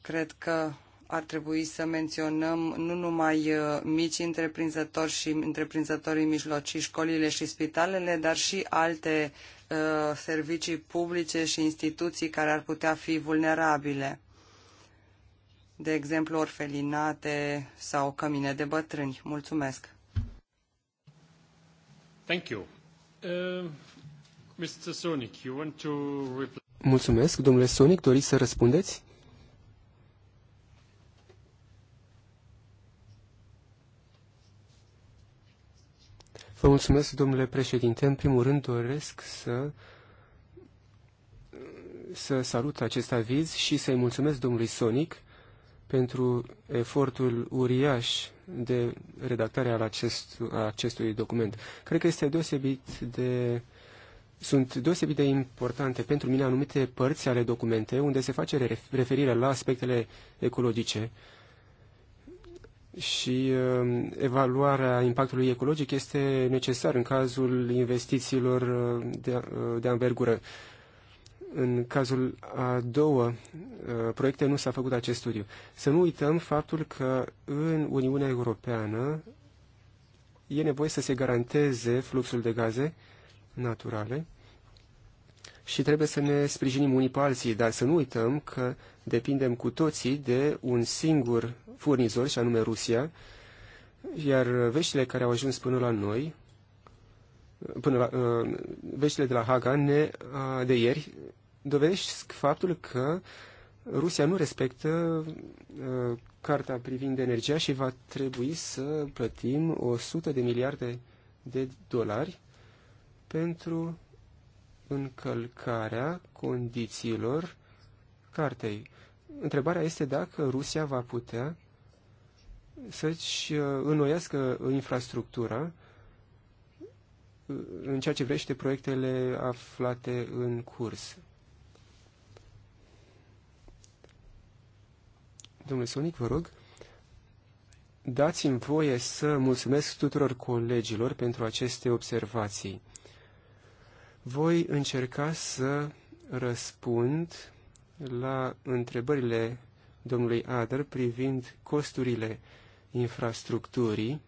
cred că ar trebui să menționăm nu numai uh, mici întreprinzători și întreprinzătorii mijlocii, școlile și spitalele, dar și alte uh, servicii publice și instituții care ar putea fi vulnerabile, de exemplu orfelinate sau cămine de bătrâni. Mulțumesc! Thank you. Uh, Mr. Sonic, you want to reply? Mulțumesc, domnule Sonic, doriți să răspundeți? Vă mulțumesc, domnule președinte. În primul rând doresc să să salut acest aviz și să-i mulțumesc domnului Sonic pentru efortul uriaș de redactare al acest, a acestui document. Cred că este deosebit de sunt deosebit de importante pentru mine anumite părți ale documente unde se face referire la aspectele ecologice și uh, evaluarea impactului ecologic este necesar în cazul investițiilor uh, de, uh, de anvergură. În cazul a două uh, proiecte nu s-a făcut acest studiu. Să nu uităm faptul că în Uniunea Europeană e nevoie să se garanteze fluxul de gaze naturale și trebuie să ne sprijinim unii pe alții, dar să nu uităm că depindem cu toții de un singur furnizor, și anume Rusia, iar veștile care au ajuns până la noi, până la, uh, veștile de la Haga ne, uh, de ieri dovedești faptul că Rusia nu respectă uh, carta privind energia și va trebui să plătim 100 de miliarde de dolari pentru încălcarea condițiilor cartei. Întrebarea este dacă Rusia va putea să-și uh, înnoiască infrastructura uh, în ceea ce vrește proiectele aflate în curs. Domnule Sonic, vă rog, dați-mi voie să mulțumesc tuturor colegilor pentru aceste observații. Voi încerca să răspund la întrebările domnului Adler privind costurile infrastructurii,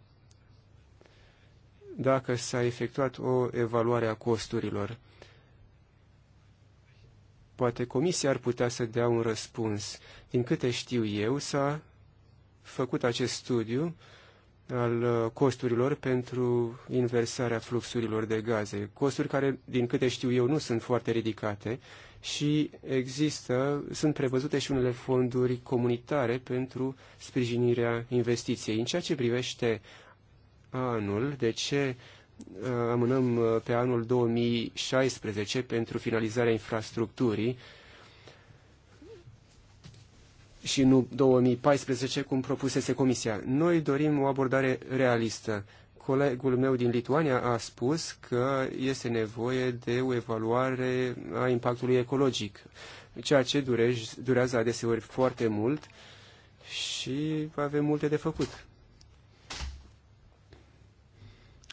dacă s-a efectuat o evaluare a costurilor. Poate comisia ar putea să dea un răspuns. Din câte știu eu, s-a făcut acest studiu al uh, costurilor pentru inversarea fluxurilor de gaze. Costuri care, din câte știu eu, nu sunt foarte ridicate și există, sunt prevăzute și unele fonduri comunitare pentru sprijinirea investiției. În ceea ce privește anul, de ce amânăm uh, pe anul 2016 pentru finalizarea infrastructurii și nu 2014, cum propusese Comisia. Noi dorim o abordare realistă. Colegul meu din Lituania a spus că este nevoie de o evaluare a impactului ecologic, ceea ce durează adeseori foarte mult și avem multe de făcut.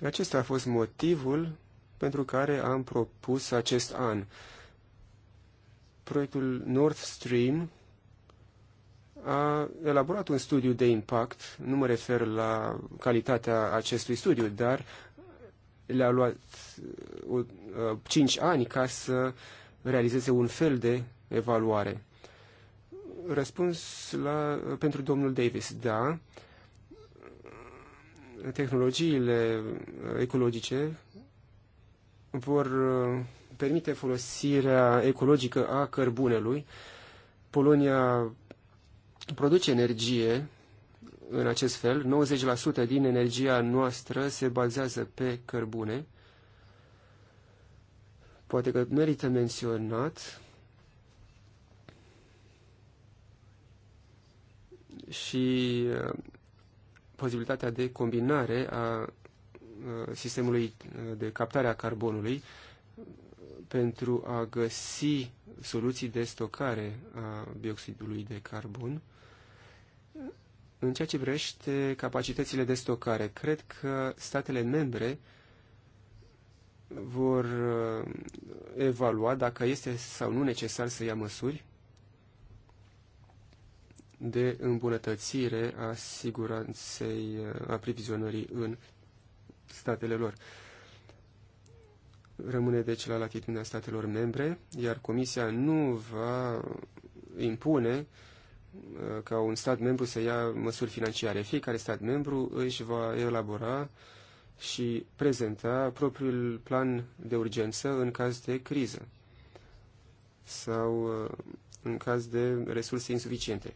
Acesta a fost motivul pentru care am propus acest an. Proiectul Nord Stream a elaborat un studiu de impact, nu mă refer la calitatea acestui studiu, dar le-a luat uh, 5 uh, ani ca să realizeze un fel de evaluare. Răspuns la, pentru domnul Davis, da, tehnologiile uh, ecologice vor uh, permite folosirea ecologică a cărbunelui. Polonia produce energie în acest fel. 90% din energia noastră se bazează pe cărbune. Poate că merită menționat și uh, posibilitatea de combinare a sistemului uh, de captare a carbonului pentru a găsi soluții de stocare a bioxidului de carbon. În ceea ce vrește capacitățile de stocare, cred că statele membre vor uh, evalua dacă este sau nu necesar să ia măsuri de îmbunătățire a siguranței a aprovizionării în statele lor. Rămâne deci la latitudinea statelor membre, iar Comisia nu va impune uh, ca un stat membru să ia măsuri financiare. Fiecare stat membru își va elabora și prezenta propriul plan de urgență în caz de criză sau uh, în caz de resurse insuficiente.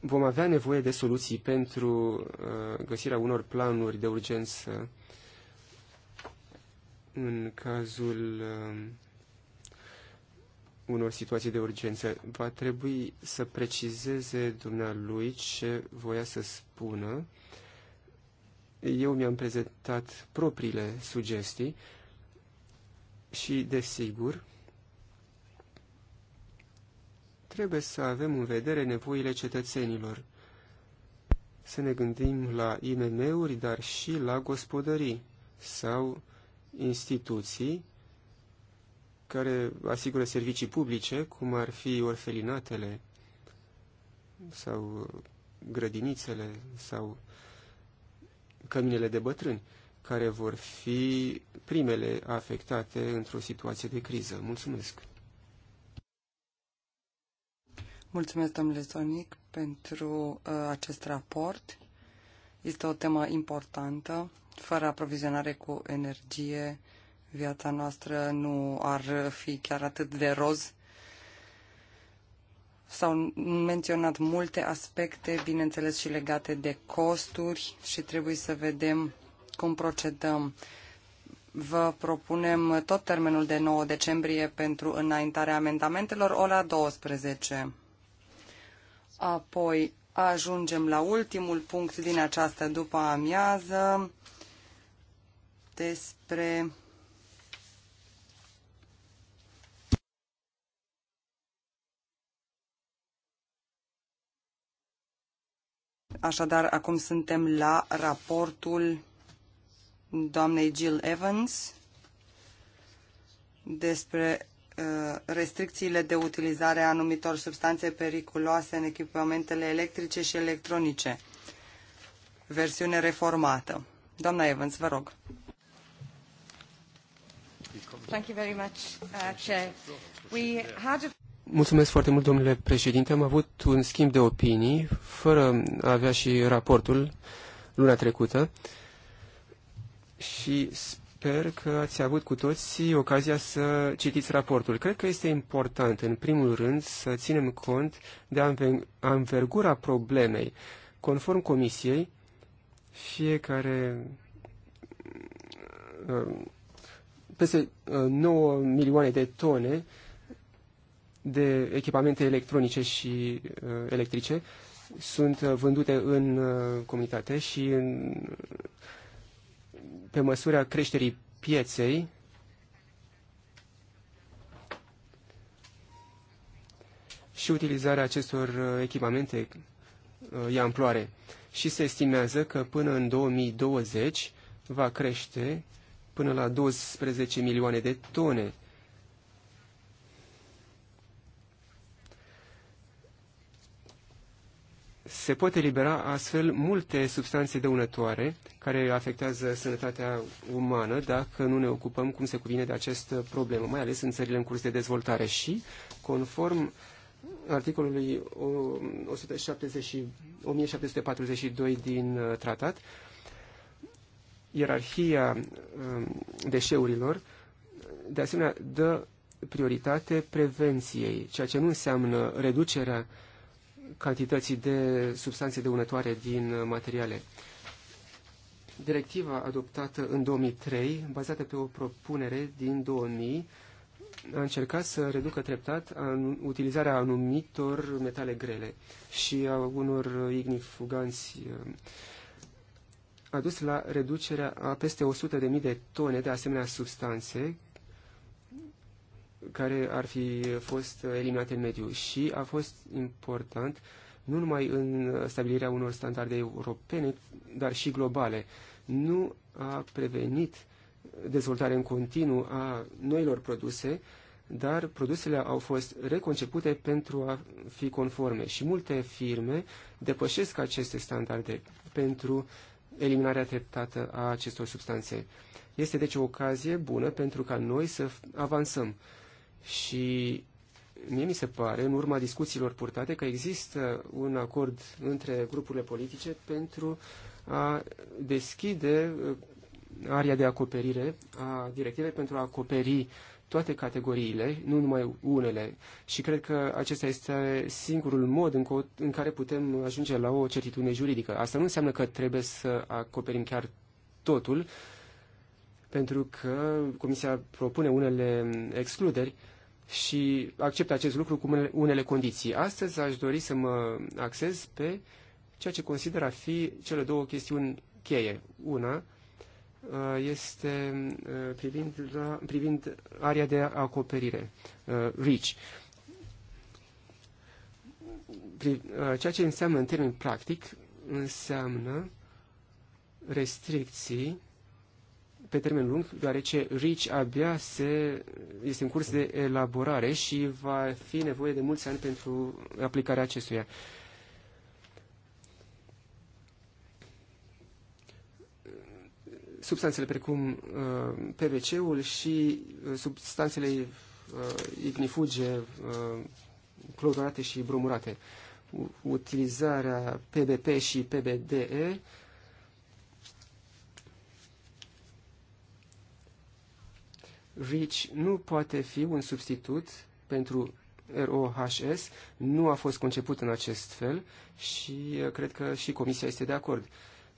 vom avea nevoie de soluții pentru uh, găsirea unor planuri de urgență în cazul uh, unor situații de urgență. Va trebui să precizeze dumnealui ce voia să spună. Eu mi-am prezentat propriile sugestii și, desigur, trebuie să avem în vedere nevoile cetățenilor. Să ne gândim la IMM-uri, dar și la gospodării sau instituții care asigură servicii publice, cum ar fi orfelinatele sau grădinițele sau căminele de bătrâni, care vor fi primele afectate într-o situație de criză. Mulțumesc! Mulțumesc, domnule Sonic, pentru uh, acest raport. Este o temă importantă. Fără aprovizionare cu energie, viața noastră nu ar fi chiar atât de roz. S-au menționat multe aspecte, bineînțeles și legate de costuri și trebuie să vedem cum procedăm. Vă propunem tot termenul de 9 decembrie pentru înaintarea amendamentelor, ora 12. Apoi ajungem la ultimul punct din această după amiază despre Așadar, acum suntem la raportul doamnei Jill Evans despre Uh, restricțiile de utilizare a anumitor substanțe periculoase în echipamentele electrice și electronice. Versiune reformată. Doamna Evans, vă rog. Uh, Mulțumesc foarte mult, domnule președinte. Am avut un schimb de opinii, fără a avea și raportul luna trecută și sper că ați avut cu toți ocazia să citiți raportul. Cred că este important, în primul rând, să ținem cont de anvergura problemei. Conform Comisiei, fiecare uh, peste 9 uh, milioane de tone de echipamente electronice și uh, electrice sunt vândute în comunitate și în pe măsura creșterii pieței, și utilizarea acestor uh, echipamente uh, ia amploare și se estimează că până în 2020 va crește până la 12 milioane de tone Se pot elibera astfel multe substanțe dăunătoare care afectează sănătatea umană dacă nu ne ocupăm cum se cuvine de această problemă, mai ales în țările în curs de dezvoltare și, conform articolului 170, 1742 din uh, tratat, ierarhia um, deșeurilor, de asemenea, dă prioritate prevenției, ceea ce nu înseamnă reducerea uh, cantității de substanțe dăunătoare din materiale. Directiva adoptată în 2003, bazată pe o propunere din 2000, a încercat să reducă treptat utilizarea anumitor metale grele și a unor ignifuganți eh, a dus la reducerea a peste 100.000 de tone de asemenea substanțe care ar fi fost eliminate în mediu și a fost important nu numai în stabilirea unor standarde europene, dar și globale. Nu a prevenit dezvoltarea în continuu a noilor produse, dar produsele au fost reconcepute pentru a fi conforme și multe firme depășesc aceste standarde pentru eliminarea treptată a acestor substanțe. Este deci o ocazie bună pentru ca noi să avansăm și mie mi se pare, în urma discuțiilor purtate, că există un acord între grupurile politice pentru a deschide uh, aria de acoperire a directivei pentru a acoperi toate categoriile, nu numai unele. Și cred că acesta este singurul mod în, co- în care putem ajunge la o certitudine juridică. Asta nu înseamnă că trebuie să acoperim chiar totul, pentru că Comisia propune unele excluderi și acceptă acest lucru cu unele condiții. Astăzi aș dori să mă axez pe ceea ce consider a fi cele două chestiuni cheie. Una uh, este uh, privind, la, privind area de acoperire, uh, REACH. Ceea ce înseamnă în termen practic înseamnă restricții pe termen lung, deoarece RICI abia se, este în curs de elaborare și va fi nevoie de mulți ani pentru aplicarea acestuia. Substanțele precum uh, PVC-ul și uh, substanțele uh, ignifuge, uh, clorurate și bromurate. Utilizarea PBP și PBDE uh, Rich nu poate fi un substitut pentru ROHS, nu a fost conceput în acest fel și uh, cred că și Comisia este de acord.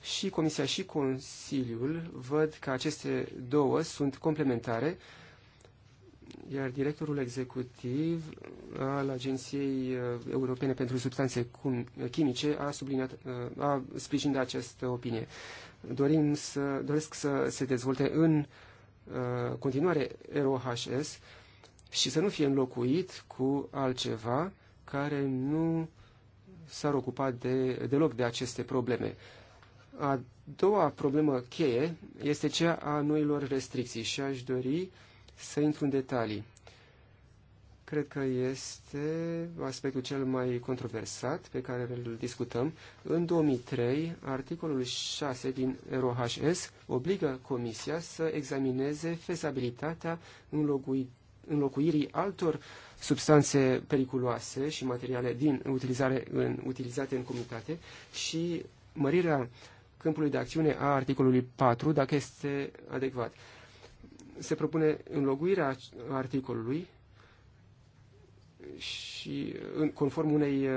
Și Comisia și Consiliul văd că aceste două sunt complementare, iar directorul executiv al Agenției uh, Europene pentru Substanțe uh, Chimice a, subliniat, a sprijinit această opinie. Dorim să, doresc să se dezvolte în uh, Uh, continuare ROHS și să nu fie înlocuit cu altceva care nu s-ar ocupa de, deloc de aceste probleme. A doua problemă cheie este cea a noilor restricții și aș dori să intru în detalii cred că este aspectul cel mai controversat pe care îl discutăm. În 2003, articolul 6 din ROHS obligă Comisia să examineze fezabilitatea înlocuirii altor substanțe periculoase și materiale din utilizare în, utilizate în comunitate și mărirea câmpului de acțiune a articolului 4, dacă este adecvat. Se propune înlocuirea articolului și în, conform unei uh,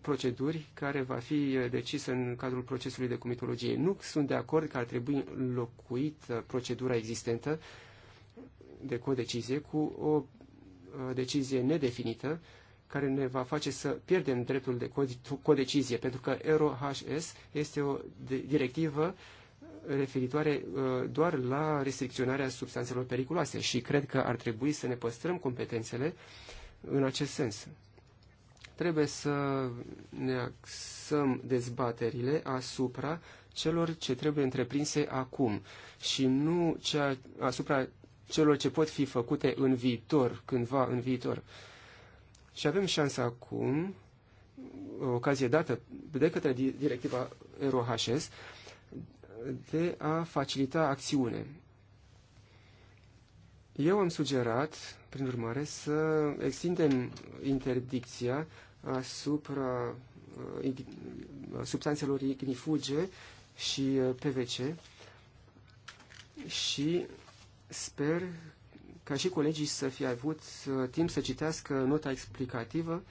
proceduri care va fi uh, decisă în cadrul procesului de comitologie. Nu sunt de acord că ar trebui înlocuit procedura existentă de codecizie cu o uh, decizie nedefinită care ne va face să pierdem dreptul de codecizie, pentru că RoHS este o directivă referitoare doar la restricționarea substanțelor periculoase și cred că ar trebui să ne păstrăm competențele uh, în acest sens. Trebuie să ne axăm dezbaterile asupra celor ce trebuie întreprinse acum și nu cea, asupra celor ce pot fi făcute în viitor, cândva în viitor. Și avem șansa acum, ocazie dată de către directiva ROHS, de a facilita acțiune. Eu am sugerat prin urmare, să extindem interdicția asupra uh, substanțelor ignifuge și uh, PVC și sper ca și colegii să fie avut uh, timp să citească nota explicativă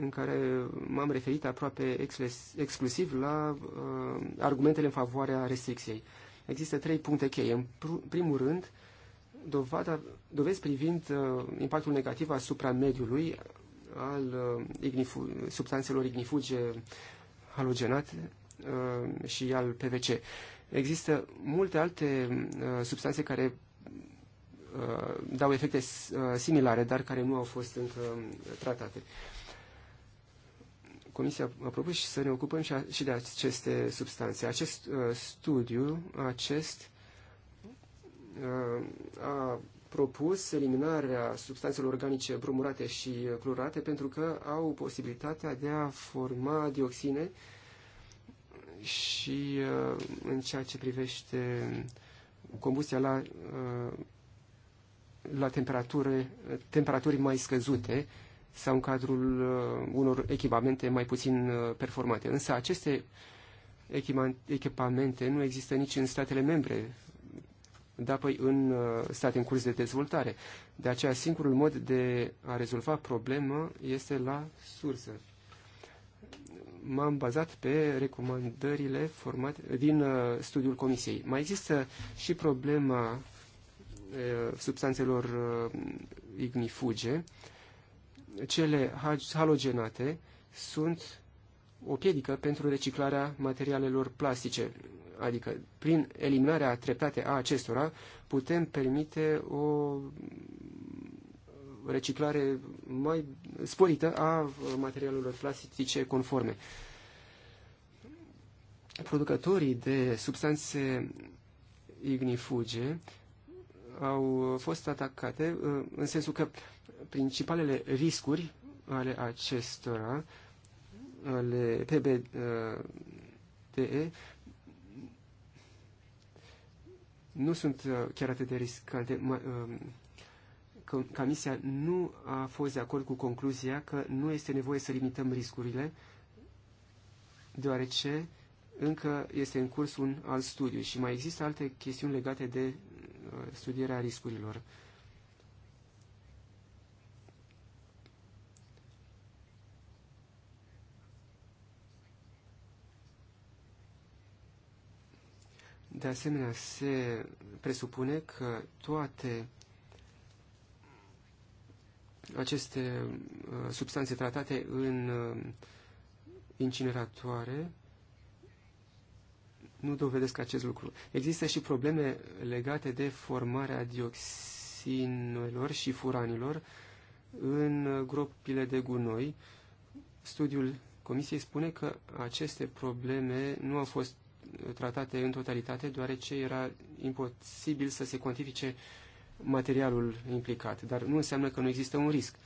în care m-am referit aproape exclusiv la argumentele în favoarea restricției. Există trei puncte cheie. În primul rând, dovada, dovezi privind uh, impactul negativ asupra mediului al uh, ignifu, substanțelor ignifuge halogenate uh, și al PVC. Există multe alte uh, substanțe care uh, dau efecte uh, similare, dar care nu au fost încă um, tratate. Comisia a propus să ne ocupăm și, a, și de aceste substanțe. Acest uh, studiu, acest uh, a propus eliminarea substanțelor organice bromurate și clorate pentru că au posibilitatea de a forma dioxine și în ceea ce privește combustia la, la temperaturi, temperaturi mai scăzute sau în cadrul unor echipamente mai puțin performante. Însă aceste echipamente nu există nici în statele membre de apoi în uh, state în curs de dezvoltare. De aceea, singurul mod de a rezolva problema este la sursă. M-am bazat pe recomandările formate din uh, studiul Comisiei. Mai există și problema uh, substanțelor ignifuge. Cele halogenate sunt o piedică pentru reciclarea materialelor plastice adică prin eliminarea treptate a acestora, putem permite o reciclare mai sporită a materialelor plastice conforme. Producătorii de substanțe ignifuge au fost atacate în sensul că principalele riscuri ale acestora, ale PBDE, nu sunt uh, chiar atât de riscante. Um, Comisia nu a fost de acord cu concluzia că nu este nevoie să limităm riscurile, deoarece încă este în curs un alt studiu și mai există alte chestiuni legate de uh, studierea riscurilor. De asemenea, se presupune că toate aceste uh, substanțe tratate în uh, incineratoare nu dovedesc acest lucru. Există și probleme legate de formarea dioxinelor și furanilor în uh, gropile de gunoi. Studiul Comisiei spune că aceste probleme nu au fost tratate în totalitate, deoarece era imposibil să se cuantifice materialul implicat, dar nu înseamnă că nu există un risc.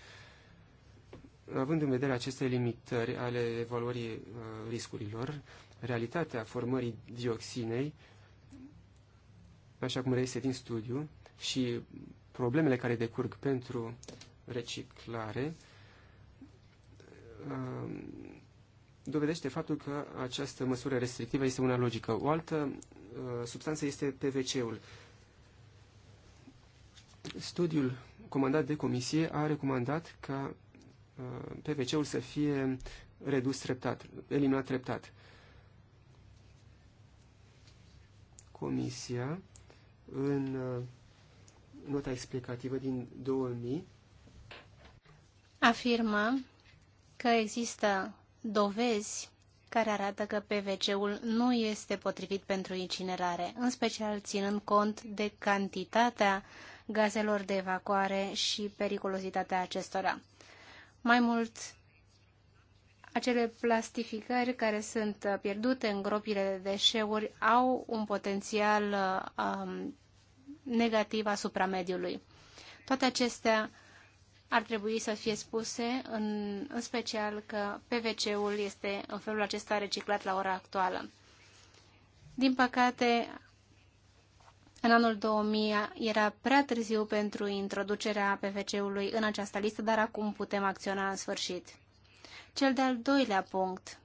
Având în vedere aceste limitări ale evaluării uh, riscurilor, realitatea formării dioxinei, așa cum reiese din studiu, și problemele care decurg pentru reciclare, uh, dovedește faptul că această măsură restrictivă este una logică. O altă uh, substanță este PVC-ul. Studiul comandat de comisie a recomandat ca uh, PVC-ul să fie redus treptat, eliminat treptat. Comisia, în uh, nota explicativă din 2000, afirmă că există dovezi care arată că PVC-ul nu este potrivit pentru incinerare, în special ținând cont de cantitatea gazelor de evacuare și periculozitatea acestora. Mai mult, acele plastificări care sunt pierdute în gropile de deșeuri au un potențial um, negativ asupra mediului. Toate acestea ar trebui să fie spuse, în, în special că PVC-ul este în felul acesta reciclat la ora actuală. Din păcate, în anul 2000 era prea târziu pentru introducerea PVC-ului în această listă, dar acum putem acționa în sfârșit. Cel de-al doilea punct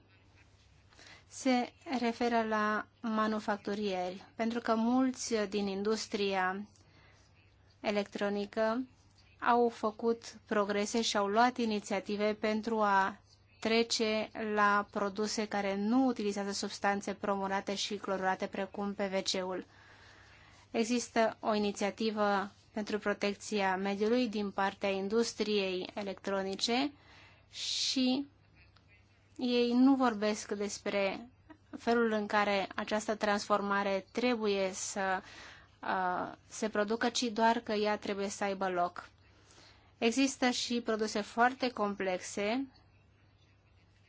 se referă la manufacturieri, pentru că mulți din industria electronică au făcut progrese și au luat inițiative pentru a trece la produse care nu utilizează substanțe promurate și clorurate precum PVC-ul. Există o inițiativă pentru protecția mediului din partea industriei electronice și ei nu vorbesc despre felul în care această transformare trebuie să uh, se producă, ci doar că ea trebuie să aibă loc. Există și produse foarte complexe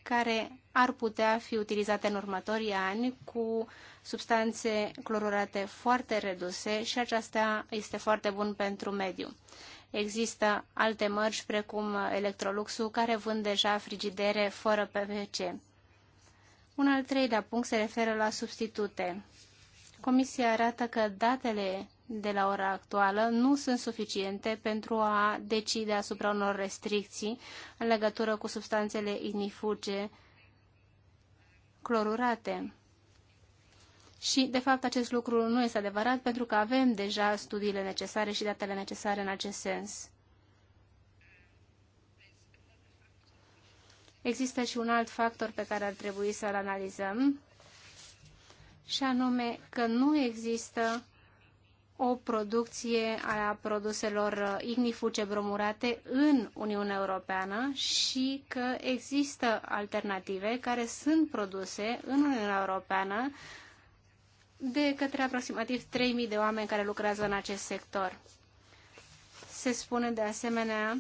care ar putea fi utilizate în următorii ani cu substanțe clorurate foarte reduse și aceasta este foarte bun pentru mediu. Există alte mărci precum Electroluxul care vând deja frigidere fără PVC. Un al treilea punct se referă la substitute. Comisia arată că datele de la ora actuală nu sunt suficiente pentru a decide asupra unor restricții în legătură cu substanțele ignifuge clorurate. Și, de fapt, acest lucru nu este adevărat pentru că avem deja studiile necesare și datele necesare în acest sens. Există și un alt factor pe care ar trebui să-l analizăm, și anume că nu există o producție a produselor ignifuge bromurate în Uniunea Europeană și că există alternative care sunt produse în Uniunea Europeană de către aproximativ 3.000 de oameni care lucrează în acest sector. Se spune de asemenea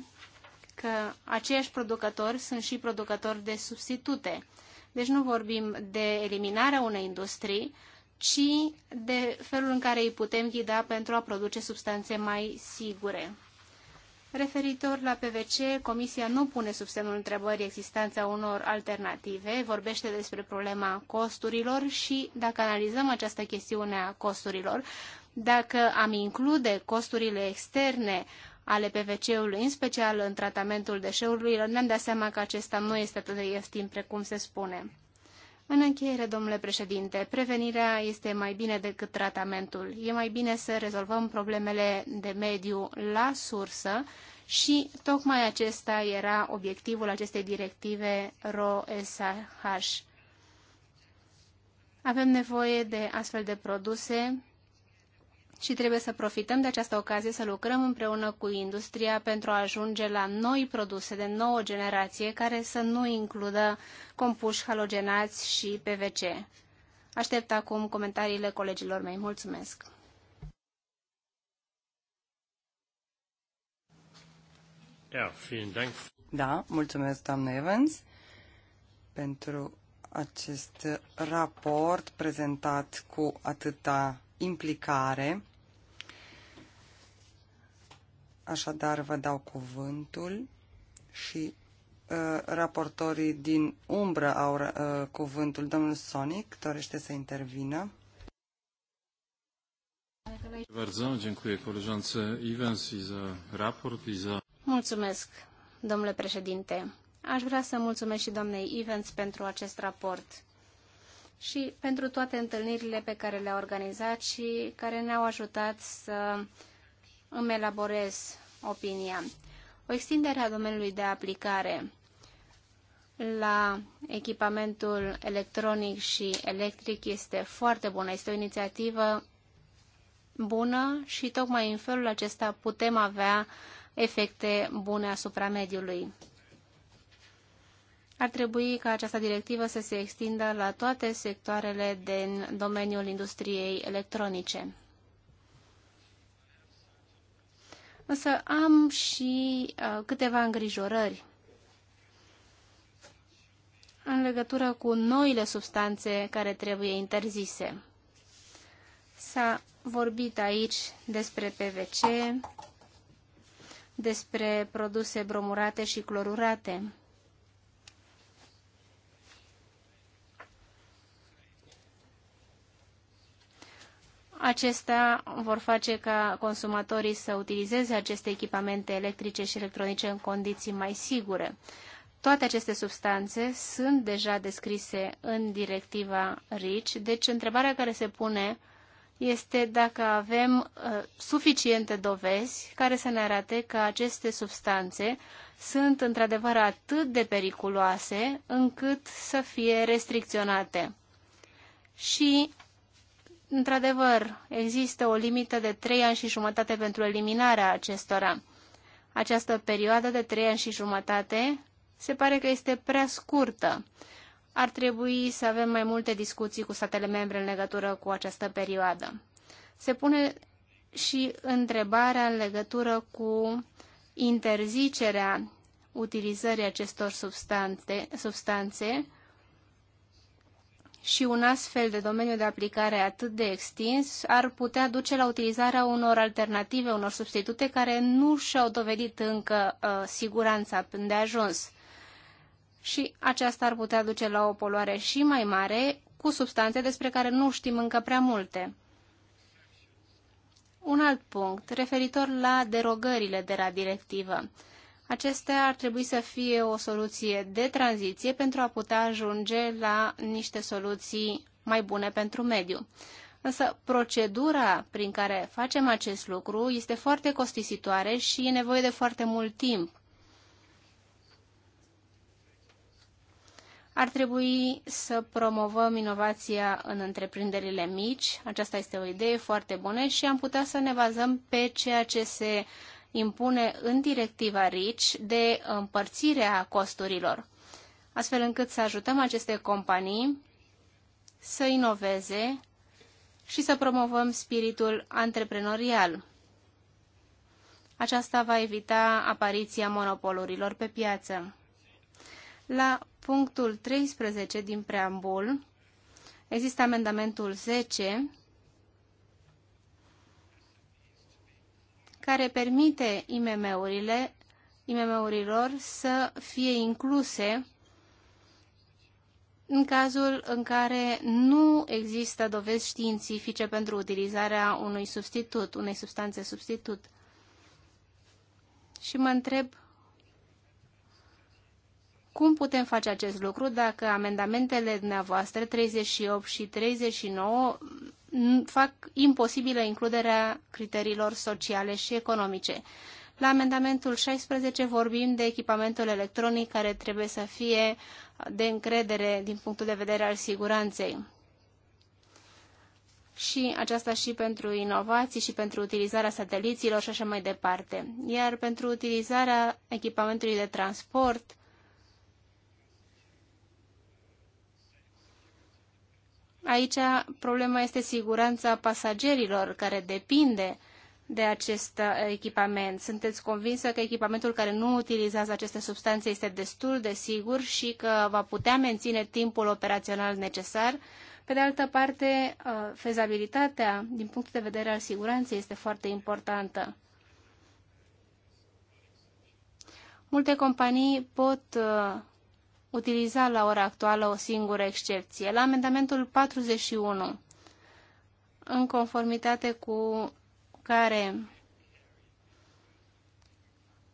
că aceiași producători sunt și producători de substitute. Deci nu vorbim de eliminarea unei industrii, ci de felul în care îi putem ghida pentru a produce substanțe mai sigure. Referitor la PVC, Comisia nu pune sub semnul întrebării existența unor alternative, vorbește despre problema costurilor și, dacă analizăm această chestiune a costurilor, dacă am include costurile externe ale PVC-ului, în special în tratamentul deșeurilor, ne-am dat seama că acesta nu este atât de ieftin precum se spune. În încheiere, domnule președinte, prevenirea este mai bine decât tratamentul. E mai bine să rezolvăm problemele de mediu la sursă și tocmai acesta era obiectivul acestei directive ROSH. Avem nevoie de astfel de produse și trebuie să profităm de această ocazie să lucrăm împreună cu industria pentru a ajunge la noi produse de nouă generație care să nu includă compuși halogenați și PVC. Aștept acum comentariile colegilor mei. Mulțumesc! Da, mulțumesc, doamnă Evans, pentru acest raport prezentat cu atâta implicare Așadar, vă dau cuvântul și uh, raportorii din umbră au uh, cuvântul. Domnul Sonic dorește să intervină. Mulțumesc, domnule președinte. Aș vrea să mulțumesc și doamnei Evans pentru acest raport și pentru toate întâlnirile pe care le-a organizat și care ne-au ajutat să îmi elaborez opinia. O extindere a domeniului de aplicare la echipamentul electronic și electric este foarte bună. Este o inițiativă bună și tocmai în felul acesta putem avea efecte bune asupra mediului. Ar trebui ca această directivă să se extindă la toate sectoarele din domeniul industriei electronice. Însă am și uh, câteva îngrijorări în legătură cu noile substanțe care trebuie interzise. S-a vorbit aici despre PVC, despre produse bromurate și clorurate. Acestea vor face ca consumatorii să utilizeze aceste echipamente electrice și electronice în condiții mai sigure. Toate aceste substanțe sunt deja descrise în directiva RICI, deci întrebarea care se pune este dacă avem uh, suficiente dovezi care să ne arate că aceste substanțe sunt într-adevăr atât de periculoase încât să fie restricționate. Și într-adevăr, există o limită de trei ani și jumătate pentru eliminarea acestora. Această perioadă de trei ani și jumătate se pare că este prea scurtă. Ar trebui să avem mai multe discuții cu statele membre în legătură cu această perioadă. Se pune și întrebarea în legătură cu interzicerea utilizării acestor substanțe, substanțe și un astfel de domeniu de aplicare atât de extins ar putea duce la utilizarea unor alternative, unor substitute care nu și-au dovedit încă uh, siguranța de ajuns. Și aceasta ar putea duce la o poluare și mai mare cu substanțe despre care nu știm încă prea multe. Un alt punct, referitor la derogările de la directivă. Acestea ar trebui să fie o soluție de tranziție pentru a putea ajunge la niște soluții mai bune pentru mediu. Însă procedura prin care facem acest lucru este foarte costisitoare și e nevoie de foarte mult timp. Ar trebui să promovăm inovația în întreprinderile mici, aceasta este o idee foarte bună și am putea să ne bazăm pe ceea ce se impune în directiva RICI de împărțirea costurilor, astfel încât să ajutăm aceste companii să inoveze și să promovăm spiritul antreprenorial. Aceasta va evita apariția monopolurilor pe piață. La punctul 13 din preambul există amendamentul 10 care permite IMM-urile, IMM-urilor să fie incluse în cazul în care nu există dovezi științifice pentru utilizarea unui substitut, unei substanțe substitut. Și mă întreb cum putem face acest lucru dacă amendamentele dumneavoastră 38 și 39 fac imposibilă includerea criteriilor sociale și economice. La amendamentul 16 vorbim de echipamentul electronic care trebuie să fie de încredere din punctul de vedere al siguranței. Și aceasta și pentru inovații și pentru utilizarea sateliților și așa mai departe. Iar pentru utilizarea echipamentului de transport, Aici problema este siguranța pasagerilor care depinde de acest uh, echipament. Sunteți convinsă că echipamentul care nu utilizează aceste substanțe este destul de sigur și că va putea menține timpul operațional necesar? Pe de altă parte, uh, fezabilitatea din punct de vedere al siguranței este foarte importantă. Multe companii pot uh, utiliza la ora actuală o singură excepție. La amendamentul 41, în conformitate cu care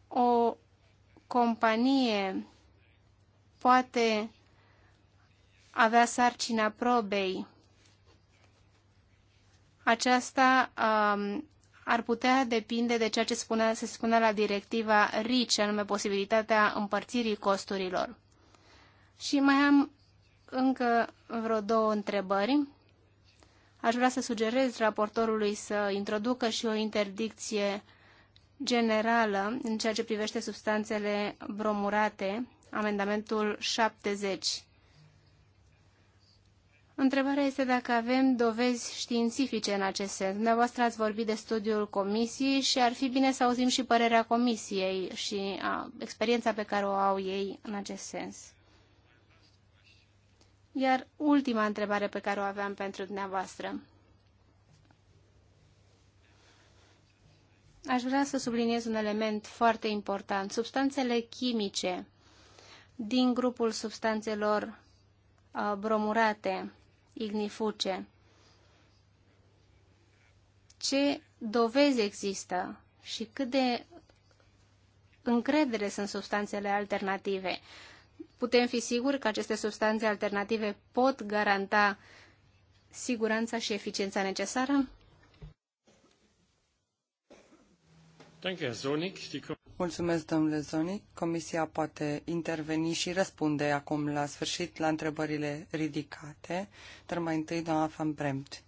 o companie poate avea sarcina probei, aceasta um, ar putea depinde de ceea ce spune, se spune la directiva RICE, anume posibilitatea împărțirii costurilor. Și mai am încă vreo două întrebări. Aș vrea să sugerez raportorului să introducă și o interdicție generală în ceea ce privește substanțele bromurate, amendamentul 70. Întrebarea este dacă avem dovezi științifice în acest sens. Dumneavoastră ați vorbit de studiul comisiei și ar fi bine să auzim și părerea comisiei și a, experiența pe care o au ei în acest sens. Iar ultima întrebare pe care o aveam pentru dumneavoastră. Aș vrea să subliniez un element foarte important. Substanțele chimice din grupul substanțelor uh, bromurate, ignifuce. Ce dovezi există și cât de încredere sunt substanțele alternative? putem fi siguri că aceste substanțe alternative pot garanta siguranța și eficiența necesară? Mulțumesc, domnule Zonic. Comisia poate interveni și răspunde acum la sfârșit la întrebările ridicate, dar mai întâi doamna Van Bremt.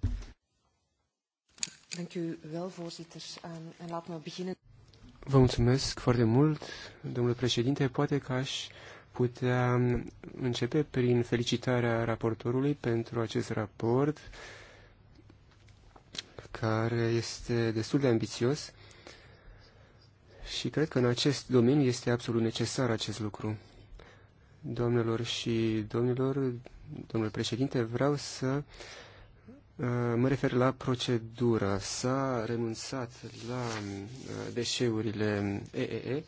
Ehm, Vă mulțumesc foarte mult, domnule președinte. Poate că aș putea începe prin felicitarea raportorului pentru acest raport, care este destul de ambițios și cred că în acest domeniu este absolut necesar acest lucru. Doamnelor și domnilor, domnule președinte, vreau să uh, mă refer la procedura S-a renunțat la uh, deșeurile EEE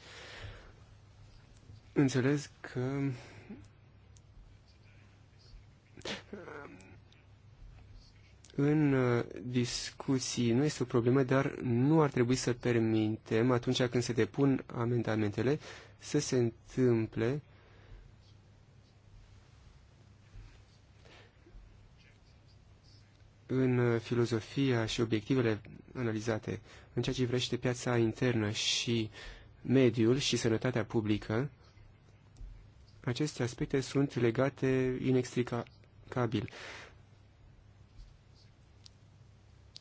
Înțeles că în uh, discuții nu este o problemă, dar nu ar trebui să permitem, atunci când se depun amendamentele, să se întâmple în uh, filozofia și obiectivele analizate în ceea ce vrește piața internă și mediul și sănătatea publică, aceste aspecte sunt legate inextricabil.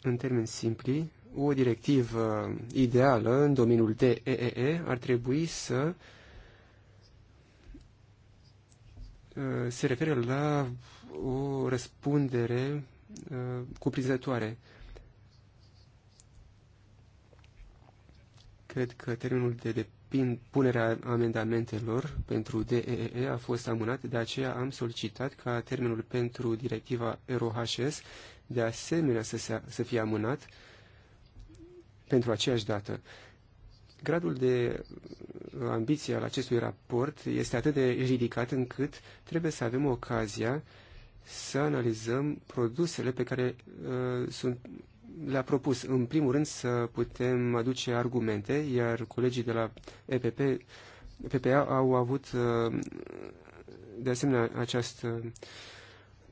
În termeni simpli, o directivă uh, ideală în domeniul DEEE ar trebui să uh, se referă la o răspundere uh, cuprinzătoare. Cred că termenul de punerea amendamentelor pentru DEE a fost amânat, de aceea am solicitat ca termenul pentru directiva ROHS de asemenea să, se, să fie amânat pentru aceeași dată. Gradul de ambiție al acestui raport este atât de ridicat încât trebuie să avem ocazia să analizăm produsele pe care uh, sunt le-a propus, în primul rând, să putem aduce argumente, iar colegii de la EPP, PPA au avut uh, de asemenea această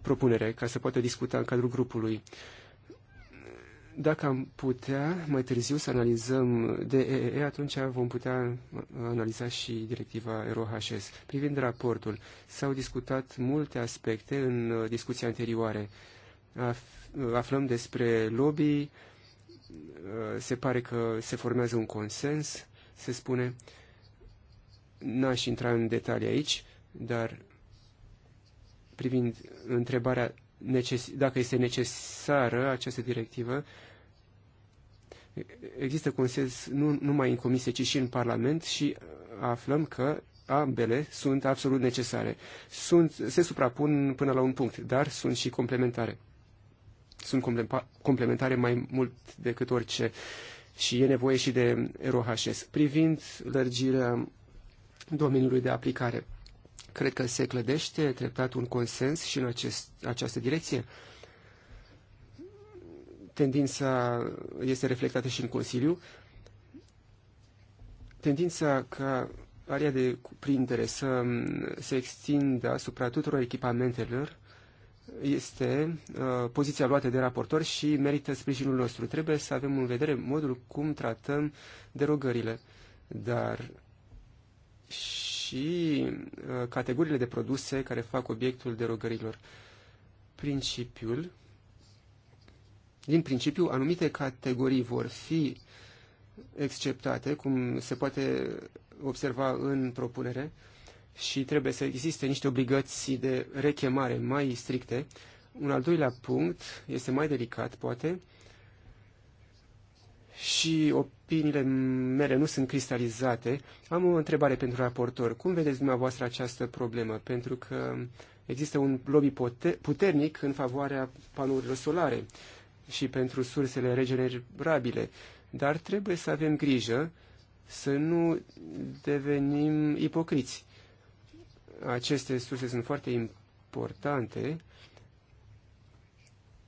propunere, ca să poată discuta în cadrul grupului. Dacă am putea mai târziu să analizăm DEE, atunci vom putea analiza și directiva ROHS. Privind raportul, s-au discutat multe aspecte în discuții anterioare aflăm despre lobby, uh, se pare că se formează un consens, se spune. N-aș intra în detalii aici, dar privind întrebarea dacă este necesară această directivă, există consens nu numai în comisie, ci și în Parlament și aflăm că ambele sunt absolut necesare. Sunt, se suprapun până la un punct, dar sunt și complementare sunt complementare mai mult decât orice și e nevoie și de ROHS. Privind lărgirea domeniului de aplicare, cred că se clădește treptat un consens și în acest, această direcție. Tendința este reflectată și în Consiliu. Tendința ca area de cuprindere să se extindă asupra tuturor echipamentelor este uh, poziția luată de raportor și merită sprijinul nostru. Trebuie să avem în vedere modul cum tratăm derogările, dar și uh, categoriile de produse care fac obiectul derogărilor. Principiul, din principiu, anumite categorii vor fi exceptate, cum se poate observa în propunere, uh, și trebuie să existe niște obligații de rechemare mai stricte. Un al doilea punct este mai delicat, poate, și opiniile mele nu sunt cristalizate. Am o întrebare pentru raportor. Cum vedeți dumneavoastră această problemă? Pentru că există un lobby puternic în favoarea panourilor solare și pentru sursele regenerabile, dar trebuie să avem grijă să nu devenim ipocriți aceste surse sunt foarte importante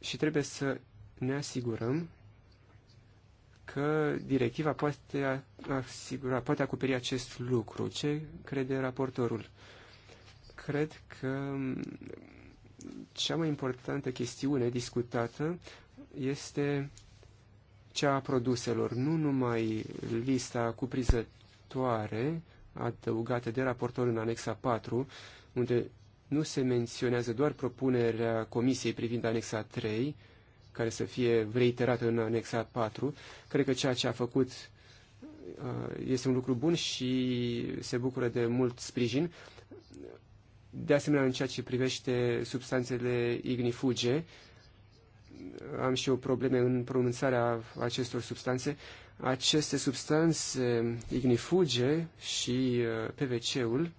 și trebuie să ne asigurăm că directiva poate asigura, poate acoperi acest lucru. Ce crede raportorul? Cred că cea mai importantă chestiune discutată este cea a produselor, nu numai lista cuprizătoare adăugate de raportor în anexa 4, unde nu se menționează doar propunerea Comisiei privind anexa 3, care să fie reiterată în anexa 4. Cred că ceea ce a făcut uh, este un lucru bun și se bucură de mult sprijin. De asemenea, în ceea ce privește substanțele ignifuge, am și eu probleme în pronunțarea acestor substanțe aceste substanțe ignifuge și uh, PVC-ul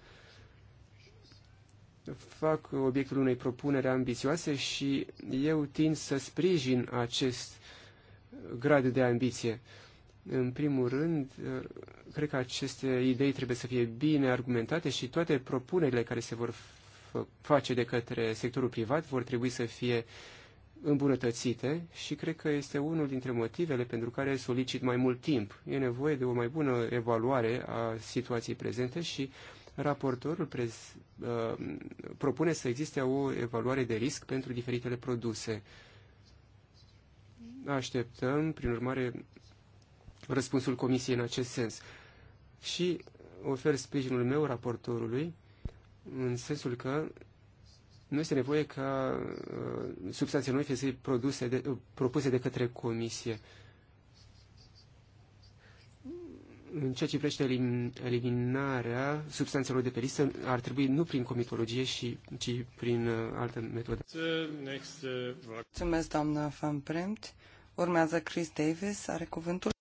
fac obiectul unei propuneri ambițioase și eu tind să sprijin acest grad de ambiție. În primul rând, uh, cred că aceste idei trebuie să fie bine argumentate și toate propunerile care se vor face de către sectorul privat vor trebui să fie uh, îmbunătățite și cred că este unul dintre motivele pentru care solicit mai mult timp. E nevoie de o mai bună evaluare a situației prezente și raportorul prez, uh, propune să existe o evaluare de risc pentru diferitele produse. Așteptăm, prin urmare, răspunsul comisiei în acest sens. Și ofer sprijinul meu raportorului în sensul că nu este nevoie ca uh, substanțele noi fie produse de, uh, propuse de către comisie. În ceea ce privește elim, eliminarea substanțelor de pe listă, ar trebui nu prin comitologie, și, ci prin uh, alte metode. Mulțumesc, doamna Van Bremt. Urmează Chris Davis, are cuvântul.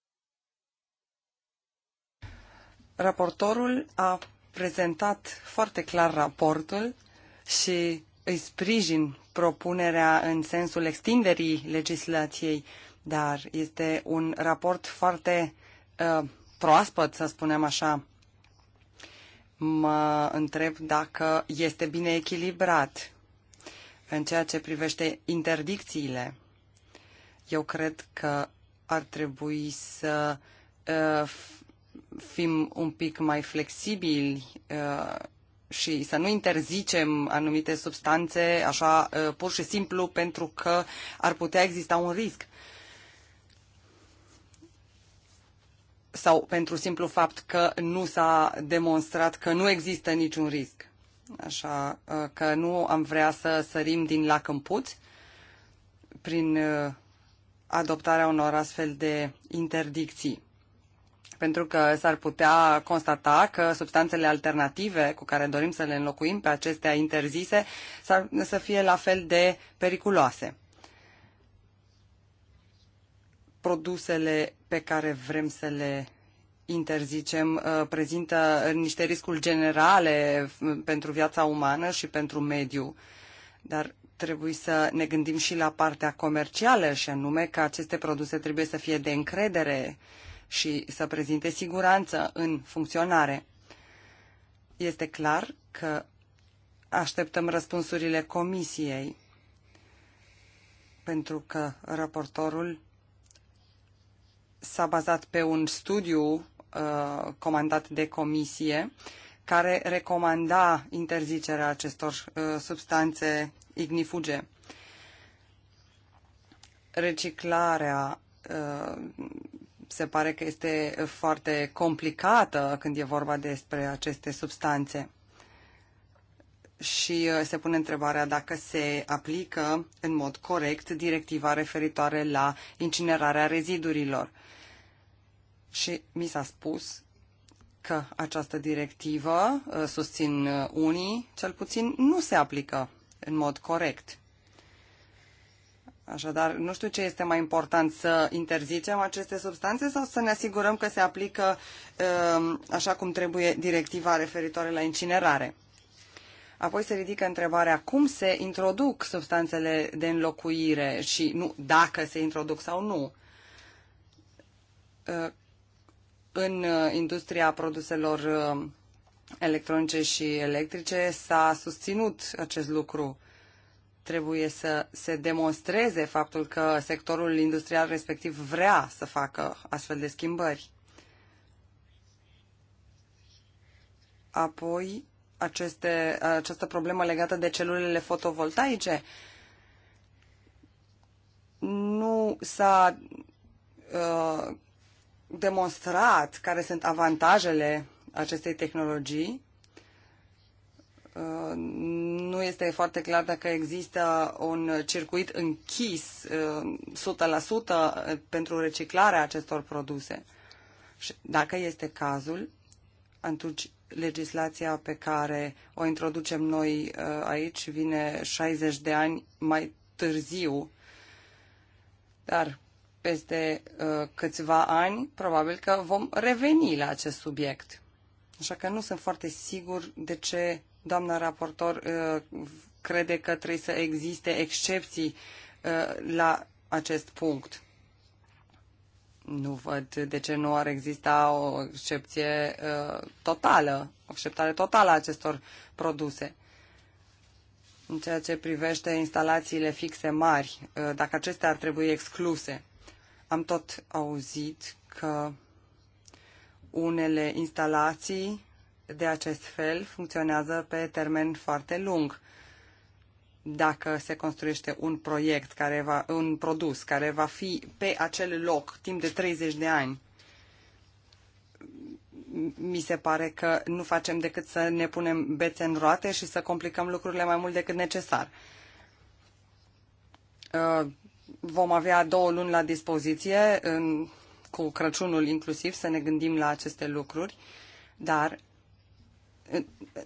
Raportorul a prezentat foarte clar raportul și îi sprijin propunerea în sensul extinderii legislației, dar este un raport foarte uh, proaspăt, să spunem așa. Mă întreb dacă este bine echilibrat în ceea ce privește interdicțiile. Eu cred că ar trebui să uh, fim un pic mai flexibili uh, și să nu interzicem anumite substanțe așa uh, pur și simplu pentru că ar putea exista un risc. Sau pentru simplu fapt că nu s-a demonstrat că nu există niciun risc. Așa uh, că nu am vrea să sărim din lac în puț prin uh, adoptarea unor astfel de interdicții pentru că s-ar putea constata că substanțele alternative cu care dorim să le înlocuim pe acestea interzise s-ar, să fie la fel de periculoase. Produsele pe care vrem să le interzicem, uh, prezintă niște riscuri generale uh, pentru viața umană și pentru mediu. Dar trebuie să ne gândim și la partea comercială, și anume că aceste produse trebuie să fie de încredere uh, și să prezinte siguranță în funcționare. Este clar că așteptăm răspunsurile comisiei, pentru că raportorul s-a bazat pe un studiu uh, comandat de comisie care recomanda interzicerea acestor uh, substanțe ignifuge. Reciclarea uh, se pare că este foarte complicată când e vorba despre aceste substanțe. Și uh, se pune întrebarea dacă se aplică în mod corect directiva referitoare la incinerarea rezidurilor. Și mi s-a spus că această directivă, uh, susțin uh, unii, cel puțin nu se aplică în mod corect. Așadar, nu știu ce este mai important, să interzicem aceste substanțe sau să ne asigurăm că se aplică um, așa cum trebuie directiva referitoare la incinerare. Apoi se ridică întrebarea cum se introduc substanțele de înlocuire și nu dacă se introduc sau nu. Uh, în uh, industria produselor uh, electronice și electrice s-a susținut acest lucru trebuie să se demonstreze faptul că sectorul industrial respectiv vrea să facă astfel de schimbări. Apoi, aceste, această problemă legată de celulele fotovoltaice nu s-a uh, demonstrat care sunt avantajele acestei tehnologii nu este foarte clar dacă există un circuit închis uh, 100% pentru reciclarea acestor produse. Și dacă este cazul, atunci legislația pe care o introducem noi uh, aici vine 60 de ani mai târziu, dar peste uh, câțiva ani probabil că vom reveni la acest subiect. Așa că nu sunt foarte sigur de ce doamna raportor uh, crede că trebuie să existe excepții uh, la acest punct. Nu văd de ce nu ar exista o excepție uh, totală, o acceptare totală a acestor produse. În ceea ce privește instalațiile fixe mari, dacă acestea ar trebui excluse, am tot auzit că unele instalații de acest fel funcționează pe termen foarte lung. Dacă se construiește un proiect, care va, un produs care va fi pe acel loc timp de 30 de ani, mi se pare că nu facem decât să ne punem bețe în roate și să complicăm lucrurile mai mult decât necesar. Uh, vom avea două luni la dispoziție, cu Crăciunul inclusiv, să ne gândim la aceste lucruri, dar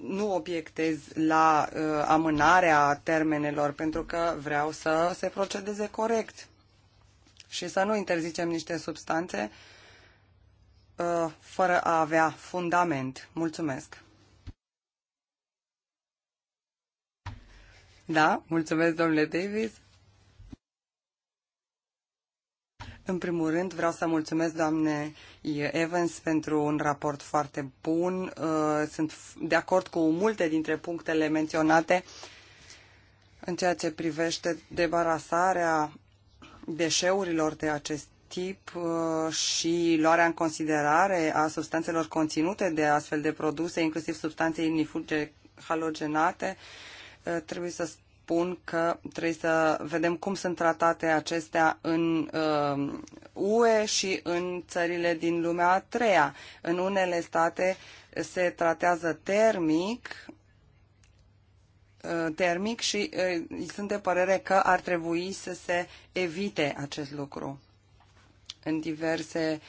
nu obiectez la uh, amânarea termenelor pentru că vreau să se procedeze corect și să nu interzicem niște substanțe uh, fără a avea fundament. Mulțumesc! Da, mulțumesc, domnule Davis. În primul rând, vreau să mulțumesc doamne Evans pentru un raport foarte bun. Uh, sunt de acord cu multe dintre punctele menționate în ceea ce privește debarasarea deșeurilor de acest tip uh, și luarea în considerare a substanțelor conținute de astfel de produse, inclusiv substanțe inifuge halogenate. Uh, trebuie să spun că trebuie să vedem cum sunt tratate acestea în uh, UE și în țările din lumea a treia. În unele state se tratează termic uh, termic și uh, sunt de părere că ar trebui să se evite acest lucru. În diverse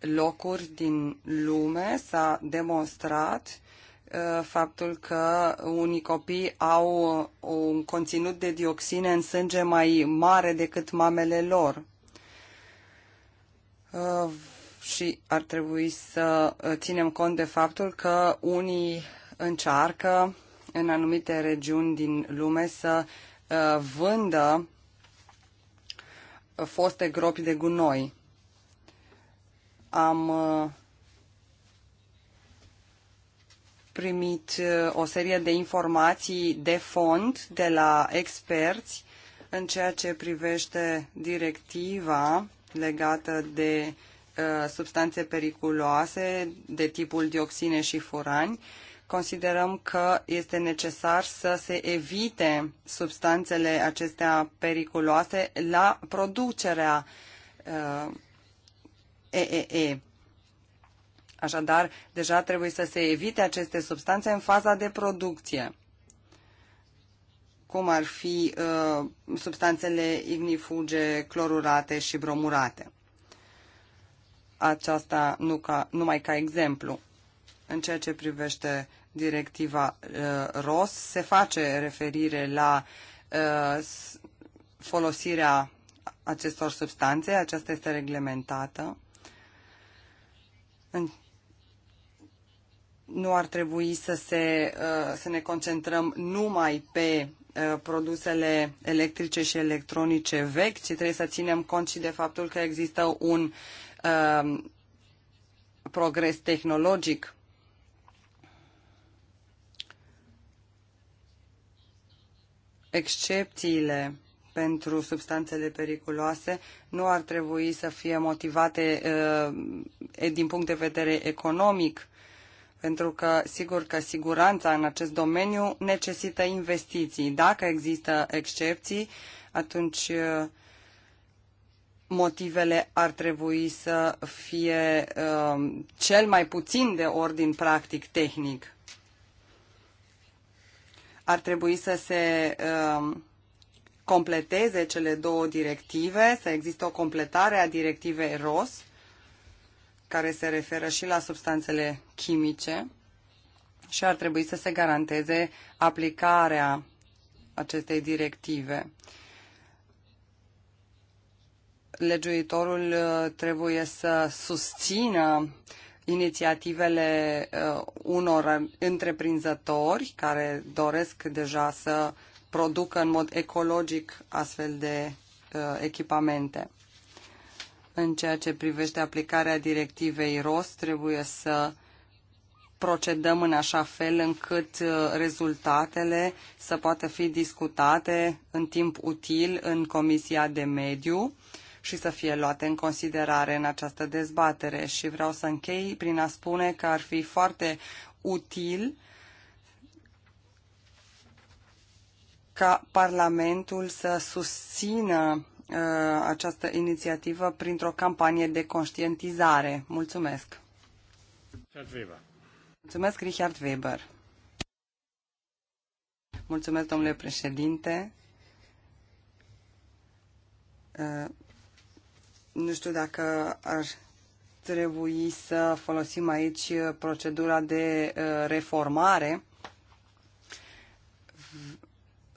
locuri din lume s-a demonstrat Uh, faptul că unii copii au uh, un conținut de dioxine în sânge mai mare decât mamele lor. Uh, și ar trebui să ținem cont de faptul că unii încearcă în anumite regiuni din lume să vândă foste gropi de gunoi. Am primit uh, o serie de informații de fond de la experți în ceea ce privește directiva legată de uh, substanțe periculoase de tipul dioxine și furani. Considerăm că este necesar să se evite substanțele acestea periculoase la producerea uh, EEE. Așadar, deja trebuie să se evite aceste substanțe în faza de producție, cum ar fi uh, substanțele ignifuge, clorurate și bromurate. Aceasta nu ca, numai ca exemplu. În ceea ce privește directiva uh, ROS, se face referire la uh, folosirea acestor substanțe, aceasta este reglementată. În nu ar trebui să, se, uh, să ne concentrăm numai pe uh, produsele electrice și electronice vechi, ci trebuie să ținem cont și de faptul că există un um, progres tehnologic. Excepțiile pentru substanțele periculoase nu ar trebui să fie motivate uh, din punct de vedere economic, pentru că sigur că siguranța în acest domeniu necesită investiții. Dacă există excepții, atunci uh, motivele ar trebui să fie uh, cel mai puțin de ordin practic tehnic. Ar trebui să se uh, completeze cele două directive, să există o completare a directivei ROS, care se referă și la substanțele chimice și ar trebui să se garanteze aplicarea acestei directive. Legiuitorul uh, trebuie să susțină inițiativele uh, unor întreprinzători care doresc deja să producă în mod ecologic astfel de uh, echipamente. În ceea ce privește aplicarea directivei ROS, trebuie să procedăm în așa fel încât uh, rezultatele să poată fi discutate în timp util în Comisia de Mediu și să fie luate în considerare în această dezbatere. Și vreau să închei prin a spune că ar fi foarte util ca Parlamentul să susțină Uh, această inițiativă printr-o campanie de conștientizare. Mulțumesc! Richard Weber. Mulțumesc, Richard Weber. Mulțumesc, domnule președinte. Uh, nu știu dacă ar trebui să folosim aici procedura de uh, reformare.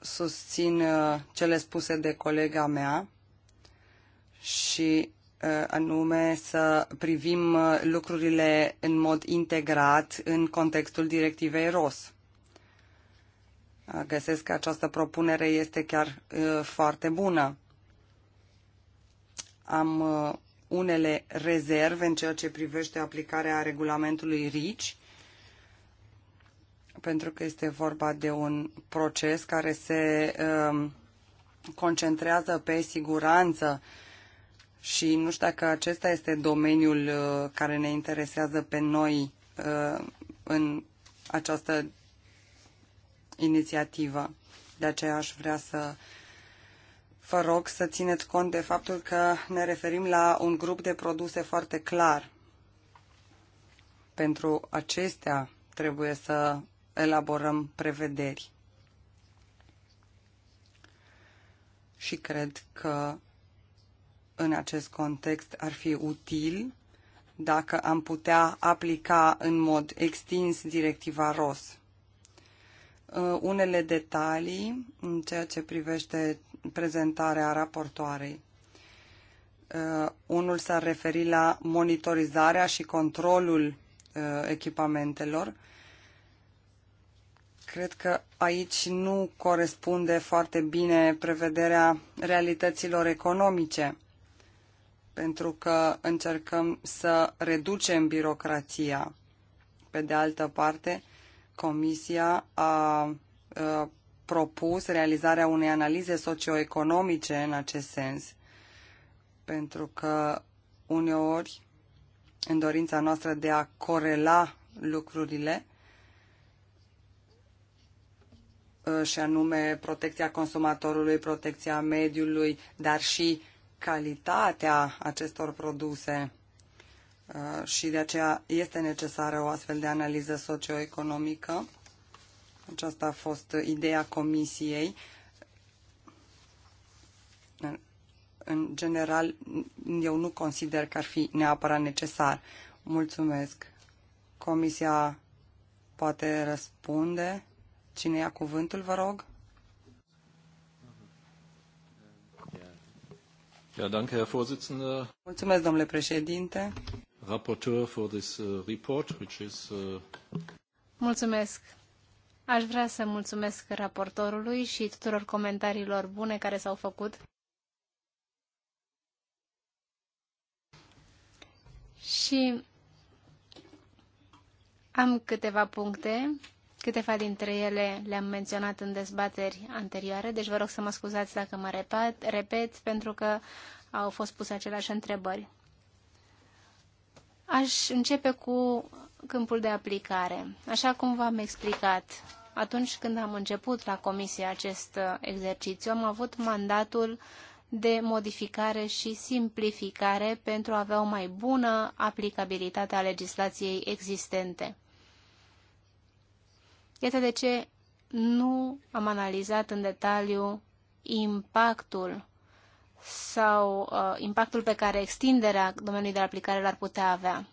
Susțin cele spuse de colega mea și uh, anume să privim uh, lucrurile în mod integrat în contextul directivei ROS. Uh, găsesc că această propunere este chiar foarte bună. Am unele rezerve în ceea ce privește aplicarea regulamentului RICI, pentru că este vorba de un proces care se concentrează pe siguranță și nu știu dacă acesta este domeniul uh, care ne interesează pe noi uh, în această inițiativă. De aceea aș vrea să vă rog să țineți cont de faptul că ne referim la un grup de produse foarte clar. Pentru acestea trebuie să elaborăm prevederi. Și cred că în acest context ar fi util dacă am putea aplica în mod extins directiva ROS. Uh, unele detalii în ceea ce privește prezentarea raportoarei. Uh, unul s-ar referi la monitorizarea și controlul uh, echipamentelor. Cred că aici nu corespunde foarte bine prevederea realităților economice pentru că încercăm să reducem birocrația. Pe de altă parte, Comisia a, a propus realizarea unei analize socioeconomice în acest sens, pentru că uneori, în dorința noastră de a corela lucrurile, și anume protecția consumatorului, protecția mediului, dar și uh, calitatea acestor produse uh, și de aceea este necesară o astfel de analiză socioeconomică. Aceasta a fost ideea comisiei. În general, eu nu consider că ar fi neapărat necesar. Mulțumesc. Comisia poate răspunde. Cine ia cuvântul, vă rog? Mulțumesc, domnule președinte. Raportor for this uh, report, which is... Uh, mulțumesc. Aș vrea să mulțumesc raportorului și tuturor comentariilor bune care s-au făcut. Și am câteva puncte Câteva dintre ele le-am menționat în dezbateri anterioare, deci vă rog să mă scuzați dacă mă repet, repet pentru că au fost puse aceleași întrebări. Aș începe cu câmpul de aplicare. Așa cum v-am explicat, atunci când am început la comisie acest uh, exercițiu, am avut mandatul de modificare și simplificare pentru a avea o mai bună aplicabilitate a legislației existente. Iată de ce nu am analizat în detaliu impactul sau uh, impactul pe care extinderea domeniului de aplicare l-ar putea avea.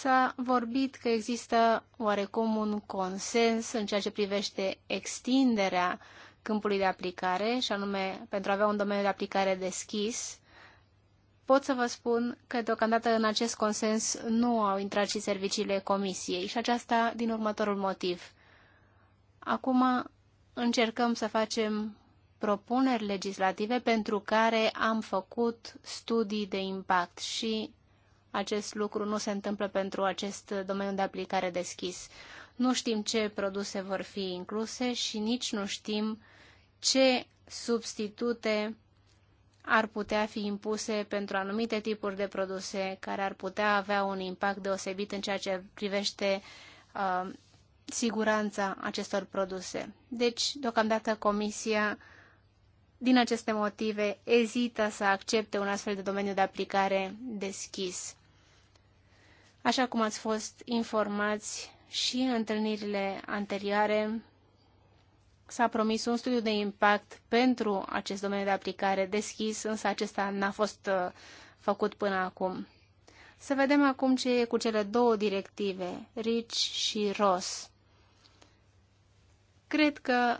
S-a vorbit că există oarecum un consens în ceea ce privește extinderea câmpului de aplicare, și anume pentru a avea un domeniu de aplicare deschis, pot să vă spun că deocamdată în acest consens nu au intrat și serviciile comisiei și aceasta din următorul motiv. Acum încercăm să facem propuneri legislative pentru care am făcut studii de impact și acest lucru nu se întâmplă pentru acest domeniu de aplicare deschis. Nu știm ce produse vor fi incluse și nici nu știm ce substitute ar putea fi impuse pentru anumite tipuri de produse care ar putea avea un impact deosebit în ceea ce privește uh, siguranța acestor produse. Deci, deocamdată, Comisia, din aceste motive, ezită să accepte un astfel de domeniu de aplicare deschis. Așa cum ați fost informați și în întâlnirile anterioare, s-a promis un studiu de impact pentru acest domeniu de aplicare deschis, însă acesta n-a fost uh, făcut până acum. Să vedem acum ce e cu cele două directive, RICH și ROS. Cred că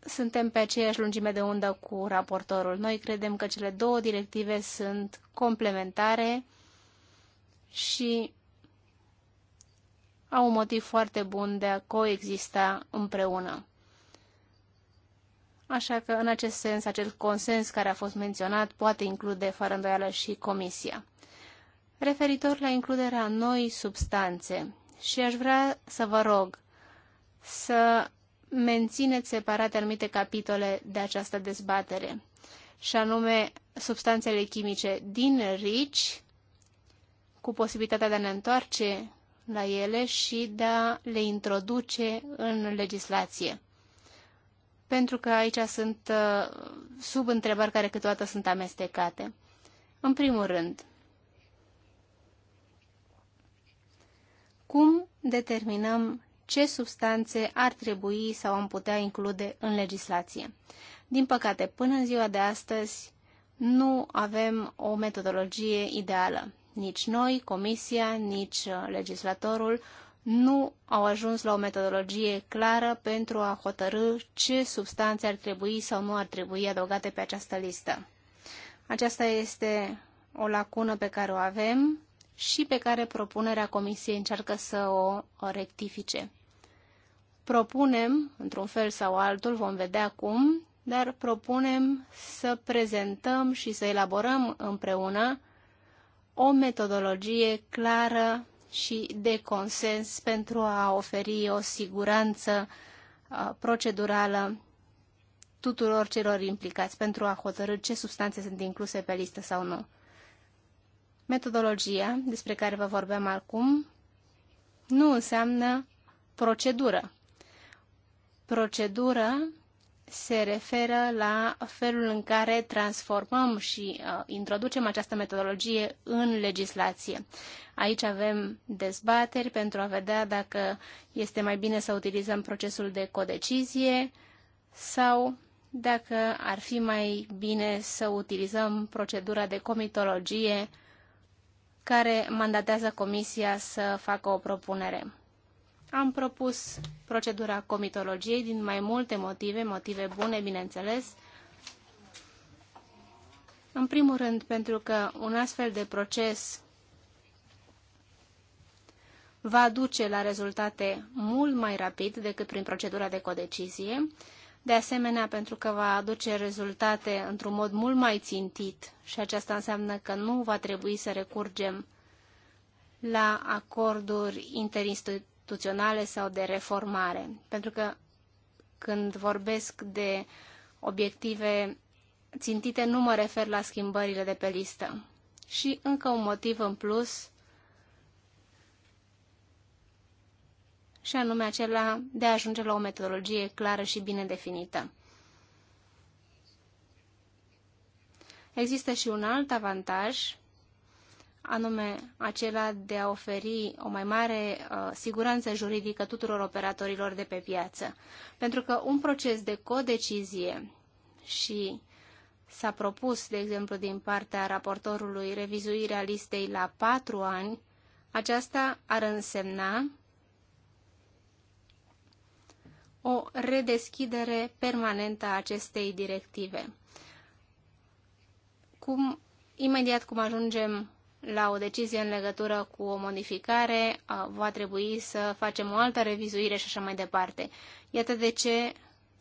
suntem pe aceeași lungime de undă cu raportorul. Noi credem că cele două directive sunt complementare și au un motiv foarte bun de a coexista împreună. Așa că, în acest sens, acel consens care a fost menționat poate include, fără îndoială, și Comisia. Referitor la includerea noi substanțe, și aș vrea să vă rog să mențineți separate anumite capitole de această dezbatere, și anume substanțele chimice din RICI, cu posibilitatea de a ne întoarce la ele și de a le introduce în legislație pentru că aici sunt uh, sub întrebări care câteodată sunt amestecate. În primul rând, cum determinăm ce substanțe ar trebui sau am putea include în legislație? Din păcate, până în ziua de astăzi, nu avem o metodologie ideală. Nici noi, Comisia, nici uh, legislatorul nu au ajuns la o metodologie clară pentru a hotărâ ce substanțe ar trebui sau nu ar trebui adăugate pe această listă. Aceasta este o lacună pe care o avem și pe care propunerea Comisiei încearcă să o, rectifice. Propunem, într-un fel sau altul, vom vedea cum, dar propunem să prezentăm și să elaborăm împreună o metodologie clară și de consens pentru a oferi o siguranță uh, procedurală tuturor celor implicați pentru a hotărâ ce substanțe sunt incluse pe listă sau nu. Metodologia despre care vă vorbeam acum nu înseamnă procedură. Procedură se referă la felul în care transformăm și uh, introducem această metodologie în legislație. Aici avem dezbateri pentru a vedea dacă este mai bine să utilizăm procesul de codecizie sau dacă ar fi mai bine să utilizăm procedura de comitologie care mandatează Comisia să facă o propunere. Am propus procedura comitologiei din mai multe motive, motive bune, bineînțeles. În primul rând, pentru că un astfel de proces va duce la rezultate mult mai rapid decât prin procedura de codecizie, de asemenea pentru că va aduce rezultate într-un mod mult mai țintit și aceasta înseamnă că nu va trebui să recurgem la acorduri interinstituționale instituționale sau de reformare. Pentru că când vorbesc de obiective țintite, nu mă refer la schimbările de pe listă. Și încă un motiv în plus, și anume acela de a ajunge la o metodologie clară și bine definită. Există și un alt avantaj anume acela de a oferi o mai mare uh, siguranță juridică tuturor operatorilor de pe piață. Pentru că un proces de codecizie și s-a propus, de exemplu, din partea raportorului revizuirea listei la patru ani, aceasta ar însemna o redeschidere permanentă a acestei directive. Cum, imediat cum ajungem la o decizie în legătură cu o modificare, va trebui să facem o altă revizuire și așa mai departe. Iată de ce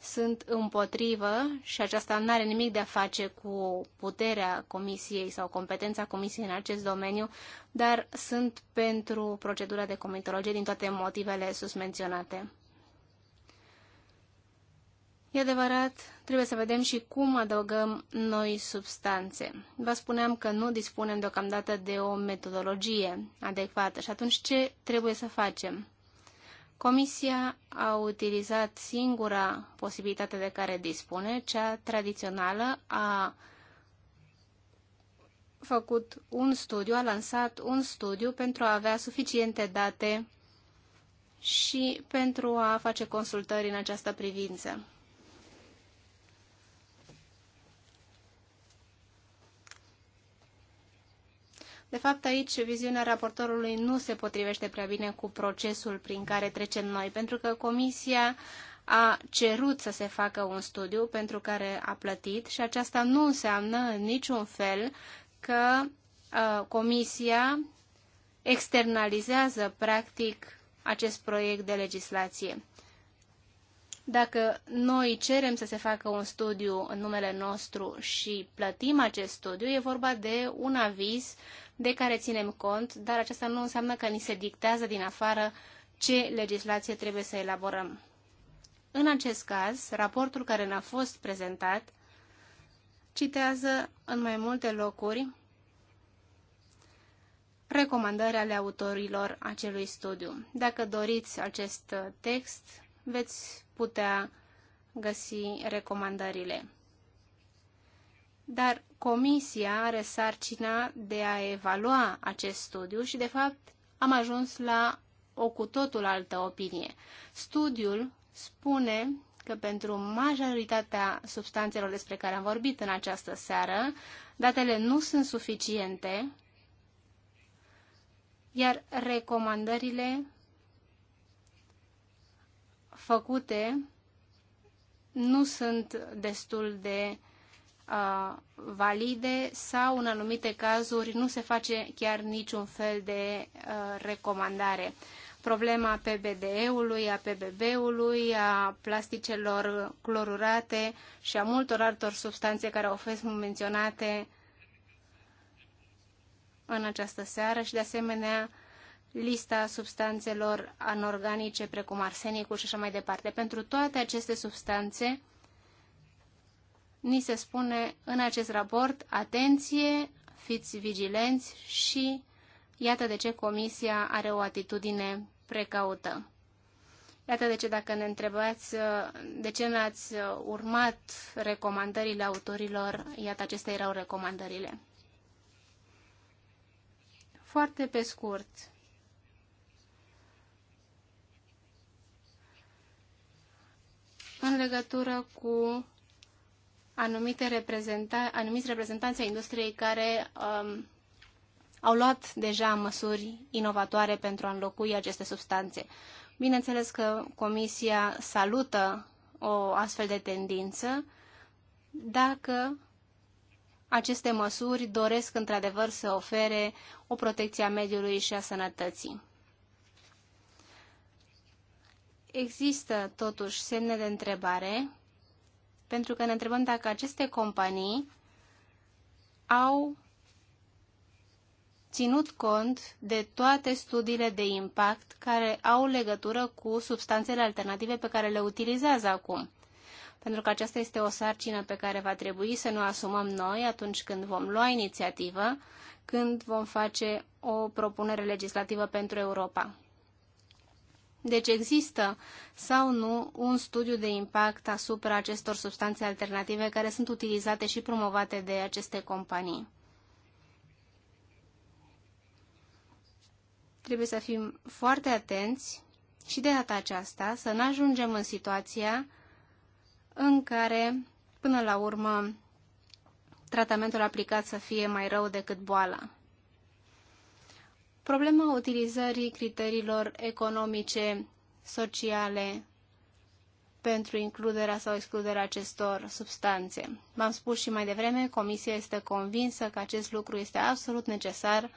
sunt împotrivă și aceasta nu are nimic de a face cu puterea comisiei sau competența comisiei în acest domeniu, dar sunt pentru procedura de comitologie din toate motivele susmenționate. E adevărat, trebuie să vedem și cum adăugăm noi substanțe. Vă spuneam că nu dispunem deocamdată de o metodologie adecvată și atunci ce trebuie să facem? Comisia a utilizat singura posibilitate de care dispune, cea tradițională, a făcut un studiu, a lansat un studiu pentru a avea suficiente date și pentru a face consultări în această privință. De fapt, aici viziunea raportorului nu se potrivește prea bine cu procesul prin care trecem noi, pentru că Comisia a cerut să se facă un studiu pentru care a plătit și aceasta nu înseamnă în niciun fel că uh, Comisia externalizează practic acest proiect de legislație. Dacă noi cerem să se facă un studiu în numele nostru și plătim acest studiu, e vorba de un aviz de care ținem cont, dar aceasta nu înseamnă că ni se dictează din afară ce legislație trebuie să elaborăm. În acest caz, raportul care ne-a fost prezentat citează în mai multe locuri recomandări ale autorilor acelui studiu. Dacă doriți acest text, veți putea găsi recomandările dar comisia are sarcina de a evalua acest studiu și, de fapt, am ajuns la o cu totul altă opinie. Studiul spune că pentru majoritatea substanțelor despre care am vorbit în această seară, datele nu sunt suficiente, iar recomandările făcute nu sunt destul de Uh, valide sau, în anumite cazuri, nu se face chiar niciun fel de uh, recomandare. Problema PBDE-ului, a PBB-ului, a plasticelor clorurate și a multor altor substanțe care au fost menționate în această seară și, de asemenea, lista substanțelor anorganice, precum arsenicul și așa mai departe. Pentru toate aceste substanțe, ni se spune în acest raport, atenție, fiți vigilenți și iată de ce Comisia are o atitudine precaută. Iată de ce dacă ne întrebați de ce n-ați urmat recomandările autorilor, iată acestea erau recomandările. Foarte pe scurt, în legătură cu anumite reprezentanți, anumiți reprezentanți ai industriei care um, au luat deja măsuri inovatoare pentru a înlocui aceste substanțe. Bineînțeles că Comisia salută o astfel de tendință dacă aceste măsuri doresc într-adevăr să ofere o protecție a mediului și a sănătății. Există totuși semne de întrebare pentru că ne întrebăm dacă aceste companii au ținut cont de toate studiile de impact care au legătură cu substanțele alternative pe care le utilizează acum. Pentru că aceasta este o sarcină pe care va trebui să ne asumăm noi atunci când vom lua inițiativă, când vom face o propunere legislativă pentru Europa. Deci există sau nu un studiu de impact asupra acestor substanțe alternative care sunt utilizate și promovate de aceste companii. Trebuie să fim foarte atenți și de data aceasta să nu ajungem în situația în care, până la urmă, tratamentul aplicat să fie mai rău decât boala. Problema utilizării criteriilor economice, sociale, pentru includerea sau excluderea acestor substanțe. V-am spus și mai devreme, Comisia este convinsă că acest lucru este absolut necesar,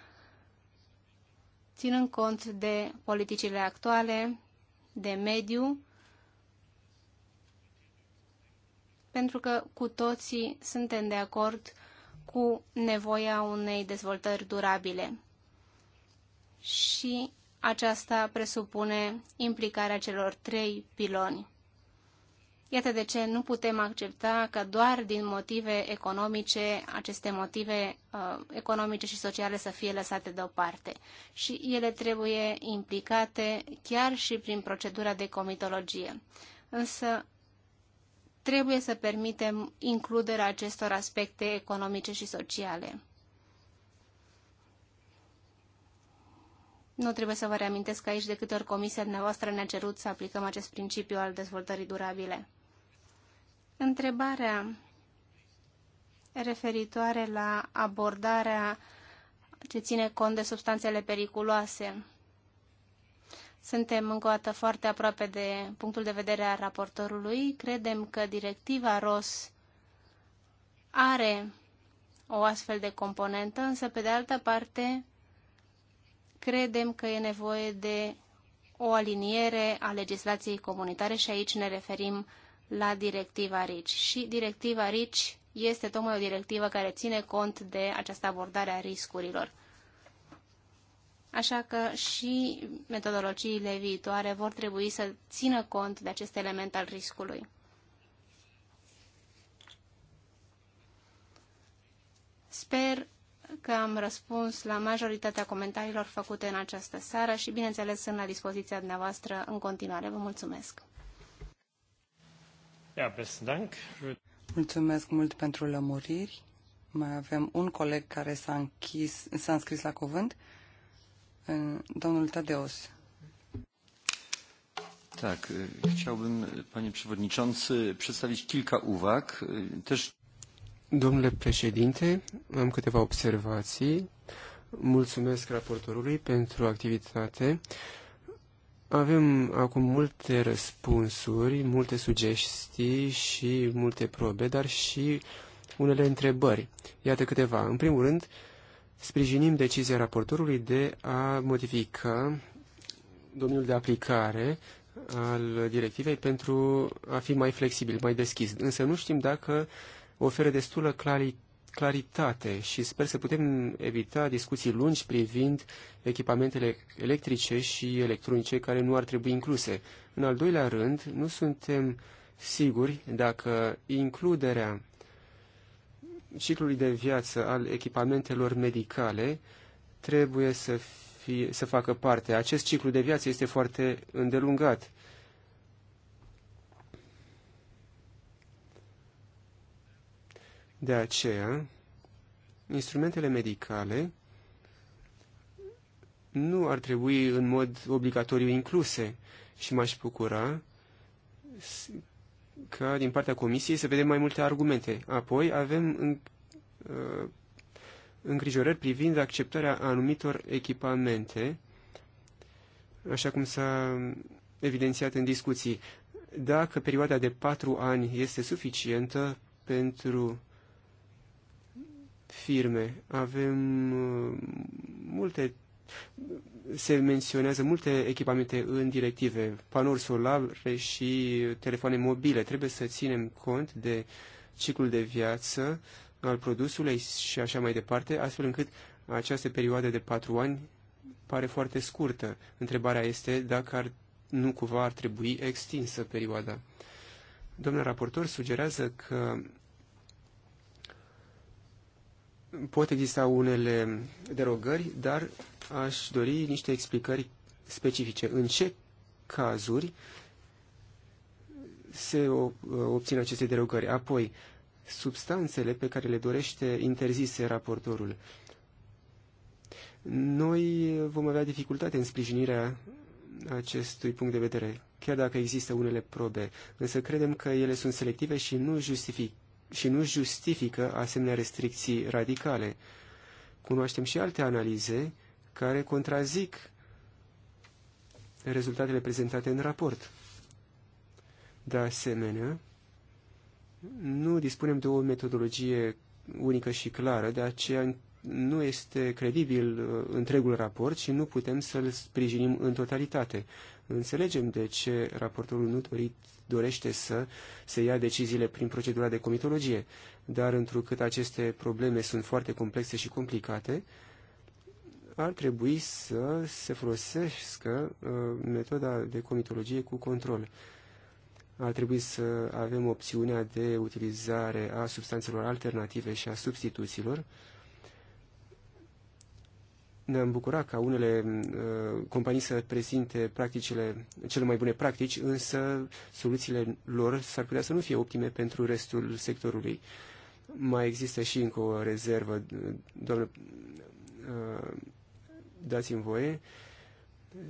ținând cont de politicile actuale, de mediu, pentru că cu toții suntem de acord cu nevoia unei dezvoltări durabile și aceasta presupune implicarea celor trei piloni. Iată de ce nu putem accepta că doar din motive economice, aceste motive uh, economice și sociale să fie lăsate deoparte. Și ele trebuie implicate chiar și prin procedura de comitologie. Însă trebuie să permitem includerea acestor aspecte economice și sociale. Nu trebuie să vă reamintesc aici de câte ori comisia dumneavoastră ne-a cerut să aplicăm acest principiu al dezvoltării durabile. Întrebarea referitoare la abordarea ce ține cont de substanțele periculoase. Suntem încă o dată foarte aproape de punctul de vedere al raportorului. Credem că directiva ROS are o astfel de componentă, însă pe de altă parte credem că e nevoie de o aliniere a legislației comunitare și aici ne referim la directiva RICI. Și directiva RICI este tocmai o directivă care ține cont de această abordare a riscurilor. Așa că și metodologiile viitoare vor trebui să țină cont de acest element al riscului. Sper că am răspuns la majoritatea comentariilor făcute în această seară și, bineînțeles, sunt la dispoziția dumneavoastră în continuare. Vă mulțumesc! Ja, besten Dank. Mulțumesc mult pentru lămuriri. Mai avem un coleg care s-a, închis, s-a înscris la cuvânt, domnul Tadeus. Tak, chciałbym, panie przewodniczący, przedstawić kilka uwag. Też Domnule președinte, am câteva observații. Mulțumesc raportorului pentru activitate. Avem acum multe răspunsuri, multe sugestii și multe probe, dar și unele întrebări. Iată câteva. În primul rând, sprijinim decizia raportorului de a modifica domeniul de aplicare al directivei pentru a fi mai flexibil, mai deschis. Însă nu știm dacă oferă destulă claritate și sper să putem evita discuții lungi privind echipamentele electrice și electronice care nu ar trebui incluse. În al doilea rând, nu suntem siguri dacă includerea ciclului de viață al echipamentelor medicale trebuie să, fie, să facă parte. Acest ciclu de viață este foarte îndelungat De aceea, instrumentele medicale nu ar trebui în mod obligatoriu incluse și m-aș bucura ca din partea comisiei să vedem mai multe argumente. Apoi avem uh, îngrijorări privind acceptarea anumitor echipamente, așa cum s-a evidențiat în discuții. Dacă perioada de patru ani este suficientă pentru firme. Avem uh, multe, se menționează multe echipamente în directive, panouri solare și telefoane mobile. Trebuie să ținem cont de ciclul de viață al produsului și așa mai departe, astfel încât această perioadă de patru ani pare foarte scurtă. Întrebarea este dacă ar, nu cumva ar trebui extinsă perioada. Domnul raportor sugerează că pot exista unele derogări, dar aș dori niște explicări specifice. În ce cazuri se obțin aceste derogări? Apoi, substanțele pe care le dorește interzise raportorul. Noi vom avea dificultate în sprijinirea acestui punct de vedere, chiar dacă există unele probe, însă credem că ele sunt selective și nu justifică și nu justifică asemenea restricții radicale. Cunoaștem și alte analize care contrazic rezultatele prezentate în raport. De asemenea, nu dispunem de o metodologie unică și clară, de aceea nu este credibil uh, întregul raport și nu putem să-l sprijinim în totalitate. Înțelegem de ce raportorul nu dorit, dorește să se ia deciziile prin procedura de comitologie. Dar întrucât aceste probleme sunt foarte complexe și complicate, ar trebui să se folosească uh, metoda de comitologie cu control. Ar trebui să avem opțiunea de utilizare a substanțelor alternative și a substituțiilor, ne-am bucurat ca unele uh, companii să prezinte practicile, cele mai bune practici, însă soluțiile lor s-ar putea să nu fie optime pentru restul sectorului. Mai există și încă o rezervă, doamnă, uh, dați-mi voie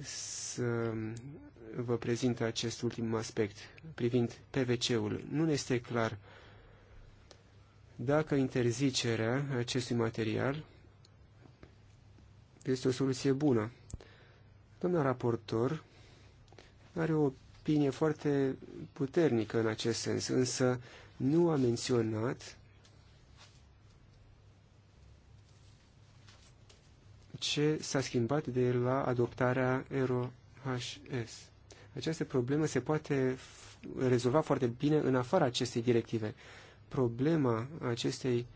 să vă prezint acest ultim aspect privind PVC-ul. Nu ne este clar dacă interzicerea acestui material este o soluție bună. Doamna raportor are o opinie foarte puternică în acest sens, însă nu a menționat ce s-a schimbat de la adoptarea EROHS. Această problemă se poate rezolva foarte bine în afara acestei directive. Problema acestei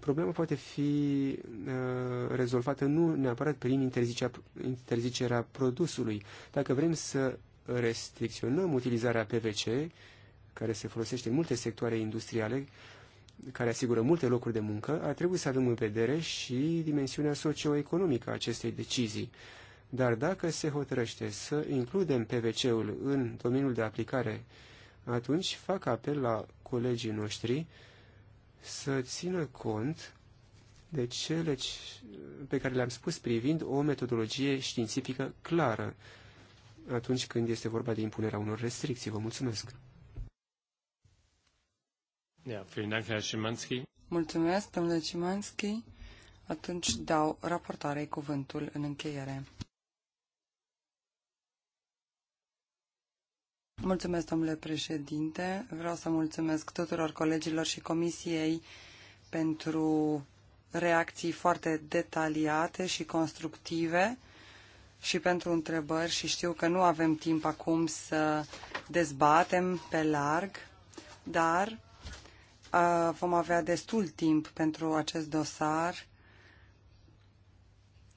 problema poate fi uh, rezolvată nu neapărat prin interzicerea, interzicerea produsului. Dacă vrem să restricționăm utilizarea PVC, care se folosește în multe sectoare industriale, care asigură multe locuri de muncă, ar trebui să avem în vedere și dimensiunea socioeconomică a acestei decizii. Dar dacă se hotărăște să includem PVC-ul în domeniul de aplicare, atunci fac apel la colegii noștri uh, să țină cont de cele pe care le-am spus privind o metodologie științifică clară atunci când este vorba de impunerea unor restricții. Vă mulțumesc! Mulțumesc, domnule Cimanski. Atunci dau raportarei cuvântul în încheiere. Mulțumesc, domnule președinte. Vreau să mulțumesc tuturor colegilor și comisiei pentru reacții foarte detaliate și constructive și pentru întrebări și știu că nu avem timp acum să dezbatem pe larg, dar uh, vom avea destul timp pentru acest dosar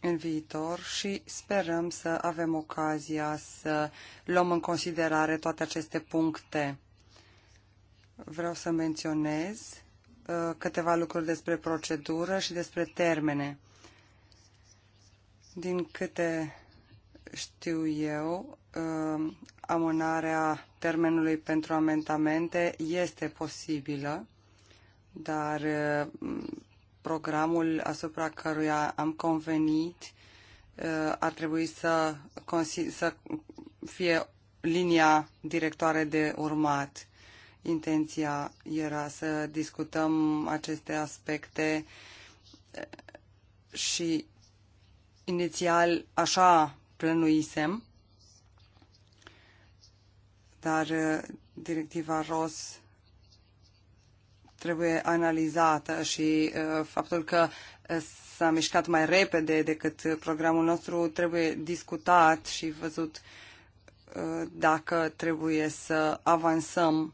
în viitor și sperăm să avem ocazia să luăm în considerare toate aceste puncte. Vreau să menționez uh, câteva lucruri despre procedură și despre termene. Din câte știu eu, uh, amânarea termenului pentru amendamente este posibilă, dar uh, programul asupra căruia am convenit uh, ar trebui să, să fie linia directoare de urmat. Intenția era să discutăm aceste aspecte uh, și inițial așa plănuisem, dar uh, directiva ROS trebuie analizată și uh, faptul că uh, s-a mișcat mai repede decât programul nostru trebuie discutat și văzut uh, dacă trebuie să avansăm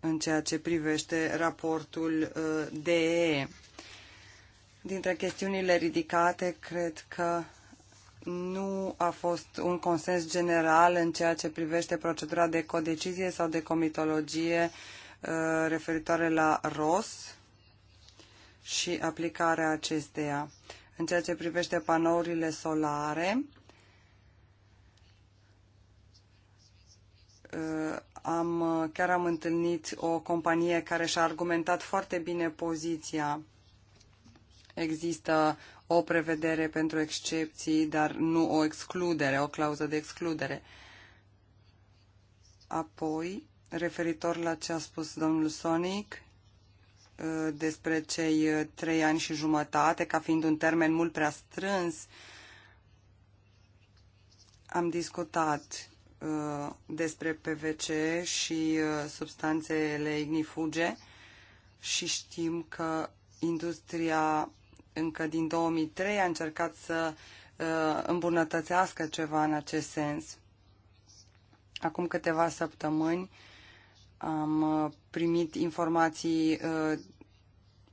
în ceea ce privește raportul DE. Dintre chestiunile ridicate, cred că nu a fost un consens general în ceea ce privește procedura de codecizie sau de comitologie uh, Uh, referitoare la ROS și aplicarea acesteia. În ceea ce privește panourile solare, uh, am, chiar am întâlnit o companie care și-a argumentat foarte bine poziția. Există o prevedere pentru excepții, dar nu o excludere, o clauză de excludere. Apoi, referitor la ce a spus domnul Sonic uh, despre cei uh, trei ani și jumătate, ca fiind un termen mult prea strâns, am discutat uh, despre PVC și substanțele ignifuge și știm că industria încă din 2003 a încercat să îmbunătățească ceva în acest sens. Acum câteva săptămâni am uh, primit informații uh,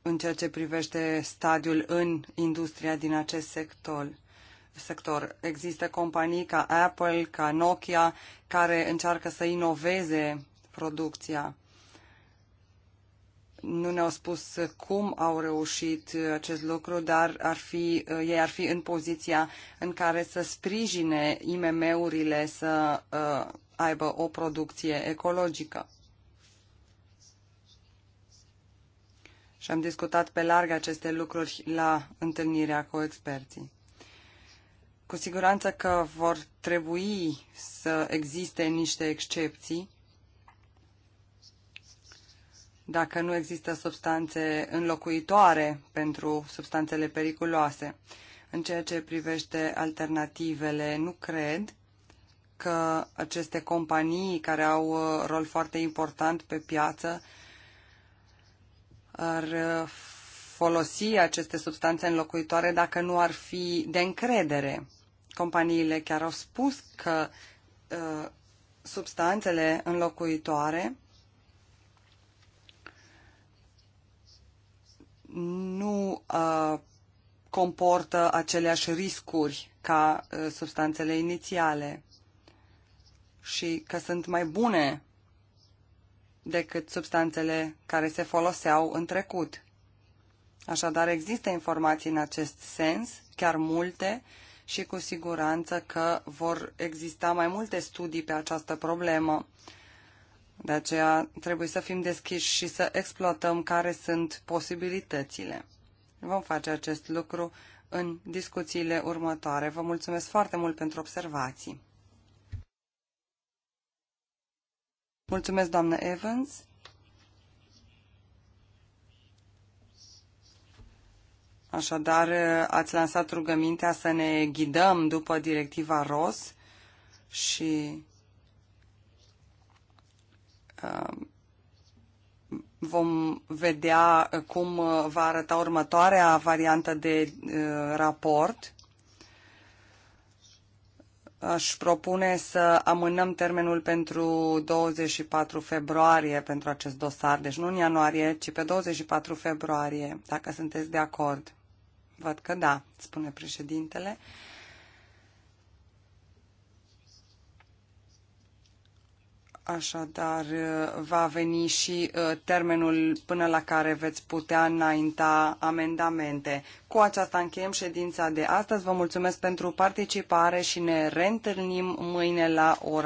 în ceea ce privește stadiul în industria din acest sector. sector. Există companii ca Apple, ca Nokia, care încearcă să inoveze producția. Nu ne-au spus cum au reușit uh, acest lucru, dar ar fi, ei ar fi în poziția în care să sprijine IMM-urile să uh, aibă o producție ecologică. Și am discutat pe larg aceste lucruri la întâlnirea cu experții. Cu siguranță că vor trebui să existe niște excepții dacă nu există substanțe înlocuitoare pentru substanțele periculoase. În ceea ce privește alternativele, nu cred că aceste companii care au uh, rol foarte important pe piață ar uh, folosi aceste substanțe înlocuitoare dacă nu ar fi de încredere. Companiile chiar au spus că uh, substanțele înlocuitoare nu uh, comportă aceleași riscuri ca uh, substanțele inițiale și că sunt mai bune decât substanțele care se foloseau în trecut. Așadar, există informații în acest sens, chiar multe, și cu siguranță că vor exista mai multe studii pe această problemă. De aceea trebuie să fim deschiși și să exploatăm care sunt posibilitățile. Vom face acest lucru în discuțiile următoare. Vă mulțumesc foarte mult pentru observații. Mulțumesc, doamnă Evans. Așadar, ați lansat rugămintea să ne ghidăm după directiva ROS și uh, vom vedea cum va arăta următoarea variantă de uh, raport Aș propune să amânăm termenul pentru 24 februarie pentru acest dosar, deci nu în ianuarie, ci pe 24 februarie, dacă sunteți de acord. Văd că da, spune președintele. Așadar, uh, va veni și uh, termenul până la care veți putea înainta amendamente. Cu aceasta încheiem ședința de astăzi. Vă mulțumesc pentru participare și ne reîntâlnim mâine la ora